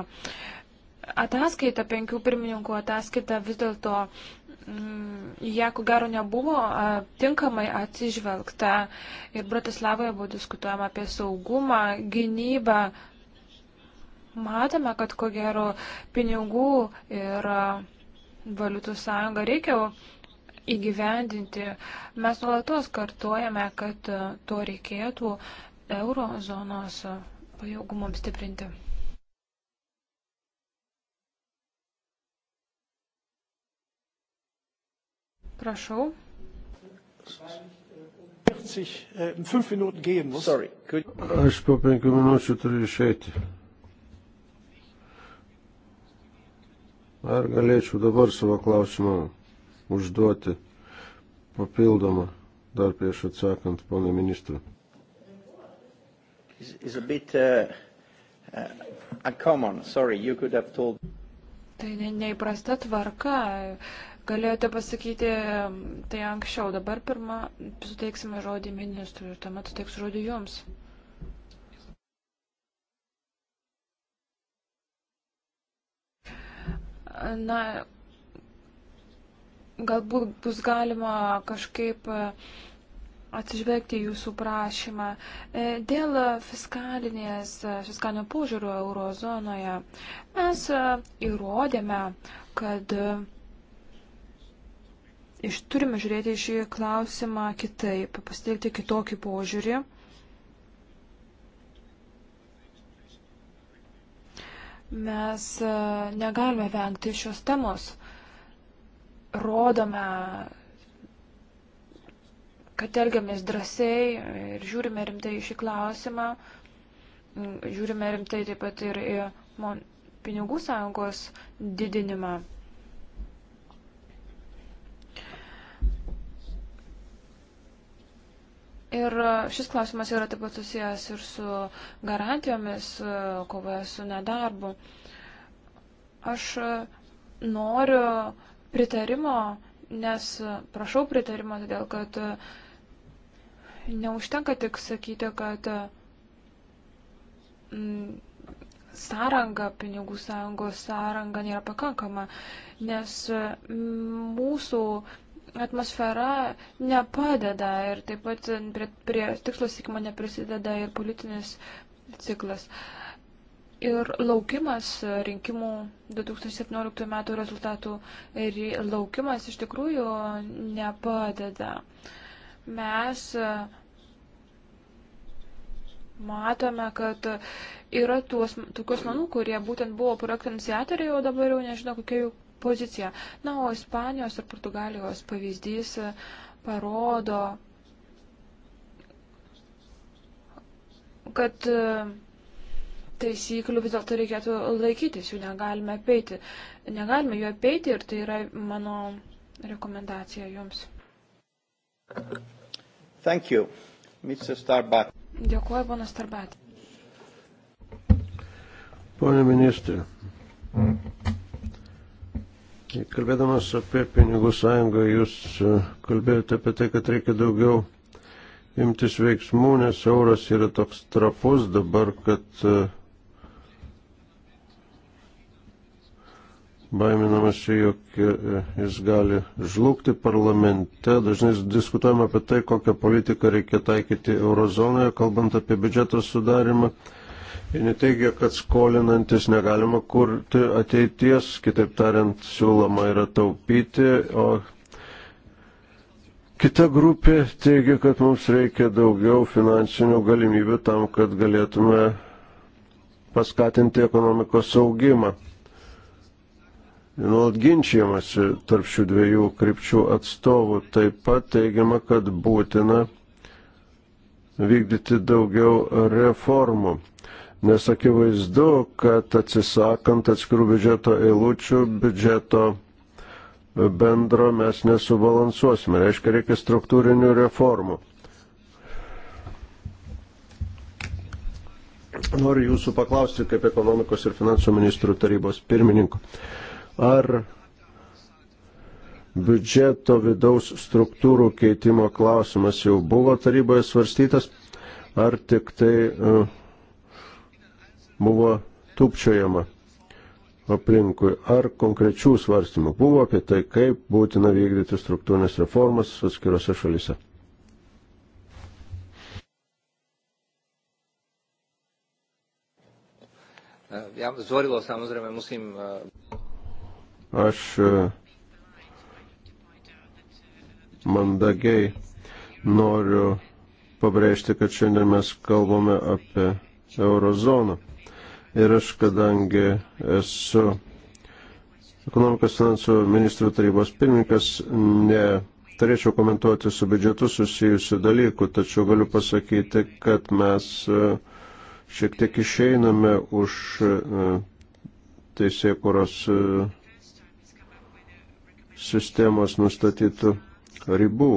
Ataskaita, penkių pirmininkų ataskaita vis dėlto, mm, jie ko gero nebuvo tinkamai atsižvelgta ir Bratislavoje buvo diskutuojama apie saugumą, gynybą. Matome, kad ko gero pinigų ir valiutų sąjunga reikia įgyvendinti. Mes nuolatos kartuojame, kad e, to reikėtų eurozonos pajėgumams stiprinti. Prašau. 5 äh, minuten gehen muss. Sorry. Aš po penkių minučių turiu išeiti. Ar galėčiau dabar savo klausimą užduoti papildomą dar prieš atsakant, pana ministrą. Uh, uh, tai ne, neįprasta tvarka. Galėjote pasakyti um, tai anksčiau. Dabar pirmą suteiksime žodį ministrui ir tuomet suteiksiu žodį jums. Na, galbūt bus galima kažkaip e, atsižvelgti jūsų prašymą. E, dėl fiskalinės, e, fiskalinio požiūrio eurozonoje mes įrodėme, kad iš, turime žiūrėti šį klausimą kitaip, pasitikti kitokį požiūrį. Mes negalime vengti šios temos rodome, kad elgiamės drąsiai ir žiūrime rimtai šį klausimą, žiūrime rimtai taip pat ir į pinigų sąjungos didinimą. Ir šis klausimas yra taip pat susijęs ir su garantijomis kovoje su nedarbu. Aš noriu pritarimo, nes prašau pritarimo, todėl kad e, neužtenka tik sakyti, kad e, sąranga, pinigų sąjungos sąranga nėra pakankama, nes e, mūsų atmosfera nepadeda ir taip pat prie, prie tikslo sėkimo neprisideda ir politinis ciklas. Uh, ir laukimas rinkimų 2017 metų rezultatų ir laukimas iš tikrųjų nepadeda. Mes matome, kad yra tuos, tokių asmenų, kurie būtent buvo projekto iniciatoriai, o dabar jau nežinau, kokia jų pozicija. Na, o Ispanijos ir Portugalijos pavyzdys parodo, kad taisyklių vis dėlto reikėtų laikytis, jų negalime apeiti. Negalime jų apeiti ir tai yra mano rekomendacija jums. Thank you, Mr. Starbat. Dėkuoju, ponas Starbat. Pone ministrė, kalbėdamas apie pinigų sąjungą, jūs e, kalbėjote apie tai, kad reikia daugiau imtis veiksmų, nes euras yra toks trapus dabar, kad e, baiminamasi, jog jis gali žlugti parlamente. Dažnai diskutuojame apie tai, kokią politiką reikia taikyti eurozonoje, kalbant apie biudžeto sudarimą. Ir neteigia, kad skolinantis negalima kurti ateities, kitaip tariant, siūloma yra taupyti, o Kita grupė teigia, kad mums reikia daugiau finansinių galimybių tam, kad galėtume paskatinti ekonomikos saugimą nuolat ginčiamasi tarp šių dviejų krypčių atstovų. Taip pat teigiama, kad būtina vykdyti daugiau reformų. Nes akivaizdu, kad atsisakant atskirų biudžeto eilučių, biudžeto bendro mes nesubalansuosime. Reiškia, reikia struktūrinių reformų. Noriu jūsų paklausti kaip ekonomikos ir finansų ministrų tarybos pirmininko ar biudžeto vidaus struktūrų keitimo klausimas jau buvo taryboje svarstytas, ar tik tai e, buvo tūpčiojama aplinkui, ar konkrečių svarstymų buvo apie tai, kaip būtina vykdyti struktūrinės reformas atskirose šalyse. E, ja zvorilo samozrejme musím e, Aš e, mandagiai noriu pabrėžti, kad šiandien mes kalbame apie eurozoną. Ir aš, kadangi esu ekonomikos finansų ministrų tarybos pirmininkas, neturėčiau komentuoti su biudžetu susijusių dalykų, tačiau galiu pasakyti, kad mes e, šiek tiek išeiname už e, teisėkuros sistemos nustatytų ribų.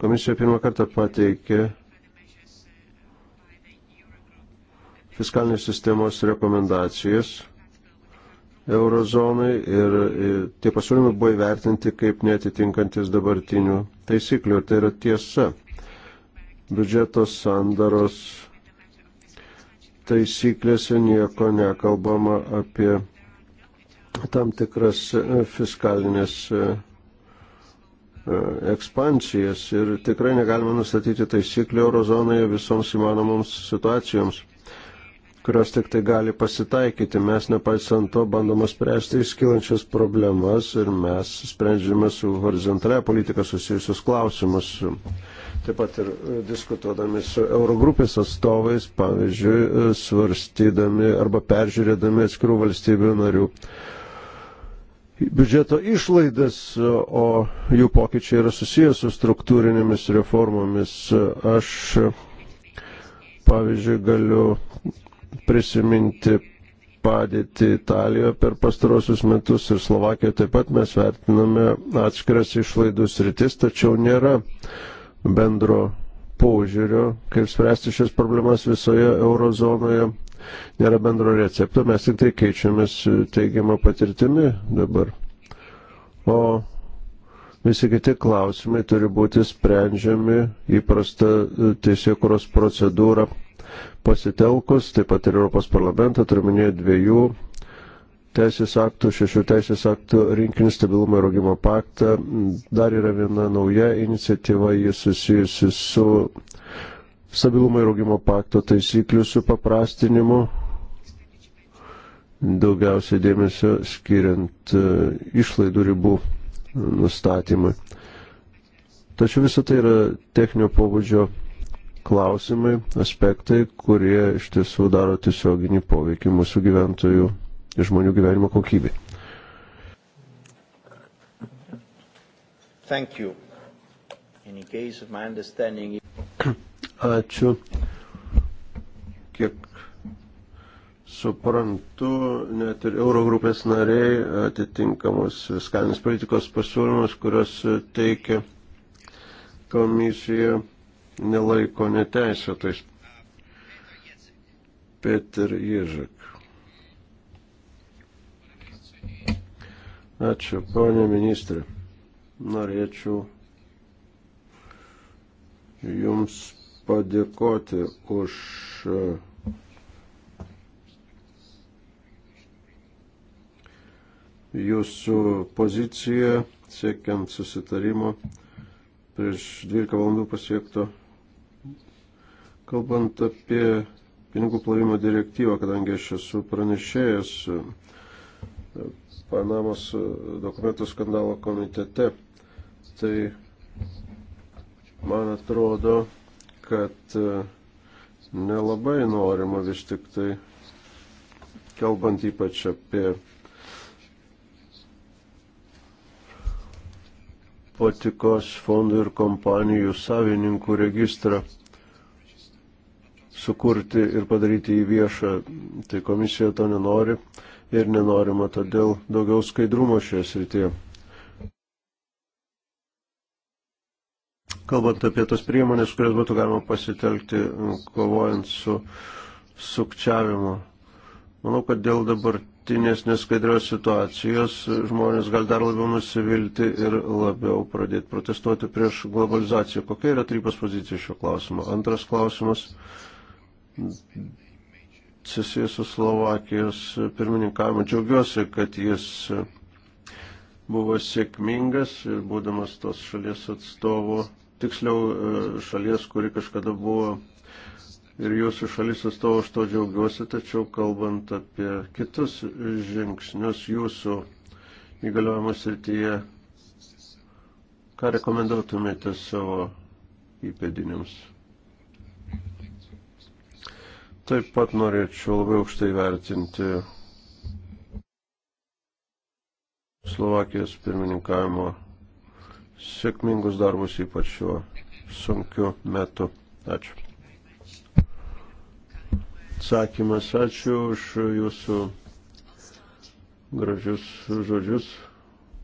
Komisija pirmą kartą pateikė fiskalinės sistemos rekomendacijas eurozonai ir tie pasiūlymai buvo įvertinti kaip netitinkantis dabartinių taisyklių. Ir tai yra tiesa. Biudžeto sandaros taisyklėse nieko nekalbama apie tam tikras e, fiskalinės e, e, ekspansijas ir tikrai negalime nustatyti taisyklių eurozonoje visoms įmanomoms situacijoms, kurios tik tai gali pasitaikyti. Mes nepaisant to bandome spręsti iškilančias problemas ir mes sprendžiame su horizontalia politika susijusius klausimus. Taip pat ir diskutuodami su Eurogrupės atstovais, pavyzdžiui, svarstydami arba peržiūrėdami atskirų valstybių narių biudžeto išlaidas, o jų pokyčiai yra susijęs su struktūrinėmis reformomis. Aš, pavyzdžiui, galiu prisiminti padėtį Italijoje per pastarosius metus ir Slovakijoje taip pat mes vertiname atskiras išlaidų sritis, tačiau nėra bendro požiūrio, kaip spręsti šias problemas visoje eurozonoje nėra bendro recepto, mes tik tai keičiamės e, teigiamą patirtimi dabar. O visi kiti klausimai turi būti sprendžiami įprasta e, teisėkuros procedūra pasitelkus, taip pat ir Europos parlamentą, turiminėje dviejų teisės aktų, šešių teisės aktų rinkinį stabilumo ir augimo paktą. Dar yra viena nauja iniciatyva, jis susijusi su stabilumo ir augimo pakto taisyklių supaprastinimu, daugiausiai dėmesio skiriant e, išlaidų ribų nustatymui. Tačiau visą tai yra techninio pobūdžio klausimai, aspektai, kurie iš tiesų daro tiesioginį poveikį mūsų gyventojų ir žmonių gyvenimo kokybei. Thank you. In case of my understanding... Ačiū. Kiek suprantu, net ir Eurogrupės nariai atitinkamos fiskalinės politikos pasiūlymus, kurios teikia komisija, nelaiko neteisėtais. Peter Ježek. Ačiū, ponė ministrė. Norėčiau Jums padėkoti už e, jūsų poziciją siekiant susitarimo prieš 12 valandų pasiekto. Kalbant apie pinigų plovimo direktyvą, kadangi aš esu pranešėjęs e, Panamos dokumentų skandalo komitete, tai man atrodo, kad e, nelabai norima vis tik tai, kalbant ypač apie patikos fondų ir kompanijų savininkų registrą sukurti ir padaryti į viešą, tai komisija to nenori ir nenorima todėl daugiau skaidrumo šioje srityje. Kalbant apie tas priemonės, kurias būtų galima pasitelkti kovojant su sukčiavimu. Manau, kad dėl dabartinės neskaidrios situacijos žmonės gal dar labiau nusivilti ir labiau pradėti protestuoti prieš globalizaciją. Kokia yra trypas pozicija šio klausimo? Antras klausimas susijęs su Slovakijos pirmininkavimu. Džiaugiuosi, kad jis buvo sėkmingas ir būdamas tos šalies atstovo tiksliau e, šalies, kuri kažkada buvo ir jūsų šalis atstovo, aš to džiaugiuosi, tačiau kalbant apie kitus žingsnius jūsų įgaliojimo srityje, ką rekomenduotumėte savo įpėdiniams? Taip pat norėčiau labai aukštai vertinti Slovakijos pirmininkavimo sėkmingus darbus, ypač šiuo sunkiu metu. Ačiū. Atsakymas, ačiū už jūsų gražius žodžius.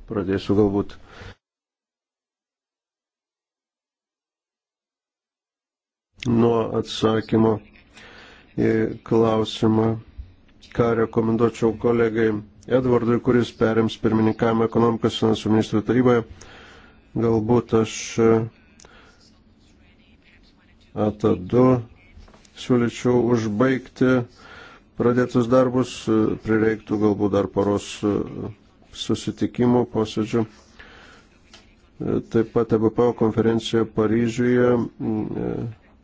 Pradėsiu galbūt. Nuo atsakymo į klausimą, ką rekomenduočiau kolegai Edvardui, kuris perims pirmininkavimą ekonomikos finansų ministrų taryboje. Galbūt aš e, atadu siūlyčiau užbaigti pradėtus darbus, e, prireiktų galbūt dar poros e, susitikimų, posėdžių. Taip pat EBPO konferencija Paryžiuje,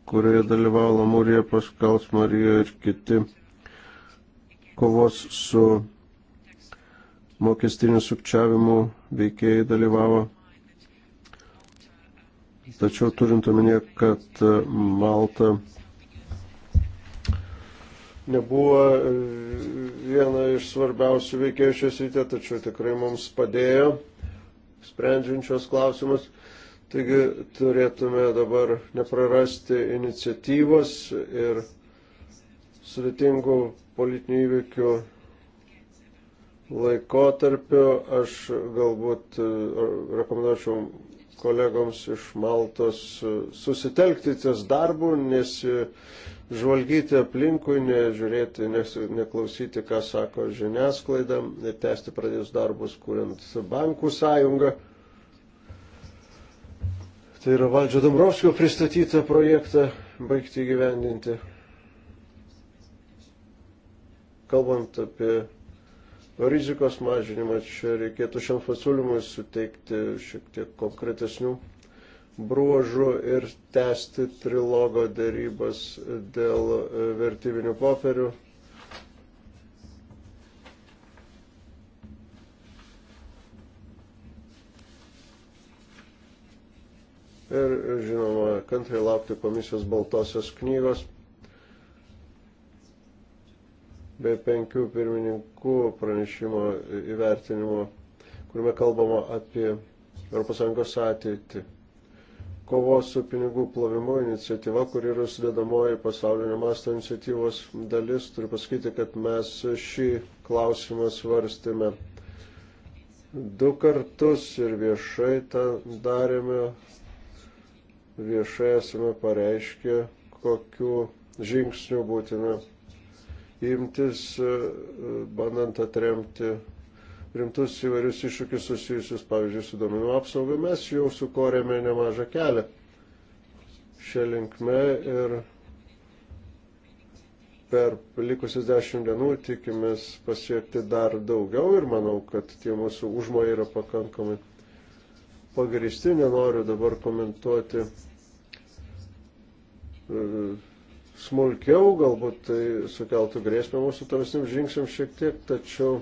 kurioje dalyvavo Lamūrija, Paskals, Marija ir kiti kovos su mokestiniu sukčiavimu veikėjai dalyvavo. Tačiau turint omenyje, kad e, Malta nebuvo e, viena iš svarbiausių veikėjų šios rytė, tačiau tikrai mums padėjo sprendžiančios klausimus. Taigi turėtume dabar neprarasti iniciatyvos ir sudėtingų politinių įvykių laikotarpiu. Aš galbūt e, rekomenduočiau kolegoms iš Maltos susitelkti ties darbu, nesižvalgyti aplinkui, nežiūrėti, nes, neklausyti, ką sako žiniasklaida ir tęsti pradės darbus, kuriant bankų sąjungą. Tai yra Valdžio Dombrovskio pristatytą projektą baigti gyvendinti. Kalbant apie rizikos mažinimą. Čia reikėtų šiam pasiūlymui suteikti šiek tiek konkretesnių bruožų ir tęsti trilogo darybas dėl e, vertybinių popierių. Ir žinoma, kantriai laukti komisijos baltosios knygos bei penkių pirmininkų pranešimo įvertinimo, kuriame kalbama apie ES ateitį. Kovos su pinigų plovimu iniciatyva, kur yra sudėdamoji pasaulinio masto iniciatyvos dalis, turiu pasakyti, kad mes šį klausimą svarstėme du kartus ir viešai tą darėme, viešai esame pareiškę, kokiu žingsniu būtina imtis, e, e, bandant atremti rimtus įvairius iššūkius susijusius, pavyzdžiui, su duomenų apsauga, mes jau sukorėme nemažą kelią šią linkmę ir per likusius dešimt dienų tikimės pasiekti dar daugiau ir manau, kad tie mūsų užmojai yra pakankamai pagristi, nenoriu dabar komentuoti e, smulkiau, galbūt tai sukeltų grėsmę mūsų tolesniam žingsniam šiek tiek, tačiau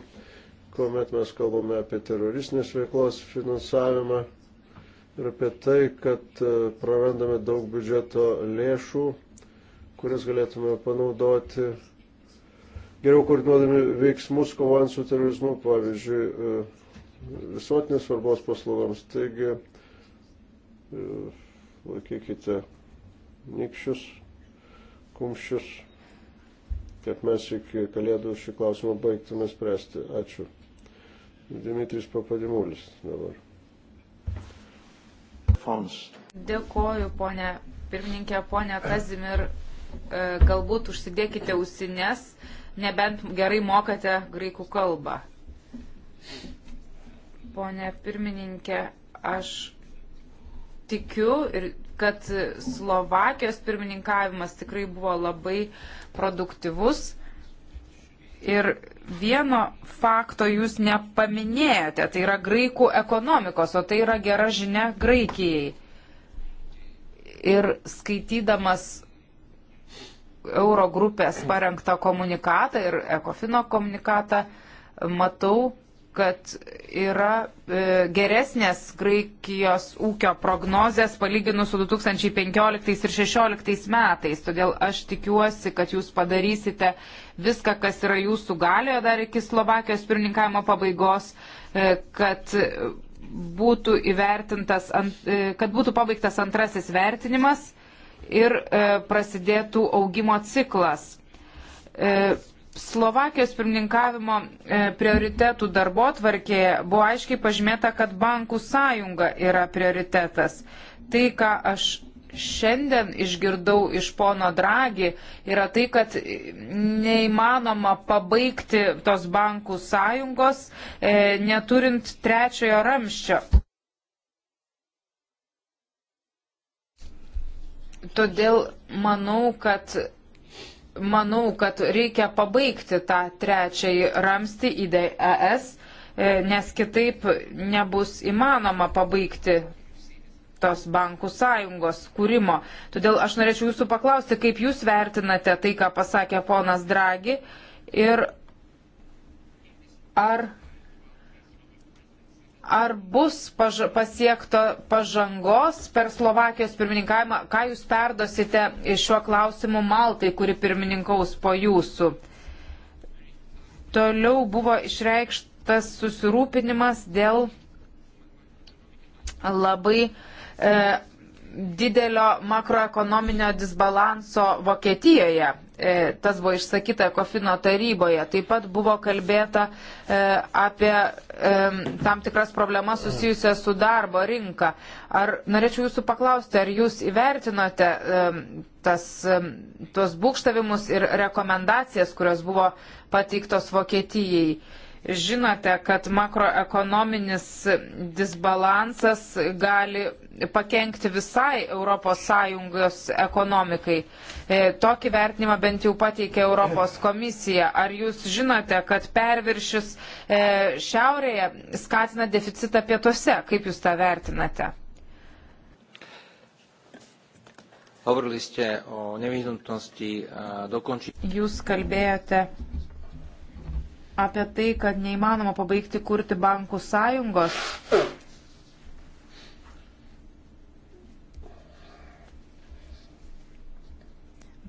kuomet mes kalbame apie teroristinės veiklos finansavimą ir apie tai, kad e, prarandame daug biudžeto lėšų, kurias galėtume panaudoti geriau koordinuodami veiksmus kovojant su terorizmu, pavyzdžiui, e, visuotinės svarbos paslaugoms. Taigi, e, laikykite nikščius kumščius, kad mes iki kalėdų šį klausimą baigtume spręsti. Ačiū. Dimitris Papadimulis dabar. Fons. Dėkoju, ponė pirmininkė, ponė Kazimir. E, galbūt užsidėkite ausines, nebent gerai mokate graikų kalbą. Pone pirmininkė, aš tikiu ir kad Slovakijos pirmininkavimas tikrai buvo labai produktyvus. Ir vieno fakto jūs nepaminėjote, tai yra graikų ekonomikos, o tai yra gera žinia Graikijai. Ir skaitydamas Eurogrupės parengtą komunikatą ir Ekofino komunikatą, matau, kad yra e, geresnės Graikijos ūkio prognozės palyginus su 2015 ir 2016 metais. Todėl aš tikiuosi, kad jūs padarysite viską, kas yra jūsų galioje dar iki Slovakijos pirmininkavimo pabaigos, e, kad būtų įvertintas, ant, e, kad būtų pabaigtas antrasis vertinimas ir e, prasidėtų augimo ciklas. E, Slovakijos pirmininkavimo e, prioritetų darbo tvarkėje buvo aiškiai pažymėta, kad bankų sąjunga yra prioritetas. Tai, ką aš šiandien išgirdau iš pono Dragi, yra tai, kad neįmanoma pabaigti tos bankų sąjungos e, neturint trečiojo ramščio. Todėl manau, kad manau, kad reikia pabaigti tą trečiąjį ramstį į ES, e, nes kitaip nebus įmanoma pabaigti tos bankų sąjungos kūrimo. Todėl aš norėčiau jūsų paklausti, kaip jūs vertinate tai, ką pasakė ponas Dragi ir ar ar bus paž pasiekta pažangos per Slovakijos pirmininkavimą, ką jūs perdosite šiuo klausimu Maltai, kuri pirmininkaus po jūsų. Toliau buvo išreikštas susirūpinimas dėl labai e, didelio makroekonominio disbalanso Vokietijoje. E, tas buvo išsakyta Kofino taryboje. Taip pat buvo kalbėta e, apie e, tam tikras problemas susijusias su darbo rinka. Ar norėčiau jūsų paklausti, ar jūs įvertinote tas, tuos būkštavimus ir rekomendacijas, kurios buvo pateiktos Vokietijai? žinote, kad makroekonominis disbalansas gali pakengti visai ES ekonomikai. E, tokį vertinimą bent jau pateikė Europos komisija. Ar jūs žinote, kad perviršis e, šiaurėje skatina deficitą pietuose? Kaip jūs tą vertinate? Hovorili ste o nevyhnutnosti dokončiť. Jūs kalbėjote apie tai, kad neįmanoma pabaigti kurti bankų sąjungos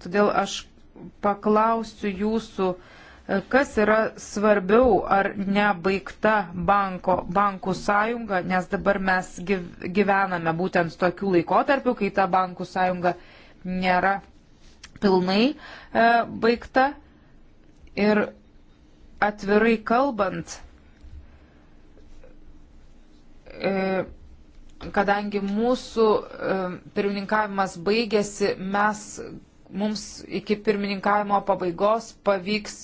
Todėl aš paklausiu jūsų, e, kas yra svarbiau ar nebaigta banko, bankų sąjunga, nes dabar mes gyvename būtent tokiu laikotarpiu, kai ta bankų sąjunga nėra pilnai e, baigta. Ir atvirai kalbant, e, kadangi mūsų e, pirmininkavimas baigėsi, mes mums iki pirmininkavimo pabaigos pavyks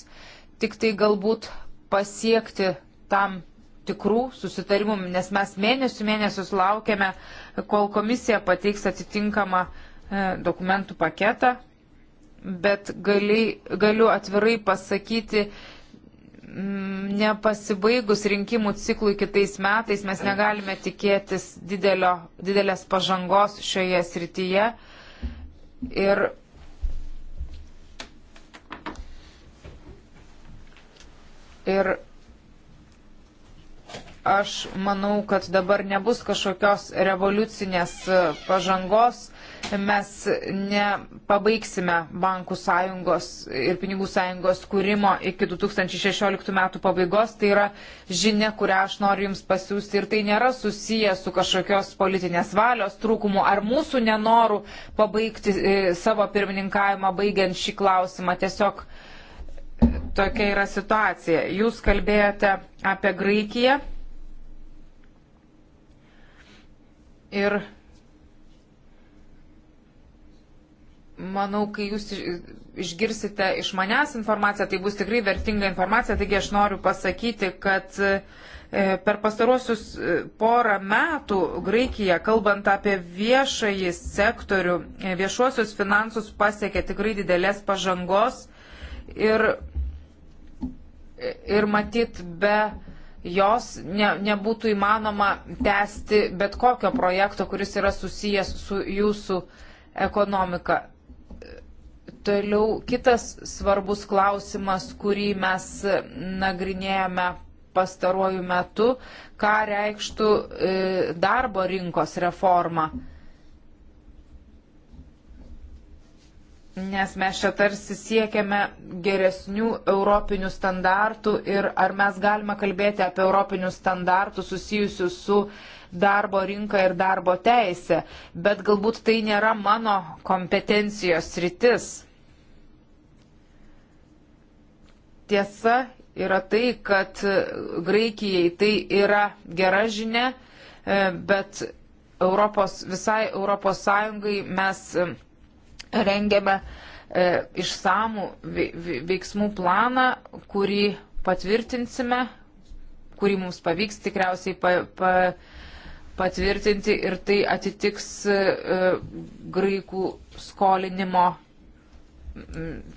tik tai galbūt pasiekti tam tikrų susitarimų, nes mes mėnesių mėnesius laukiame, kol komisija pateiks atitinkamą e, dokumentų paketą, bet gali, galiu atvirai pasakyti, mm, nepasibaigus rinkimų ciklui kitais metais mes negalime tikėtis didelio, didelės pažangos šioje srityje. Ir Ir aš manau, kad dabar nebus kažkokios revoliucinės pažangos. Mes nepabaigsime bankų sąjungos ir pinigų sąjungos kūrimo iki 2016 metų pabaigos. Tai yra žinia, kurią aš noriu Jums pasiūsti. Ir tai nėra susiję su kažkokios politinės valios trūkumu ar mūsų nenoru pabaigti e, savo pirmininkavimą baigiant šį klausimą. Tiesiog uh, tokia yra situacija. Jūs kalbėjote apie Graikiją ir manau, kai jūs išgirsite iš manęs informaciją, tai bus tikrai vertinga informacija, taigi aš noriu pasakyti, kad e, per pastaruosius e, porą metų Graikija, kalbant apie viešąjį sektorių, e, viešuosius finansus pasiekė tikrai didelės pažangos ir ir matyt be jos ne, nebūtų įmanoma tęsti bet kokio projekto, kuris yra susijęs su jūsų ekonomika. Toliau kitas svarbus klausimas, kurį mes nagrinėjame pastaruoju metu, ką reikštų e, darbo rinkos reforma. nes mes čia tarsi siekiame geresnių europinių standartų ir ar mes galime kalbėti apie europinius standartus susijusius su darbo rinka ir darbo teisė, bet galbūt tai nėra mano kompetencijos rytis. Tiesa yra tai, kad Graikijai tai yra gera žinia, e, bet Europos, visai Europos Sąjungai mes e, rengiame e, išsamų veiksmų planą, kurį patvirtinsime, kurį mums pavyks tikriausiai pa, pa, patvirtinti ir tai atitiks e, graikų skolinimo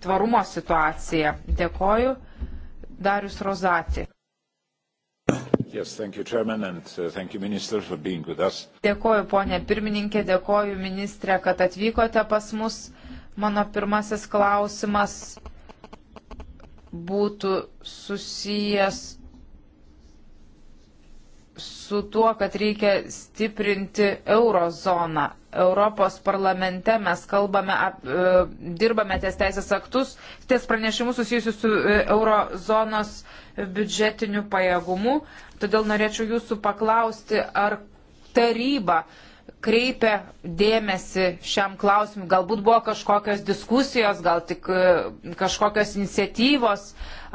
tvarumo situaciją. Dėkoju. Darius Rozatė. Yes, thank you, Chairman, and uh, thank you, Minister, for being with us. Dėkoju, ponė pirmininkė, dėkoju, ministrė, kad atvykote pas mus. Mano pirmasis klausimas būtų susijęs su tuo, kad reikia stiprinti eurozoną. Europos parlamente mes kalbame, ap, e, dirbame ties teisės aktus, ties pranešimus susijusius su e, eurozonos biudžetiniu pajėgumu. Todėl norėčiau jūsų paklausti, ar taryba kreipia dėmesį šiam klausimui. Galbūt buvo kažkokios diskusijos, gal tik e, kažkokios iniciatyvos.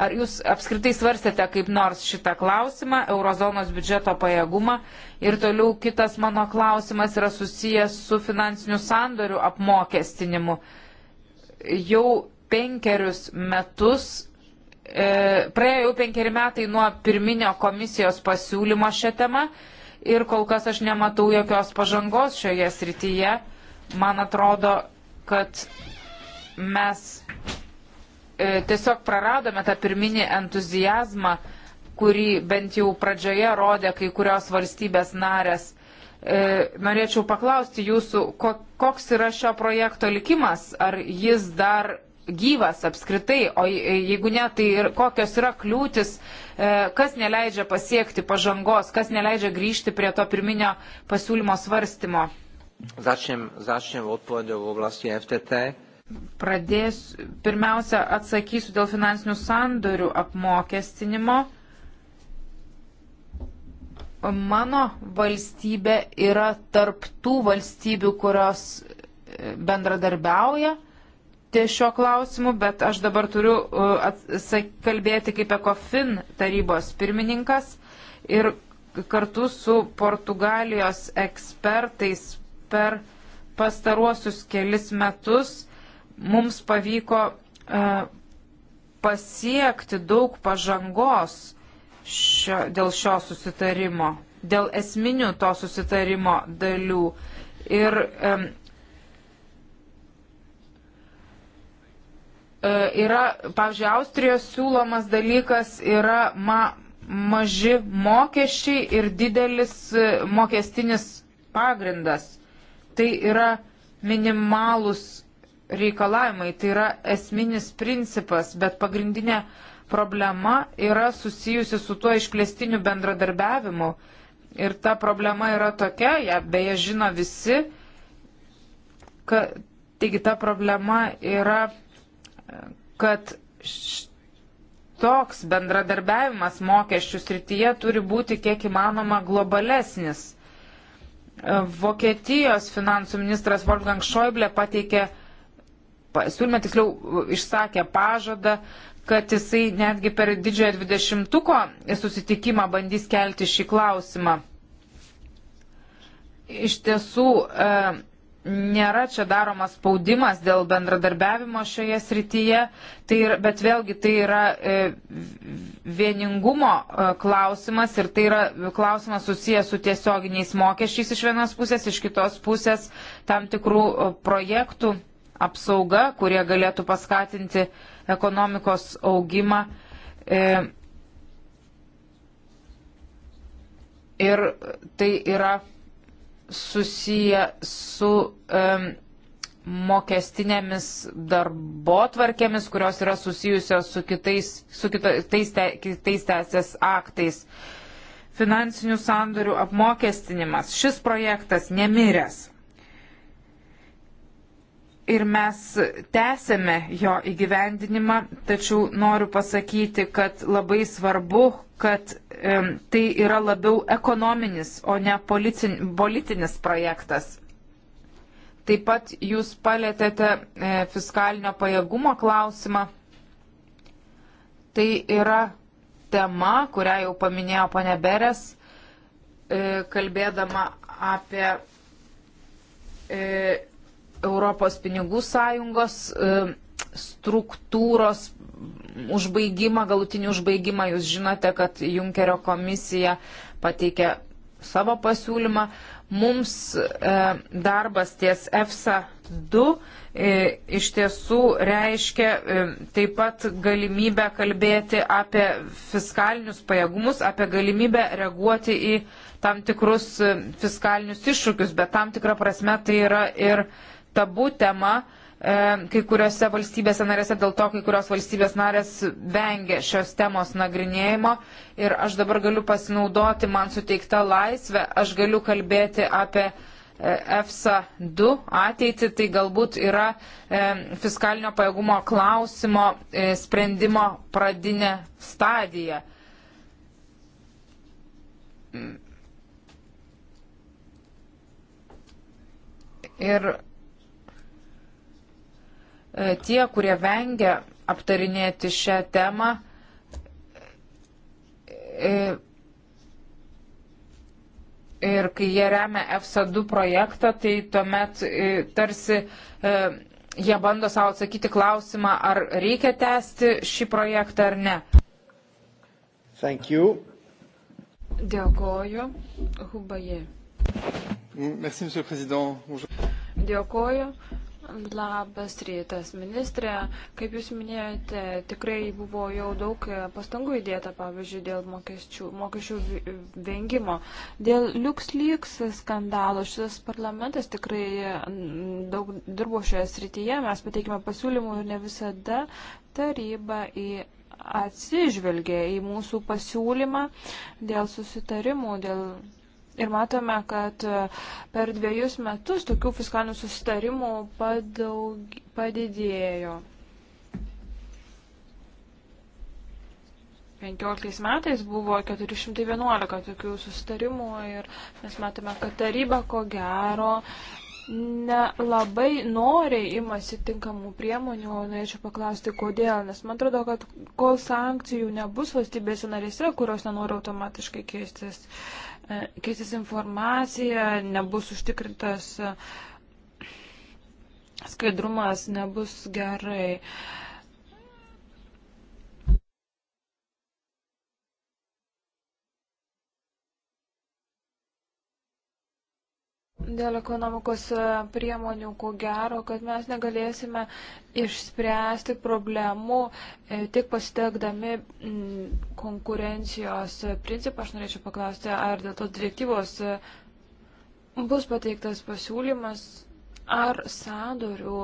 Ar jūs apskritai svarstėte kaip nors šitą klausimą, eurozonos biudžeto pajėgumą? Ir toliau kitas mano klausimas yra susijęs su finansinių sandorių apmokestinimu. Jau penkerius metus e, praėjo jau penkeri metai nuo pirminio komisijos pasiūlymo šią temą ir kol kas aš nematau jokios pažangos šioje srityje. Man atrodo, kad mes e, tiesiog praradome tą pirminį entuzijazmą, kurį bent jau pradžioje rodė kai kurios valstybės narės. E, norėčiau paklausti jūsų, ko, koks yra šio projekto likimas, ar jis dar gyvas apskritai, o jeigu ne, tai ir kokios yra kliūtis, e, kas neleidžia pasiekti pažangos, kas neleidžia grįžti prie to pirminio pasiūlymo svarstymo. Začnem, začnem odpovedį v oblasti FTT. Pradėsiu, pirmiausia, atsakysiu dėl finansinių sandorių apmokestinimo. Mano valstybė yra tarptų valstybių, kurios e, bendradarbiauja ties šio klausimu, bet aš dabar turiu uh, kalbėti kaip ECOFIN tarybos pirmininkas ir kartu su Portugalijos ekspertais per pastaruosius kelis metus mums pavyko uh, pasiekti daug pažangos šio, dėl šio susitarimo, dėl esminių to susitarimo dalių. Ir um, E, yra, pavyzdžiui, Austrijos siūlomas dalykas yra ma, maži mokesčiai ir didelis e, mokestinis pagrindas. Tai yra minimalus reikalavimai, tai yra esminis principas, bet pagrindinė problema yra susijusi su tuo išplėstiniu bendradarbiavimu. Ir ta problema yra tokia, ją beje žino visi, kad taigi ta problema yra kad toks bendradarbiavimas mokesčių srityje turi būti kiek įmanoma globalesnis. Vokietijos finansų ministras Wolfgang Schäuble pateikė pasiūlymą, tiksliau išsakė pažadą, kad jisai netgi per didžiojo dvidešimtuko susitikimą bandys kelti šį klausimą. Iš tiesų, e, nėra čia daromas spaudimas dėl bendradarbiavimo šioje srityje, tai, bet vėlgi tai yra e, vieningumo e, klausimas ir tai yra klausimas susijęs su tiesioginiais mokesčiais iš vienos pusės, iš kitos pusės tam tikrų e, projektų apsauga, kurie galėtų paskatinti ekonomikos augimą. Ir tai yra susiję su um, mokestinėmis darbo tvarkėmis, kurios yra susijusios su kitais, su kitais, te, kitais teisės aktais. Finansinių sandorių apmokestinimas. Šis projektas nemiręs ir mes tęsėme jo įgyvendinimą, tačiau noriu pasakyti, kad labai svarbu, kad e, tai yra labiau ekonominis, o ne policin, politinis projektas. Taip pat jūs palėtėte e, fiskalinio pajėgumo klausimą. Tai yra tema, kurią jau paminėjo pane Beres, e, kalbėdama apie e, Europos pinigų sąjungos e, struktūros užbaigimą, galutinį užbaigimą. Jūs žinote, kad Junkerio komisija pateikė savo pasiūlymą. Mums e, darbas ties EFSA 2 e, iš tiesų reiškia e, taip pat galimybę kalbėti apie fiskalinius pajėgumus, apie galimybę reaguoti į tam tikrus e, fiskalinius iššūkius, bet tam tikrą prasme tai yra ir e, tabų tema e, kai kuriuose valstybėse narėse, dėl to kai kurios valstybės narės vengia šios temos nagrinėjimo. Ir aš dabar galiu pasinaudoti man suteikta laisvę, aš galiu kalbėti apie e, EFSA 2 ateitį, tai galbūt yra e, fiskalinio pajėgumo klausimo sprendimo pradinė stadija ir E, tie, kurie vengia aptarinėti šią temą, e, ir kai jie remia EFSA2 projektą, tai tuomet e, tarsi jie bando savo atsakyti klausimą, ar reikia tęsti šį projektą ar ne. Thank you. Dėkoju. Hubaje. Merci, monsieur le président. Bonjour. Dėkoju. Labas rytas, ministrė. Kaip Jūs minėjote, tikrai buvo jau daug pastangų įdėta, pavyzdžiui, dėl mokesčių, mokesčių vengimo. Dėl LuxLeaks skandalo šis parlamentas tikrai daug dirbo šioje srityje, mes pateikime pasiūlymų ir ne visada taryba į atsižvelgia į mūsų pasiūlymą dėl susitarimų, dėl Ir matome, kad e, per dviejus metus tokių fiskalinių susitarimų padaug, padidėjo. 15 metais buvo 411 tokių susitarimų ir mes matome, kad taryba ko gero nelabai noriai imasi tinkamų priemonių, norėčiau paklausti, kodėl, nes man atrodo, kad kol sankcijų nebus valstybėse narėse, kurios nenori automatiškai keistis uh, keisis informacija, nebus užtikrintas skaidrumas, nebus gerai. Uh, dėl ekonomikos e, priemonių, ko gero, kad mes negalėsime išspręsti problemų e, tik pasitelkdami konkurencijos principą. Aš norėčiau paklausti, ar dėl tos direktyvos e, bus pateiktas pasiūlymas, ar sandorių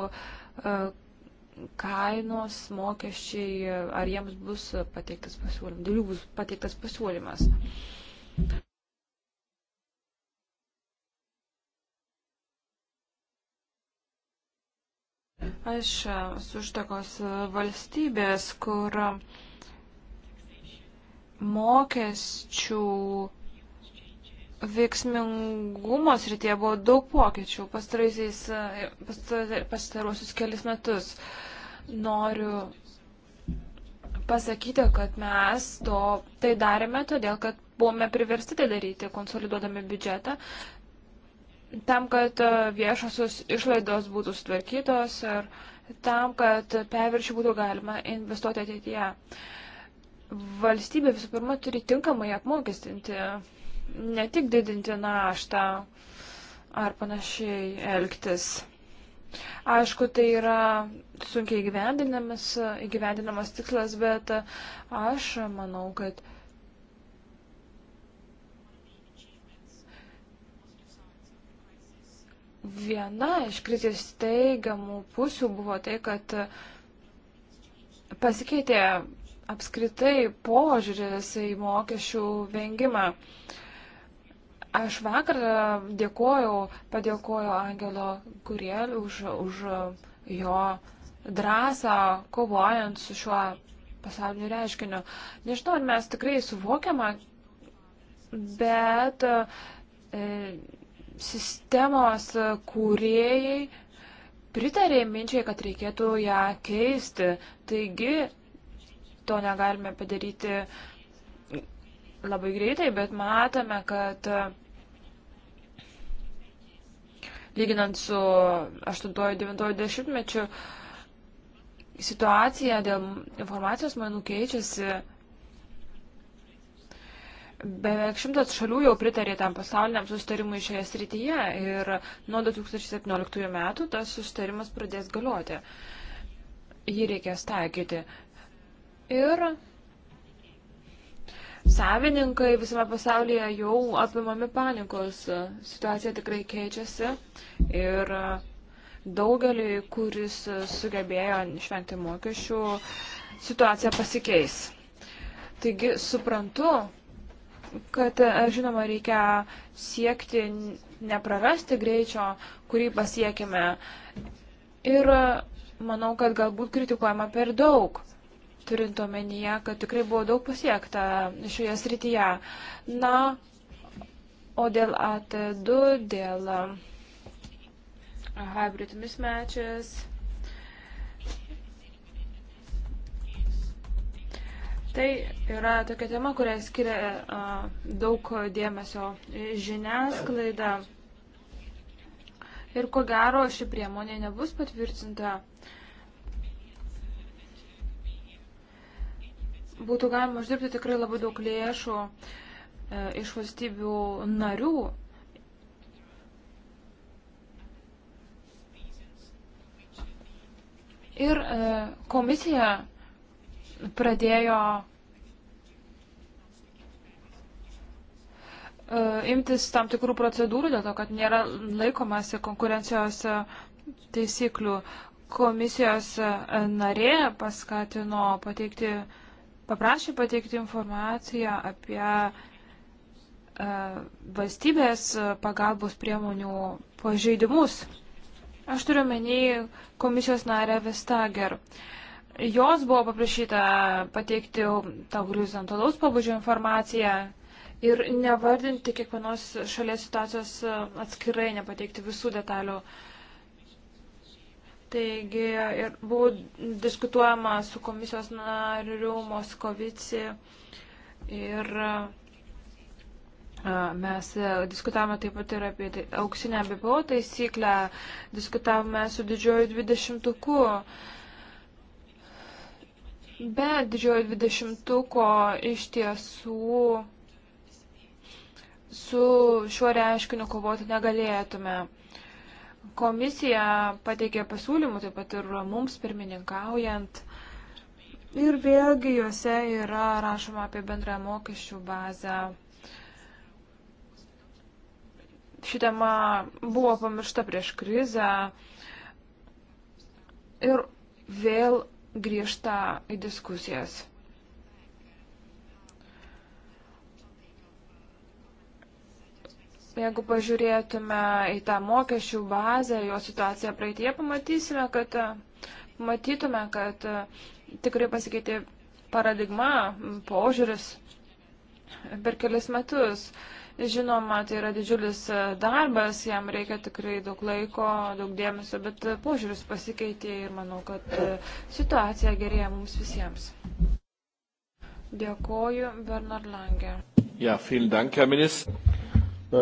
kainos, mokesčiai, ar jiems bus pateiktas pasiūlymas, dėl jų bus pateiktas pasiūlymas. Aš esu iš tokios valstybės, kur mokesčių veiksmingumo srityje buvo daug pokyčių pastaruosius kelis metus. Noriu pasakyti, kad mes to tai darėme todėl, kad buvome priversti tai daryti, konsoliduodami biudžetą, tam, kad e, viešosios išlaidos būtų sutvarkytos ir tam, kad perviršį būtų galima investuoti ateityje. Valstybė visų pirma turi tinkamai apmokestinti, ne tik didinti naštą ar panašiai elgtis. Aišku, tai yra sunkiai įgyvendinamas, įgyvendinamas tikslas, bet aš manau, kad Viena iš krizės teigiamų pusių buvo tai, kad pasikeitė apskritai požiūris į mokesčių vengimą. Aš vakar dėkojau, padėkojau Angelo Guriel už, už jo drąsą kovojant su šiuo pasauliniu reiškiniu. Nežinau, ar mes tikrai suvokiame, bet e, sistemos e, kūrėjai pritarė minčiai, kad reikėtų ją keisti. Taigi, to negalime padaryti labai greitai, bet matome, kad e, lyginant su 8-90 mečiu situacija dėl informacijos manų keičiasi Beveik šimtas šalių jau pritarė tam pasauliniam sustarimui šioje srityje ir nuo 2017 metų tas sustarimas pradės galioti. Jį reikės taikyti. Ir savininkai visame pasaulyje jau apimami panikos. Situacija tikrai keičiasi ir daugeliui, kuris sugebėjo išvengti mokesčių, situacija pasikeis. Taigi suprantu, kad, e, žinoma, reikia siekti neprarasti greičio, kurį pasiekime. Ir e, manau, kad galbūt kritikuojama per daug, turint omenyje, kad tikrai buvo daug pasiekta šioje srityje. Na, o dėl AT2, dėl e, hybrid mismatches. Tai yra tokia tema, kurią skiria daug dėmesio žiniasklaida. Ir ko gero ši priemonė nebus patvirtinta. Būtų galima uždirbti tikrai labai daug lėšų e, iš valstybių narių. Ir e, komisija pradėjo e, imtis tam tikrų procedūrų dėl to, kad nėra laikomasi konkurencijos e, taisyklių. Komisijos e, narė paskatino pateikti, paprašė pateikti informaciją apie valstybės pagalbos priemonių pažeidimus. Aš turiu menį komisijos narę Vestager. Uh, Jos buvo paprašyta pateikti tą horizontalaus pabudžio informaciją ir nevardinti kiekvienos šalies situacijos e, atskirai, nepateikti visų detalių. Taigi ir buvo diskutuojama su komisijos nariu Moskovici ir e, mes diskutavome taip pat ir apie tai, auksinę BPO taisyklę, diskutavome su didžioju dvidešimtuku. 20 Be didžiojo dvidešimtuko iš tiesų su šiuo reiškiniu kovoti negalėtume. Komisija pateikė pasiūlymų, taip pat ir mums pirmininkaujant. Ir vėlgi juose yra rašoma apie bendrą mokesčių bazę. Ši tema buvo pamiršta prieš krizę. Ir vėl grįžta į diskusijas. Jeigu pažiūrėtume į tą mokesčių bazę, jo situaciją praeitie, pamatysime, kad, matytume, kad e, tikrai pasikeitė paradigma, požiūris per kelias metus. Uh, Žinoma, tai yra didžiulis e, darbas, jam reikia tikrai daug laiko, daug dėmesio, bet e, požiūris pasikeitė ir manau, kad e, situacija gerėja mums visiems. Dėkoju, Bernard Lange. Ja, vielen Dank, Herr Minister.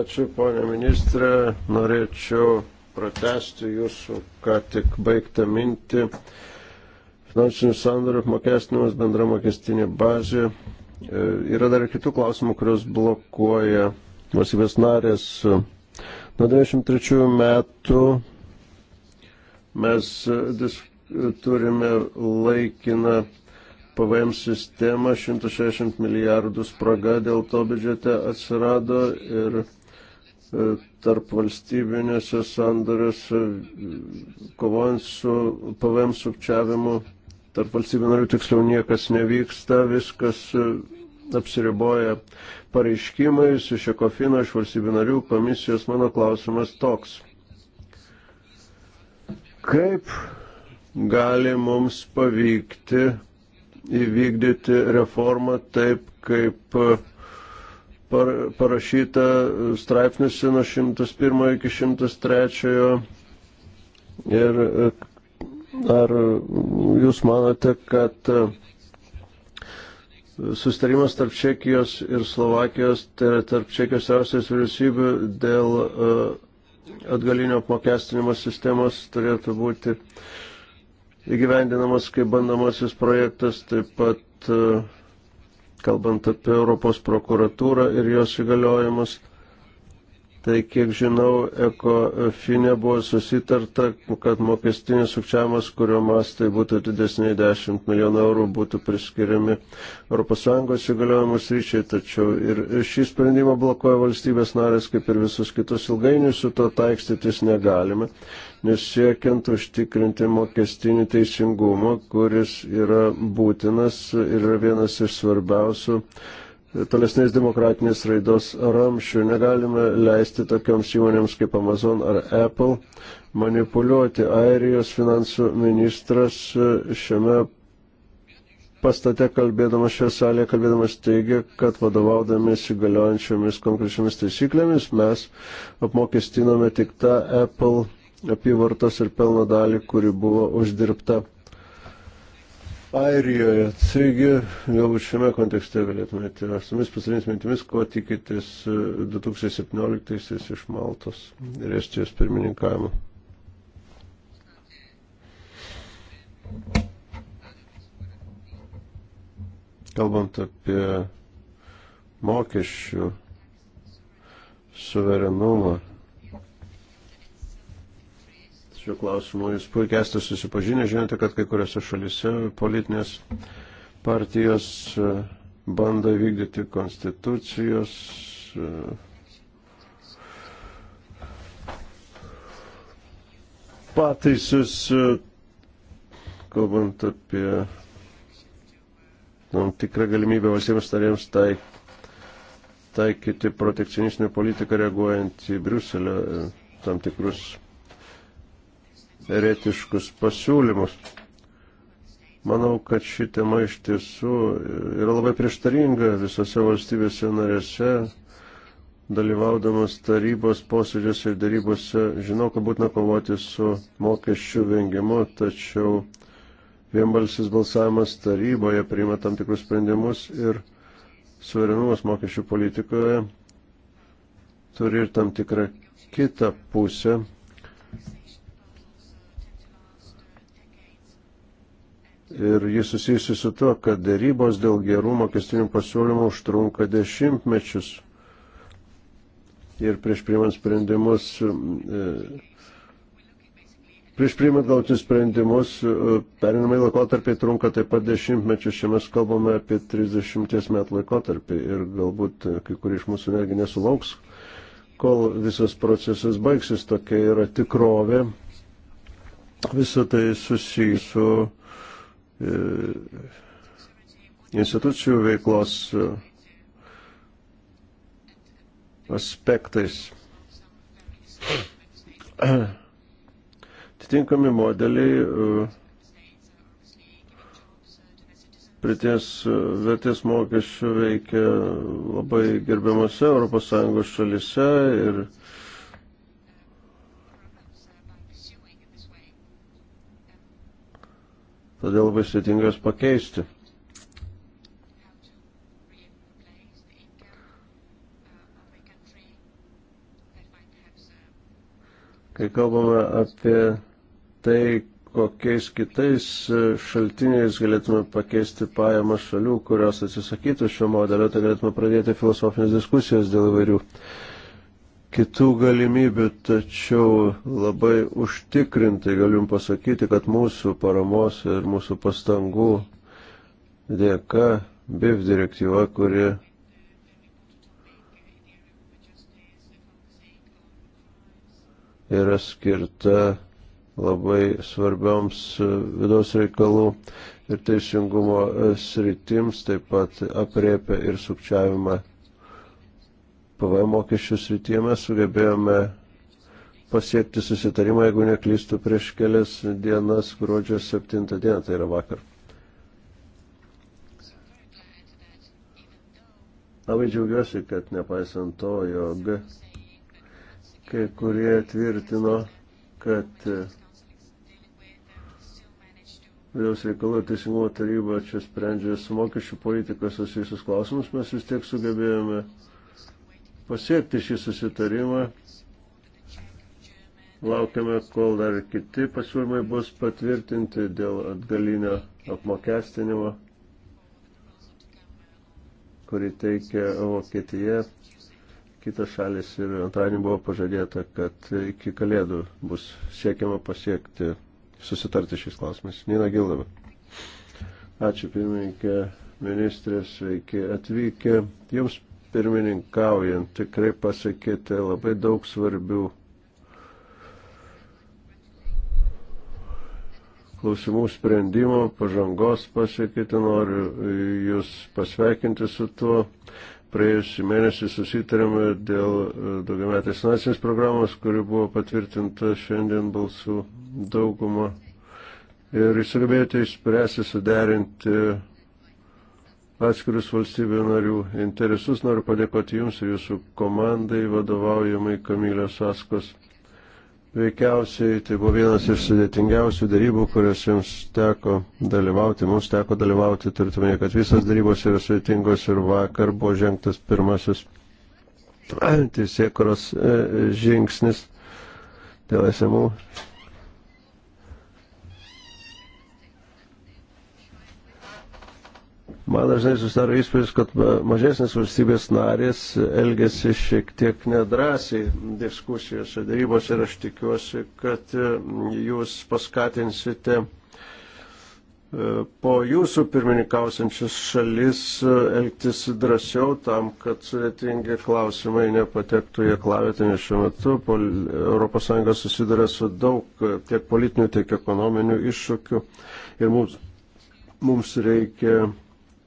Ačiū, ponė ministrė. Norėčiau pratesti jūsų ką tik baigtą mintį. Finansinių sandorių apmokestinimas bendra mokestinė bazė E, yra dar ir kitų klausimų, kurios blokuoja valstybės narės. Nuo 93 metų mes e, e, turime laikiną PVM sistemą, 160 milijardų spraga dėl to biudžete atsirado ir tarp valstybinėse sandoriuose kovojant su PVM sukčiavimu tarp valstybių narių tiksliau niekas nevyksta, viskas e, apsiriboja pareiškimais iš Ekofino, iš valstybių narių komisijos. Mano klausimas toks. Kaip gali mums pavykti įvykdyti reformą taip, kaip e, par, parašyta straipsniuose nuo 101 iki 103 ir e, Ar jūs manote, kad e, sustarimas tarp Čekijos ir Slovakijos, tai yra tarp Čekijos ir Austrijos vyriausybių dėl e, atgalinio apmokestinimo sistemos turėtų būti įgyvendinamas kaip bandomasis projektas, taip pat e, kalbant apie Europos prokuratūrą ir jos įgaliojimus. Tai kiek žinau, ekofinė buvo susitarta, kad mokestinis sukčiavimas, kurio mastai būtų didesniai 10 milijonų eurų, būtų priskiriami ES įgaliojimus ryšiai, tačiau ir šį sprendimą blokuoja valstybės narės, kaip ir visus kitus ilgainiui su to taikstytis negalime, nes siekiant užtikrinti mokestinį teisingumą, kuris yra būtinas ir yra vienas iš svarbiausių tolesnės demokratinės raidos ramščių. Negalime leisti tokioms įmonėms kaip Amazon ar Apple manipuliuoti. Airijos finansų ministras šiame pastate kalbėdamas šioje salėje, kalbėdamas teigia, kad vadovaudamės įgaliojančiomis konkrečiomis taisyklėmis mes apmokestinome tik tą Apple apyvartos ir pelno dalį, kuri buvo uždirbta Airijoje. Taigi, galbūt šiame kontekste galėtumėte su jumis pasidalinti mintimis, ko tikitės 2017-aisiais e, iš Maltos ir Estijos pirmininkavimo. Kalbant apie mokesčių suverenumą šiuo klausimu. Jūs puikiai esate susipažinę, žinote, kad kai kuriuose šalise politinės partijos e, bando vykdyti konstitucijos e, pataisus, e, kalbant apie tam tikrą galimybę valstybės tarėms taikyti taikyti protekcionistinę politiką reaguojant į Briuselio tam tikrus eretiškus pasiūlymus. Manau, kad ši tema iš tiesų yra labai prieštaringa visose valstybėse narėse. Dalyvaudamas tarybos posėdžiuose ir darybose, žinau, kad būtina kovoti su mokesčių vengimu, tačiau vienbalsis balsavimas taryboje priima tam tikrus sprendimus ir suverenumas mokesčių politikoje turi ir tam tikrą kitą pusę Ir jis susijusi su tuo, kad darybos dėl gerų mokestinių pasiūlymų užtrunka dešimtmečius. Ir prieš priimant sprendimus, e, prieš priimant galtinius sprendimus, e, perinamai laikotarpiai trunka taip pat dešimtmečius. Šiame mes kalbame apie 30 metų laikotarpį ir galbūt e, kai kurie iš mūsų netgi nesulauks, kol visas procesas baigsis. Tokia yra tikrovė. Visą tai susijusiu su E, institucijų veiklos e, aspektais. Atitinkami modeliai e, prities vertės mokesčių veikia labai gerbiamose ES šalise ir todėl labai sudėtinga jas pakeisti. Kai kalbame apie tai, kokiais kitais šaltiniais galėtume pakeisti pajamą šalių, kurios atsisakytų šio modelio, tai galėtume pradėti filosofinės diskusijos dėl įvairių kitų galimybių, tačiau labai užtikrintai galim pasakyti, kad mūsų paramos ir mūsų pastangų dėka BIF direktyva, kuri yra skirta labai svarbioms vidaus reikalų ir teisingumo sritims, taip pat apriepia ir sukčiavimą PVM mokesčių srityje mes sugebėjome pasiekti susitarimą, jeigu neklystų, prieš kelias dienas, gruodžio 7 dieną, tai yra vakar. Labai džiaugiuosi, kad nepaisant to, jog kai kurie tvirtino, kad Vidaus reikalų ir teisingumo taryba čia sprendžia su mokesčių politikos susijusius klausimus, mes vis tiek sugebėjome uh, pasiekti šį susitarimą. Laukiame, kol dar kiti pasiūlymai bus patvirtinti dėl atgalinio apmokestinimo, kurį teikia Vokietija. Kitas šalis ir antradienį buvo pažadėta, kad iki kalėdų bus siekiama pasiekti, susitarti šiais klausimais. Nina Gildava. Ačiū pirmininkė, ministrė, sveiki atvykę. Jums pirmininkaujant tikrai pasakėte labai daug svarbių klausimų sprendimo, pažangos pasiekite, noriu Jūs pasveikinti su tuo. Praėjusį mėnesį susitarėme dėl e, daugiametės nacinės programos, kuri buvo patvirtinta šiandien balsų daugumą. Ir sugebėjote išspręsti, suderinti atskirus valstybių narių interesus. Noriu padėkoti Jums ir Jūsų komandai, vadovaujamai Kamilės Askos. Veikiausiai tai buvo vienas iš sudėtingiausių darybų, kurias jums teko dalyvauti, mums teko dalyvauti, turtumėje, kad visas darybos yra sudėtingos ir vakar buvo žengtas pirmasis teisėkuros e, žingsnis dėl esamų Man dažnai susidaro įspūdis, kad mažesnės valstybės narės elgesi šiek tiek nedrasiai diskusijose, darybose ir aš tikiuosi, kad jūs paskatinsite e, po jūsų pirmininkausiančias šalis e, elgtis drąsiau tam, kad sudėtingi klausimai nepatektų į klavietę, nes šiuo metu ES susiduria su daug e, tiek politinių, tiek ekonominių iššūkių ir mums, mums reikia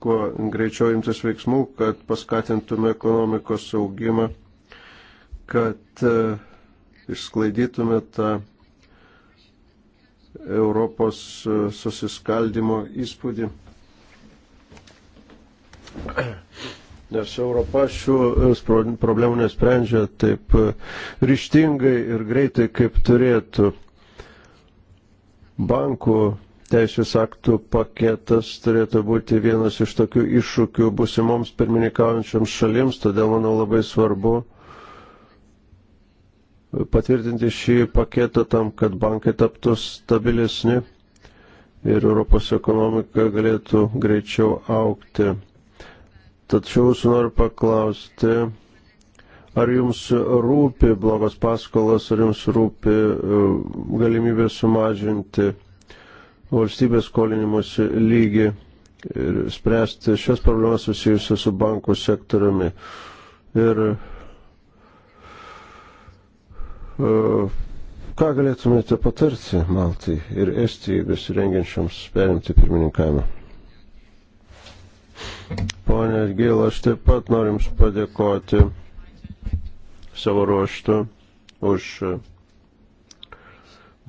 kuo greičiau imtis veiksmų, kad paskatintume ekonomikos augimą, kad e, išsklaidytume tą Europos e, susiskaldimo įspūdį. Nes Europa šių e, problemų nesprendžia taip ryštingai ir greitai, kaip turėtų. Bankų teisės aktų paketas turėtų būti vienas iš tokių iššūkių busimoms pirmininkaujančioms šalims, todėl manau labai svarbu patvirtinti šį paketą tam, kad bankai taptų stabilesni ir Europos ekonomika galėtų greičiau aukti. Tačiau jūsų noriu paklausti, ar jums rūpi blogos paskolos, ar jums rūpi e, galimybė sumažinti valstybės skolinimus lygį ir spręsti šias problemas susijusias su bankų sektoriumi. Ir e, ką galėtumėte patarti Maltai ir Estijai besirengiančiams perimti pirmininkavimą? Pone Gil, aš taip pat norim padėkoti savo ruoštų už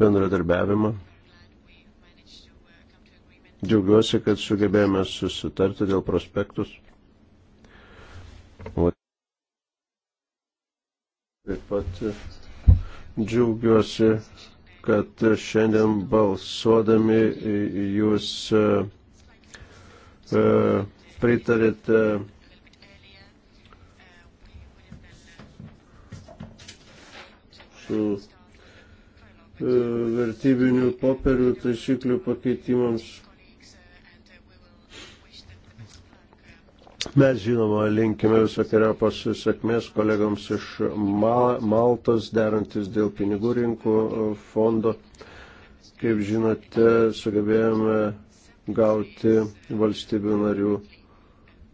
bendradarbiavimą Džiaugiuosi, kad sugebėjome susitarti dėl prospektus. O taip pat džiaugiuosi, kad šiandien balsuodami jūs e, e, pritarėte su e, vertybinių popierių taisyklių pakeitimams Mes žinoma linkime visokiojopos sėkmės kolegams iš Maltos, derantis dėl pinigų rinkų fondo. Kaip žinote, sugebėjome gauti valstybių narių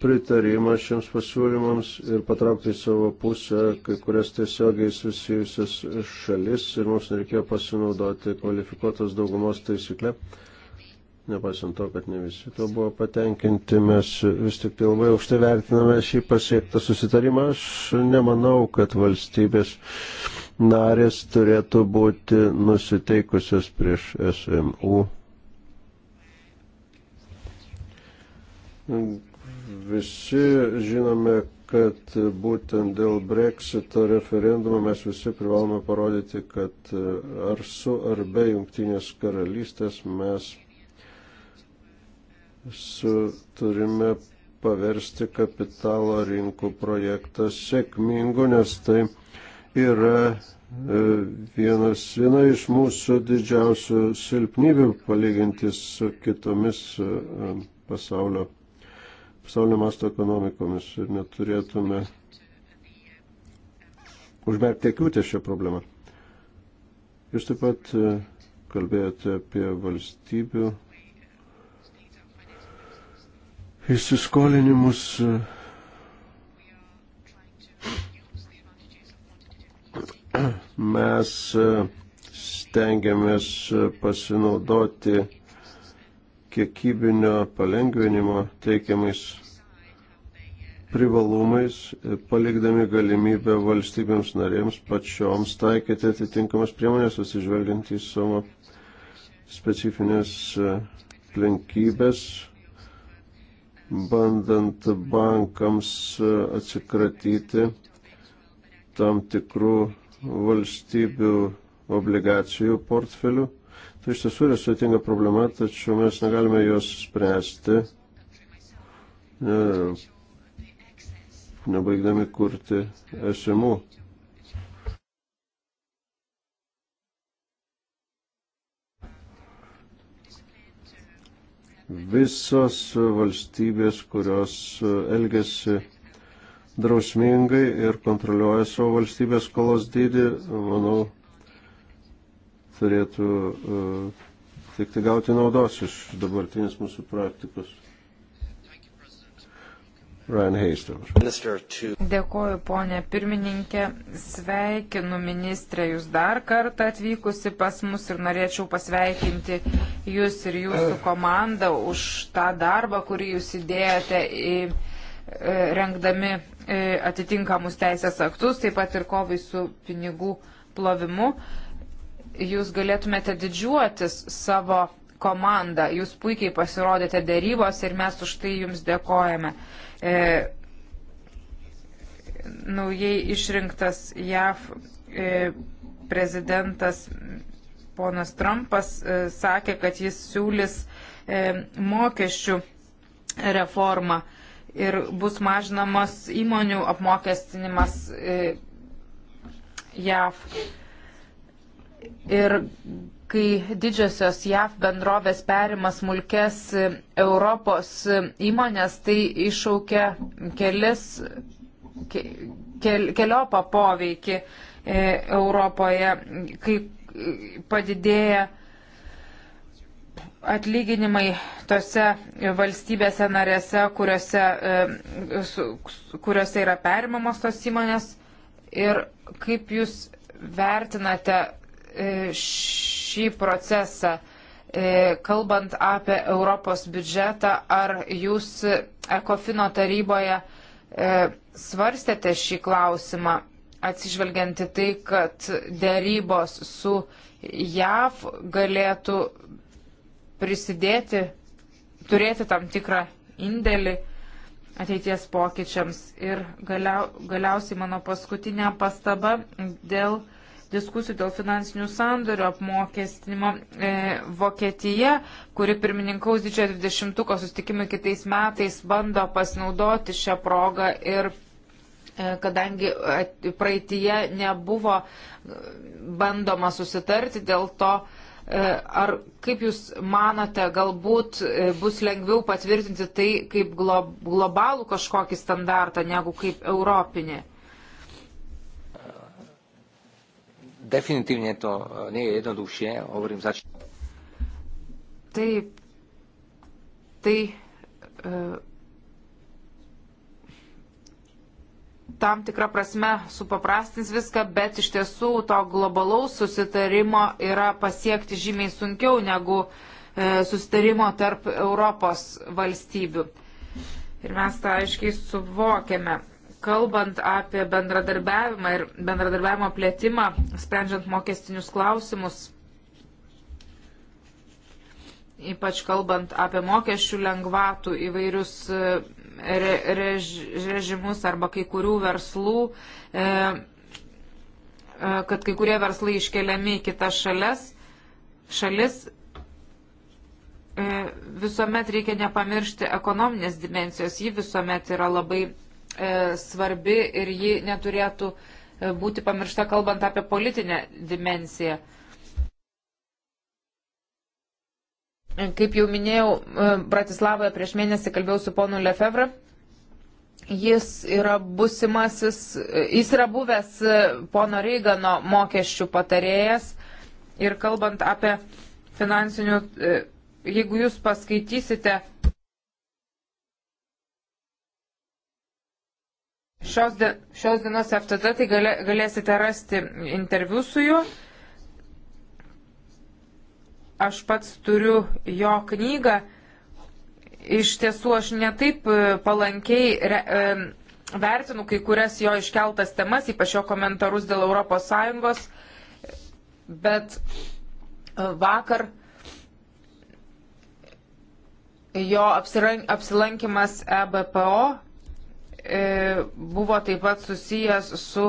pritarimą šiems pasiūlymams ir patraukti į savo pusę kai kurias tiesiogiai susijusias šalis ir mums nereikėjo pasinaudoti kvalifikuotos daugumos taisykle nepaisant to, kad ne visi to buvo patenkinti, mes vis tik tai labai aukštai vertiname šį pasiektą susitarimą. Aš nemanau, kad valstybės narės turėtų būti nusiteikusios prieš SMU. Visi žinome, kad būtent dėl breksito referendumo mes visi privalome parodyti, kad ar su ar be jungtinės karalystės mes su, turime paversti kapitalo rinkų projektą sėkmingu, nes tai yra e, vienas, viena iš mūsų didžiausių silpnybių palyginti su kitomis e, pasaulio, pasaulio masto ekonomikomis ir neturėtume užmerkti akių ties šią problemą. Jūs taip pat e, kalbėjote apie valstybių įsiskolinimus mes stengiamės pasinaudoti kiekybinio palengvinimo teikiamais privalumais, palikdami galimybę valstybėms narėms pačioms taikyti atitinkamas priemonės, atsižvelgiant į savo specifines e, aplinkybės bandant bankams atsikratyti tam tikrų valstybių obligacijų portfelių. Tai iš tiesų yra sudėtinga problema, tačiau mes negalime jos spręsti, ne, nebaigdami kurti esimų Visos valstybės, kurios elgesi drausmingai ir kontroliuoja savo valstybės skolos dydį, manau, turėtų uh, e, tik tai gauti naudos iš dabartinės mūsų praktikos. Ryan Hayes. Dėkoju, ponė pirmininkė. Sveikinu ministrę jūs dar kartą atvykusi pas mus ir norėčiau pasveikinti jūs ir jūsų komandą už tą darbą, kurį jūs įdėjote į e, rengdami e, atitinkamus teisės aktus, taip pat ir kovai su pinigų plovimu. Jūs galėtumėte didžiuotis savo komanda. Jūs puikiai pasirodėte dėrybos ir mes už tai jums dėkojame. E, naujai išrinktas JAV e, prezidentas ponas Trumpas e, sakė, kad jis siūlis e, mokesčių reformą ir bus mažinamas įmonių apmokestinimas e, JAV. Ir kai didžiosios JAF bendrovės perima smulkes Europos įmonės, tai iššaukia kelis, ke, kel, keliopą poveikį e, Europoje, kai padidėja atlyginimai tose valstybėse narėse, kuriuose, e, su, kuriuose yra perimamos tos įmonės ir kaip jūs vertinate E, šį procesą, e, kalbant apie Europos biudžetą, ar jūs Ekofino taryboje e, svarstėte šį klausimą, atsižvelgianti tai, kad dėrybos su JAV galėtų prisidėti, turėti tam tikrą indėlį ateities pokyčiams. Ir galiau, galiausiai mano paskutinė pastaba dėl diskusijų dėl finansinių sandorių apmokestinimo. E, Vokietija, kuri pirmininkaus didžiojo 20-ko sustikimui kitais metais, bando pasinaudoti šią progą ir e, kadangi e, praeitie nebuvo e, bandoma susitarti dėl to, ar kaip Jūs manote, galbūt bus lengviau patvirtinti tai kaip globalų kažkokį standartą negu kaip europinį? definitívne to eh, nie je jednoduchšie, eh, hovorím zač... Taip, tai e, eh, tam tikrą prasme supaprastins viską, bet iš tiesų to globalaus susitarimo yra pasiekti žymiai sunkiau negu e, susitarimo tarp Europos valstybių. Ir mes tą aiškiai suvokiame kalbant apie bendradarbiavimą ir bendradarbiavimo plėtimą, sprendžiant mokestinius klausimus, ypač kalbant apie mokesčių lengvatų įvairius e, re, rež, režimus arba kai kurių verslų, e, e, kad kai kurie verslai iškeliami į kitas šalis, šalis e, visuomet reikia nepamiršti ekonominės dimensijos, ji visuomet yra labai E, svarbi ir ji neturėtų e, būti pamiršta kalbant apie politinę dimensiją. Kaip jau minėjau, e, Bratislavoje prieš mėnesį kalbėjau su ponu Lefevre. Jis yra busimasis, jis yra buvęs pono Reigano mokesčių patarėjas ir kalbant apie finansinių, jeigu jūs paskaitysite Šios, di šios dienos FTD tai galė, galėsite rasti interviu su juo. Aš pats turiu jo knygą. Iš tiesų aš netaip e, palankiai re, e, vertinu kai kurias jo iškeltas temas, ypač jo komentarus dėl ES, bet e, vakar jo apsirank, apsilankimas EBPO E, buvo taip pat susijęs su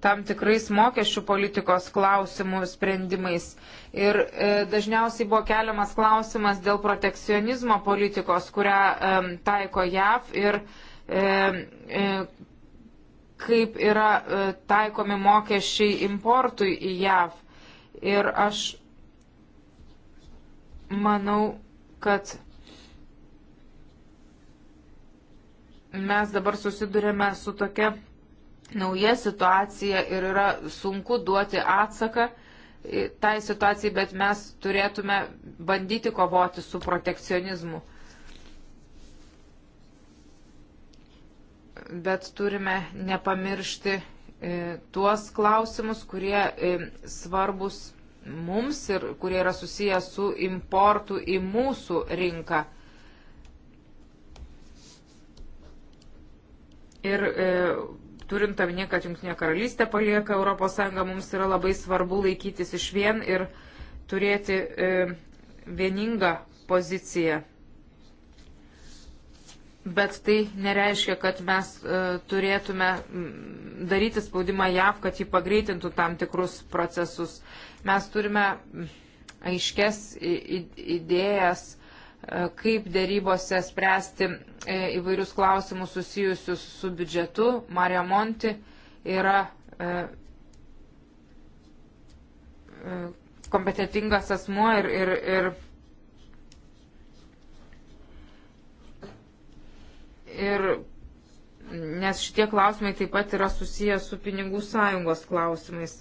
tam tikrais mokesčių politikos klausimų sprendimais. Ir e, dažniausiai buvo keliamas klausimas dėl protekcionizmo politikos, kurią e, taiko JAV ir e, e, kaip yra e, taikomi mokesčiai importui į JAV. Ir aš manau, kad mes dabar susidurėme su tokia nauja situacija ir yra sunku duoti atsaką tai situacijai, bet mes turėtume bandyti kovoti su protekcionizmu. Bet turime nepamiršti e, tuos klausimus, kurie e, svarbus mums ir kurie yra susiję su importu į mūsų rinką. Ir e, turint omenyje, kad Junktinė karalystė palieka ES, mums yra labai svarbu laikytis iš vien ir turėti e, vieningą poziciją. Bet tai nereiškia, kad mes e, turėtume daryti spaudimą JAV, kad jį pagreitintų tam tikrus procesus. Mes turime aiškes idėjas E, kaip dėrybose spręsti e, įvairius klausimus susijusius su biudžetu. Marija Monti yra e, kompetitingas asmuo ir, ir, ir ir nes šitie klausimai taip pat yra susiję su pinigų sąjungos klausimais.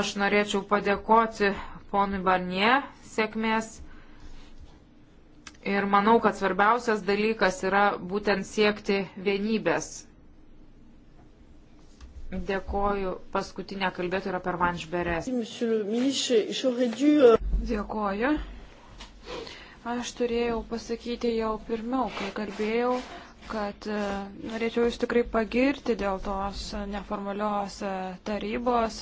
Aš norėčiau padėkoti ponui Barnie sėkmės Ir manau, kad svarbiausias dalykas yra būtent siekti vienybės. Dėkoju, paskutinė kalbėtoja yra per Vanšberės. Euh, Dėkoju. Aš turėjau pasakyti jau pirmiau, kai kalbėjau, kad e, norėčiau jūs tikrai pagirti dėl tos neformalios e, tarybos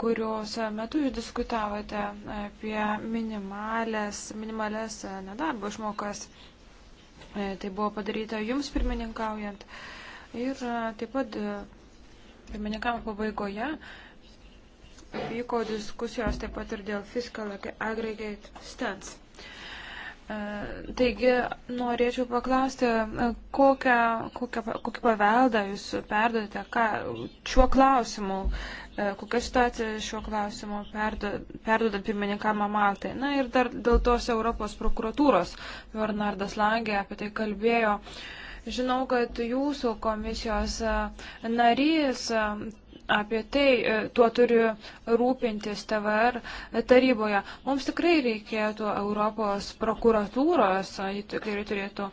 kurios metu jūs diskutavote apie minimalės, minimalės nedarbo išmokas. E, tai buvo padaryta jums pirmininkaujant. Ir e, taip pat e, pirmininkavimo pabaigoje vyko diskusijos taip pat ir dėl fiscal aggregate stance. E, taigi norėčiau paklausti, e, kokią, kokią, kokį paveldą jūs perdodate, ką šiuo klausimu, e, kokią situaciją šiuo klausimu perdodat pirmininkamą Maltai. Na ir dar dėl tos Europos prokuratūros, Bernardas Langė apie tai kalbėjo. Žinau, kad jūsų komisijos narys apie tai, e, tuo turi rūpintis TVR taryboje. Mums tikrai reikėtų Europos prokuratūros, ji tikrai turėtų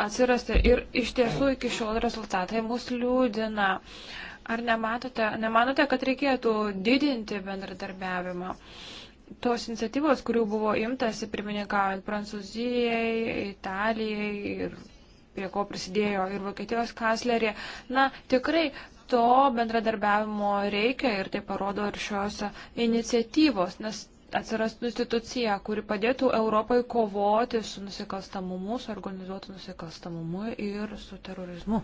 atsirasti ir iš tiesų iki šiol rezultatai mus liūdina. Ar nematote, nemanote, kad reikėtų didinti bendradarbiavimą? Tos iniciatyvos, kurių buvo imtasi pirmininkaujant Prancūzijai, Italijai ir prie ko prisidėjo ir Vokietijos kanclerė, na, tikrai to bendradarbiavimo reikia ir tai parodo ir šios iniciatyvos, nes atsirastų institucija, kuri padėtų Europai kovoti su nusikalstamumu, su organizuotu nusikalstamumu ir su terorizmu.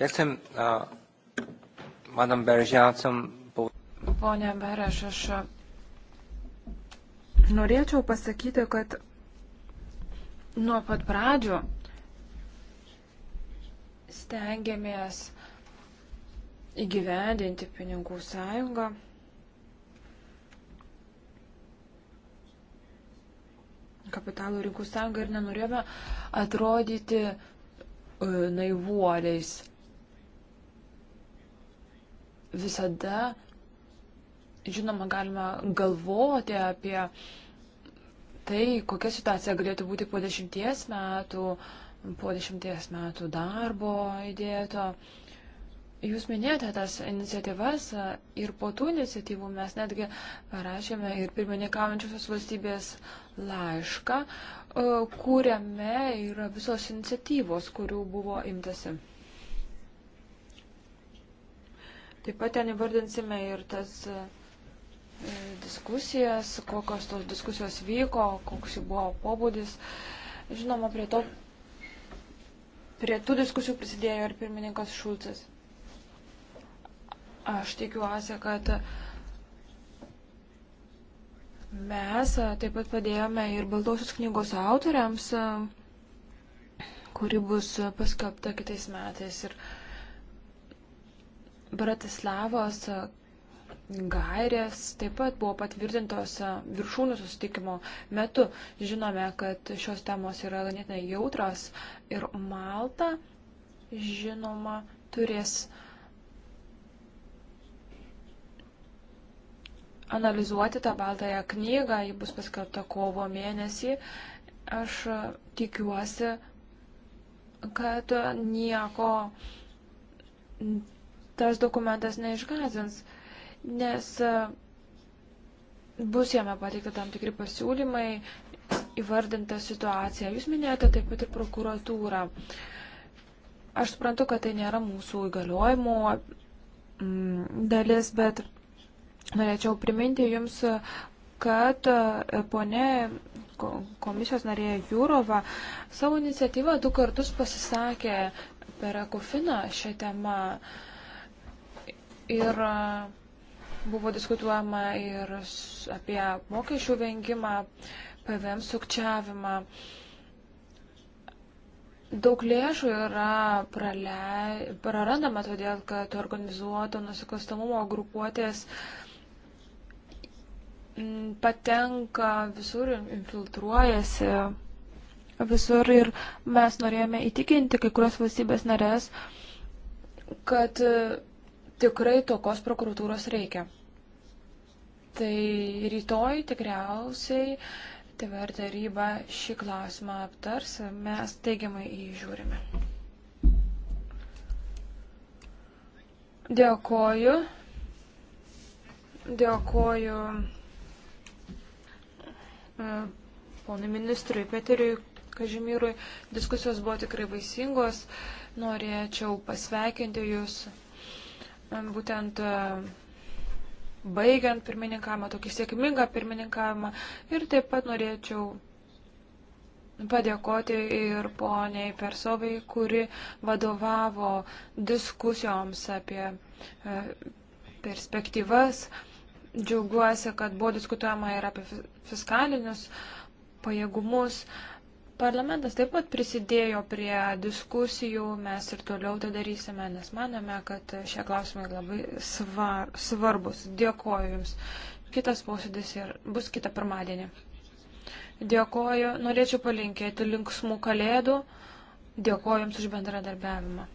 Jestem, uh, madam Beržiacam. Pone Bereš, aš norėčiau pasakyti, kad nuo pat pradžio stengiamės įgyvendinti pinigų sąjungą. Kapitalų rinkų sąjungą ir nenorėjome atrodyti e, naivuoliais. Visada, žinoma, galima galvoti apie tai, kokia situacija galėtų būti po dešimties metų, po dešimties metų darbo įdėto, Jūs minėjote tas iniciatyvas ir po tų iniciatyvų mes netgi parašėme ir pirmininkaujančiosios valstybės laišką, kuriame yra visos iniciatyvos, kurių buvo imtasi. Taip pat ten įvardinsime ir tas e, diskusijas, kokios tos diskusijos vyko, koks jų buvo pobūdis. Žinoma, prie, to, prie tų diskusijų prisidėjo ir pirmininkas Šulcas. Aš tikiuosi, kad mes taip pat padėjome ir Baltosios knygos autoriams, kuri bus paskapta kitais metais. Ir Bratislavos gairės taip pat buvo patvirtintos viršūnų susitikimo metu. Žinome, kad šios temos yra ganėtinai jautros ir Malta, žinoma, turės uh, analizuoti tą baltąją knygą, ji bus paskelbta kovo mėnesį. Aš tikiuosi, kad nieko tas dokumentas neišgazins, nes bus jame pateikta tam tikri pasiūlymai, įvardinta situacija. Jūs minėjote taip pat ir prokuratūrą. Aš suprantu, kad tai nėra mūsų įgaliojimų mm, dalis, bet Norėčiau priminti Jums, kad e, ponė komisijos narė Jūrova savo iniciatyvą du kartus pasisakė per Ekofiną šią temą ir e, buvo diskutuojama ir apie mokesčių vengimą, PVM sukčiavimą. Daug lėšų yra prale... prarandama todėl, kad organizuoto nusikastamumo grupuotės uh, Mm, patenka visur, infiltruojasi visur ir mes norėjome įtikinti kai kurios valstybės narės, kad e, tikrai tokios prokuratūros reikia. Tai rytoj tikriausiai TVR taryba šį klausimą aptars, mes teigiamai jį žiūrime. Dėkoju. Dėkoju E, ponui ministrui Peteriui Kažimyrui. Diskusijos buvo tikrai vaisingos. Norėčiau pasveikinti Jūs e, būtent e, baigiant pirmininkavimą, tokį sėkmingą pirmininkavimą. Ir taip pat norėčiau padėkoti ir poniai Persovai, kuri vadovavo diskusijoms apie perspektyvas. Uh, Džiaugiuosi, kad buvo diskutuojama ir apie fiskalinius pajėgumus. Parlamentas taip pat prisidėjo prie diskusijų, mes ir toliau tai darysime, nes manome, kad šie klausimai labai svar, svarbus. Dėkoju Jums. Kitas posėdis ir bus kitą pirmadienį. Dėkoju, norėčiau palinkėti linksmų kalėdų. Dėkoju Jums už bendradarbiavimą.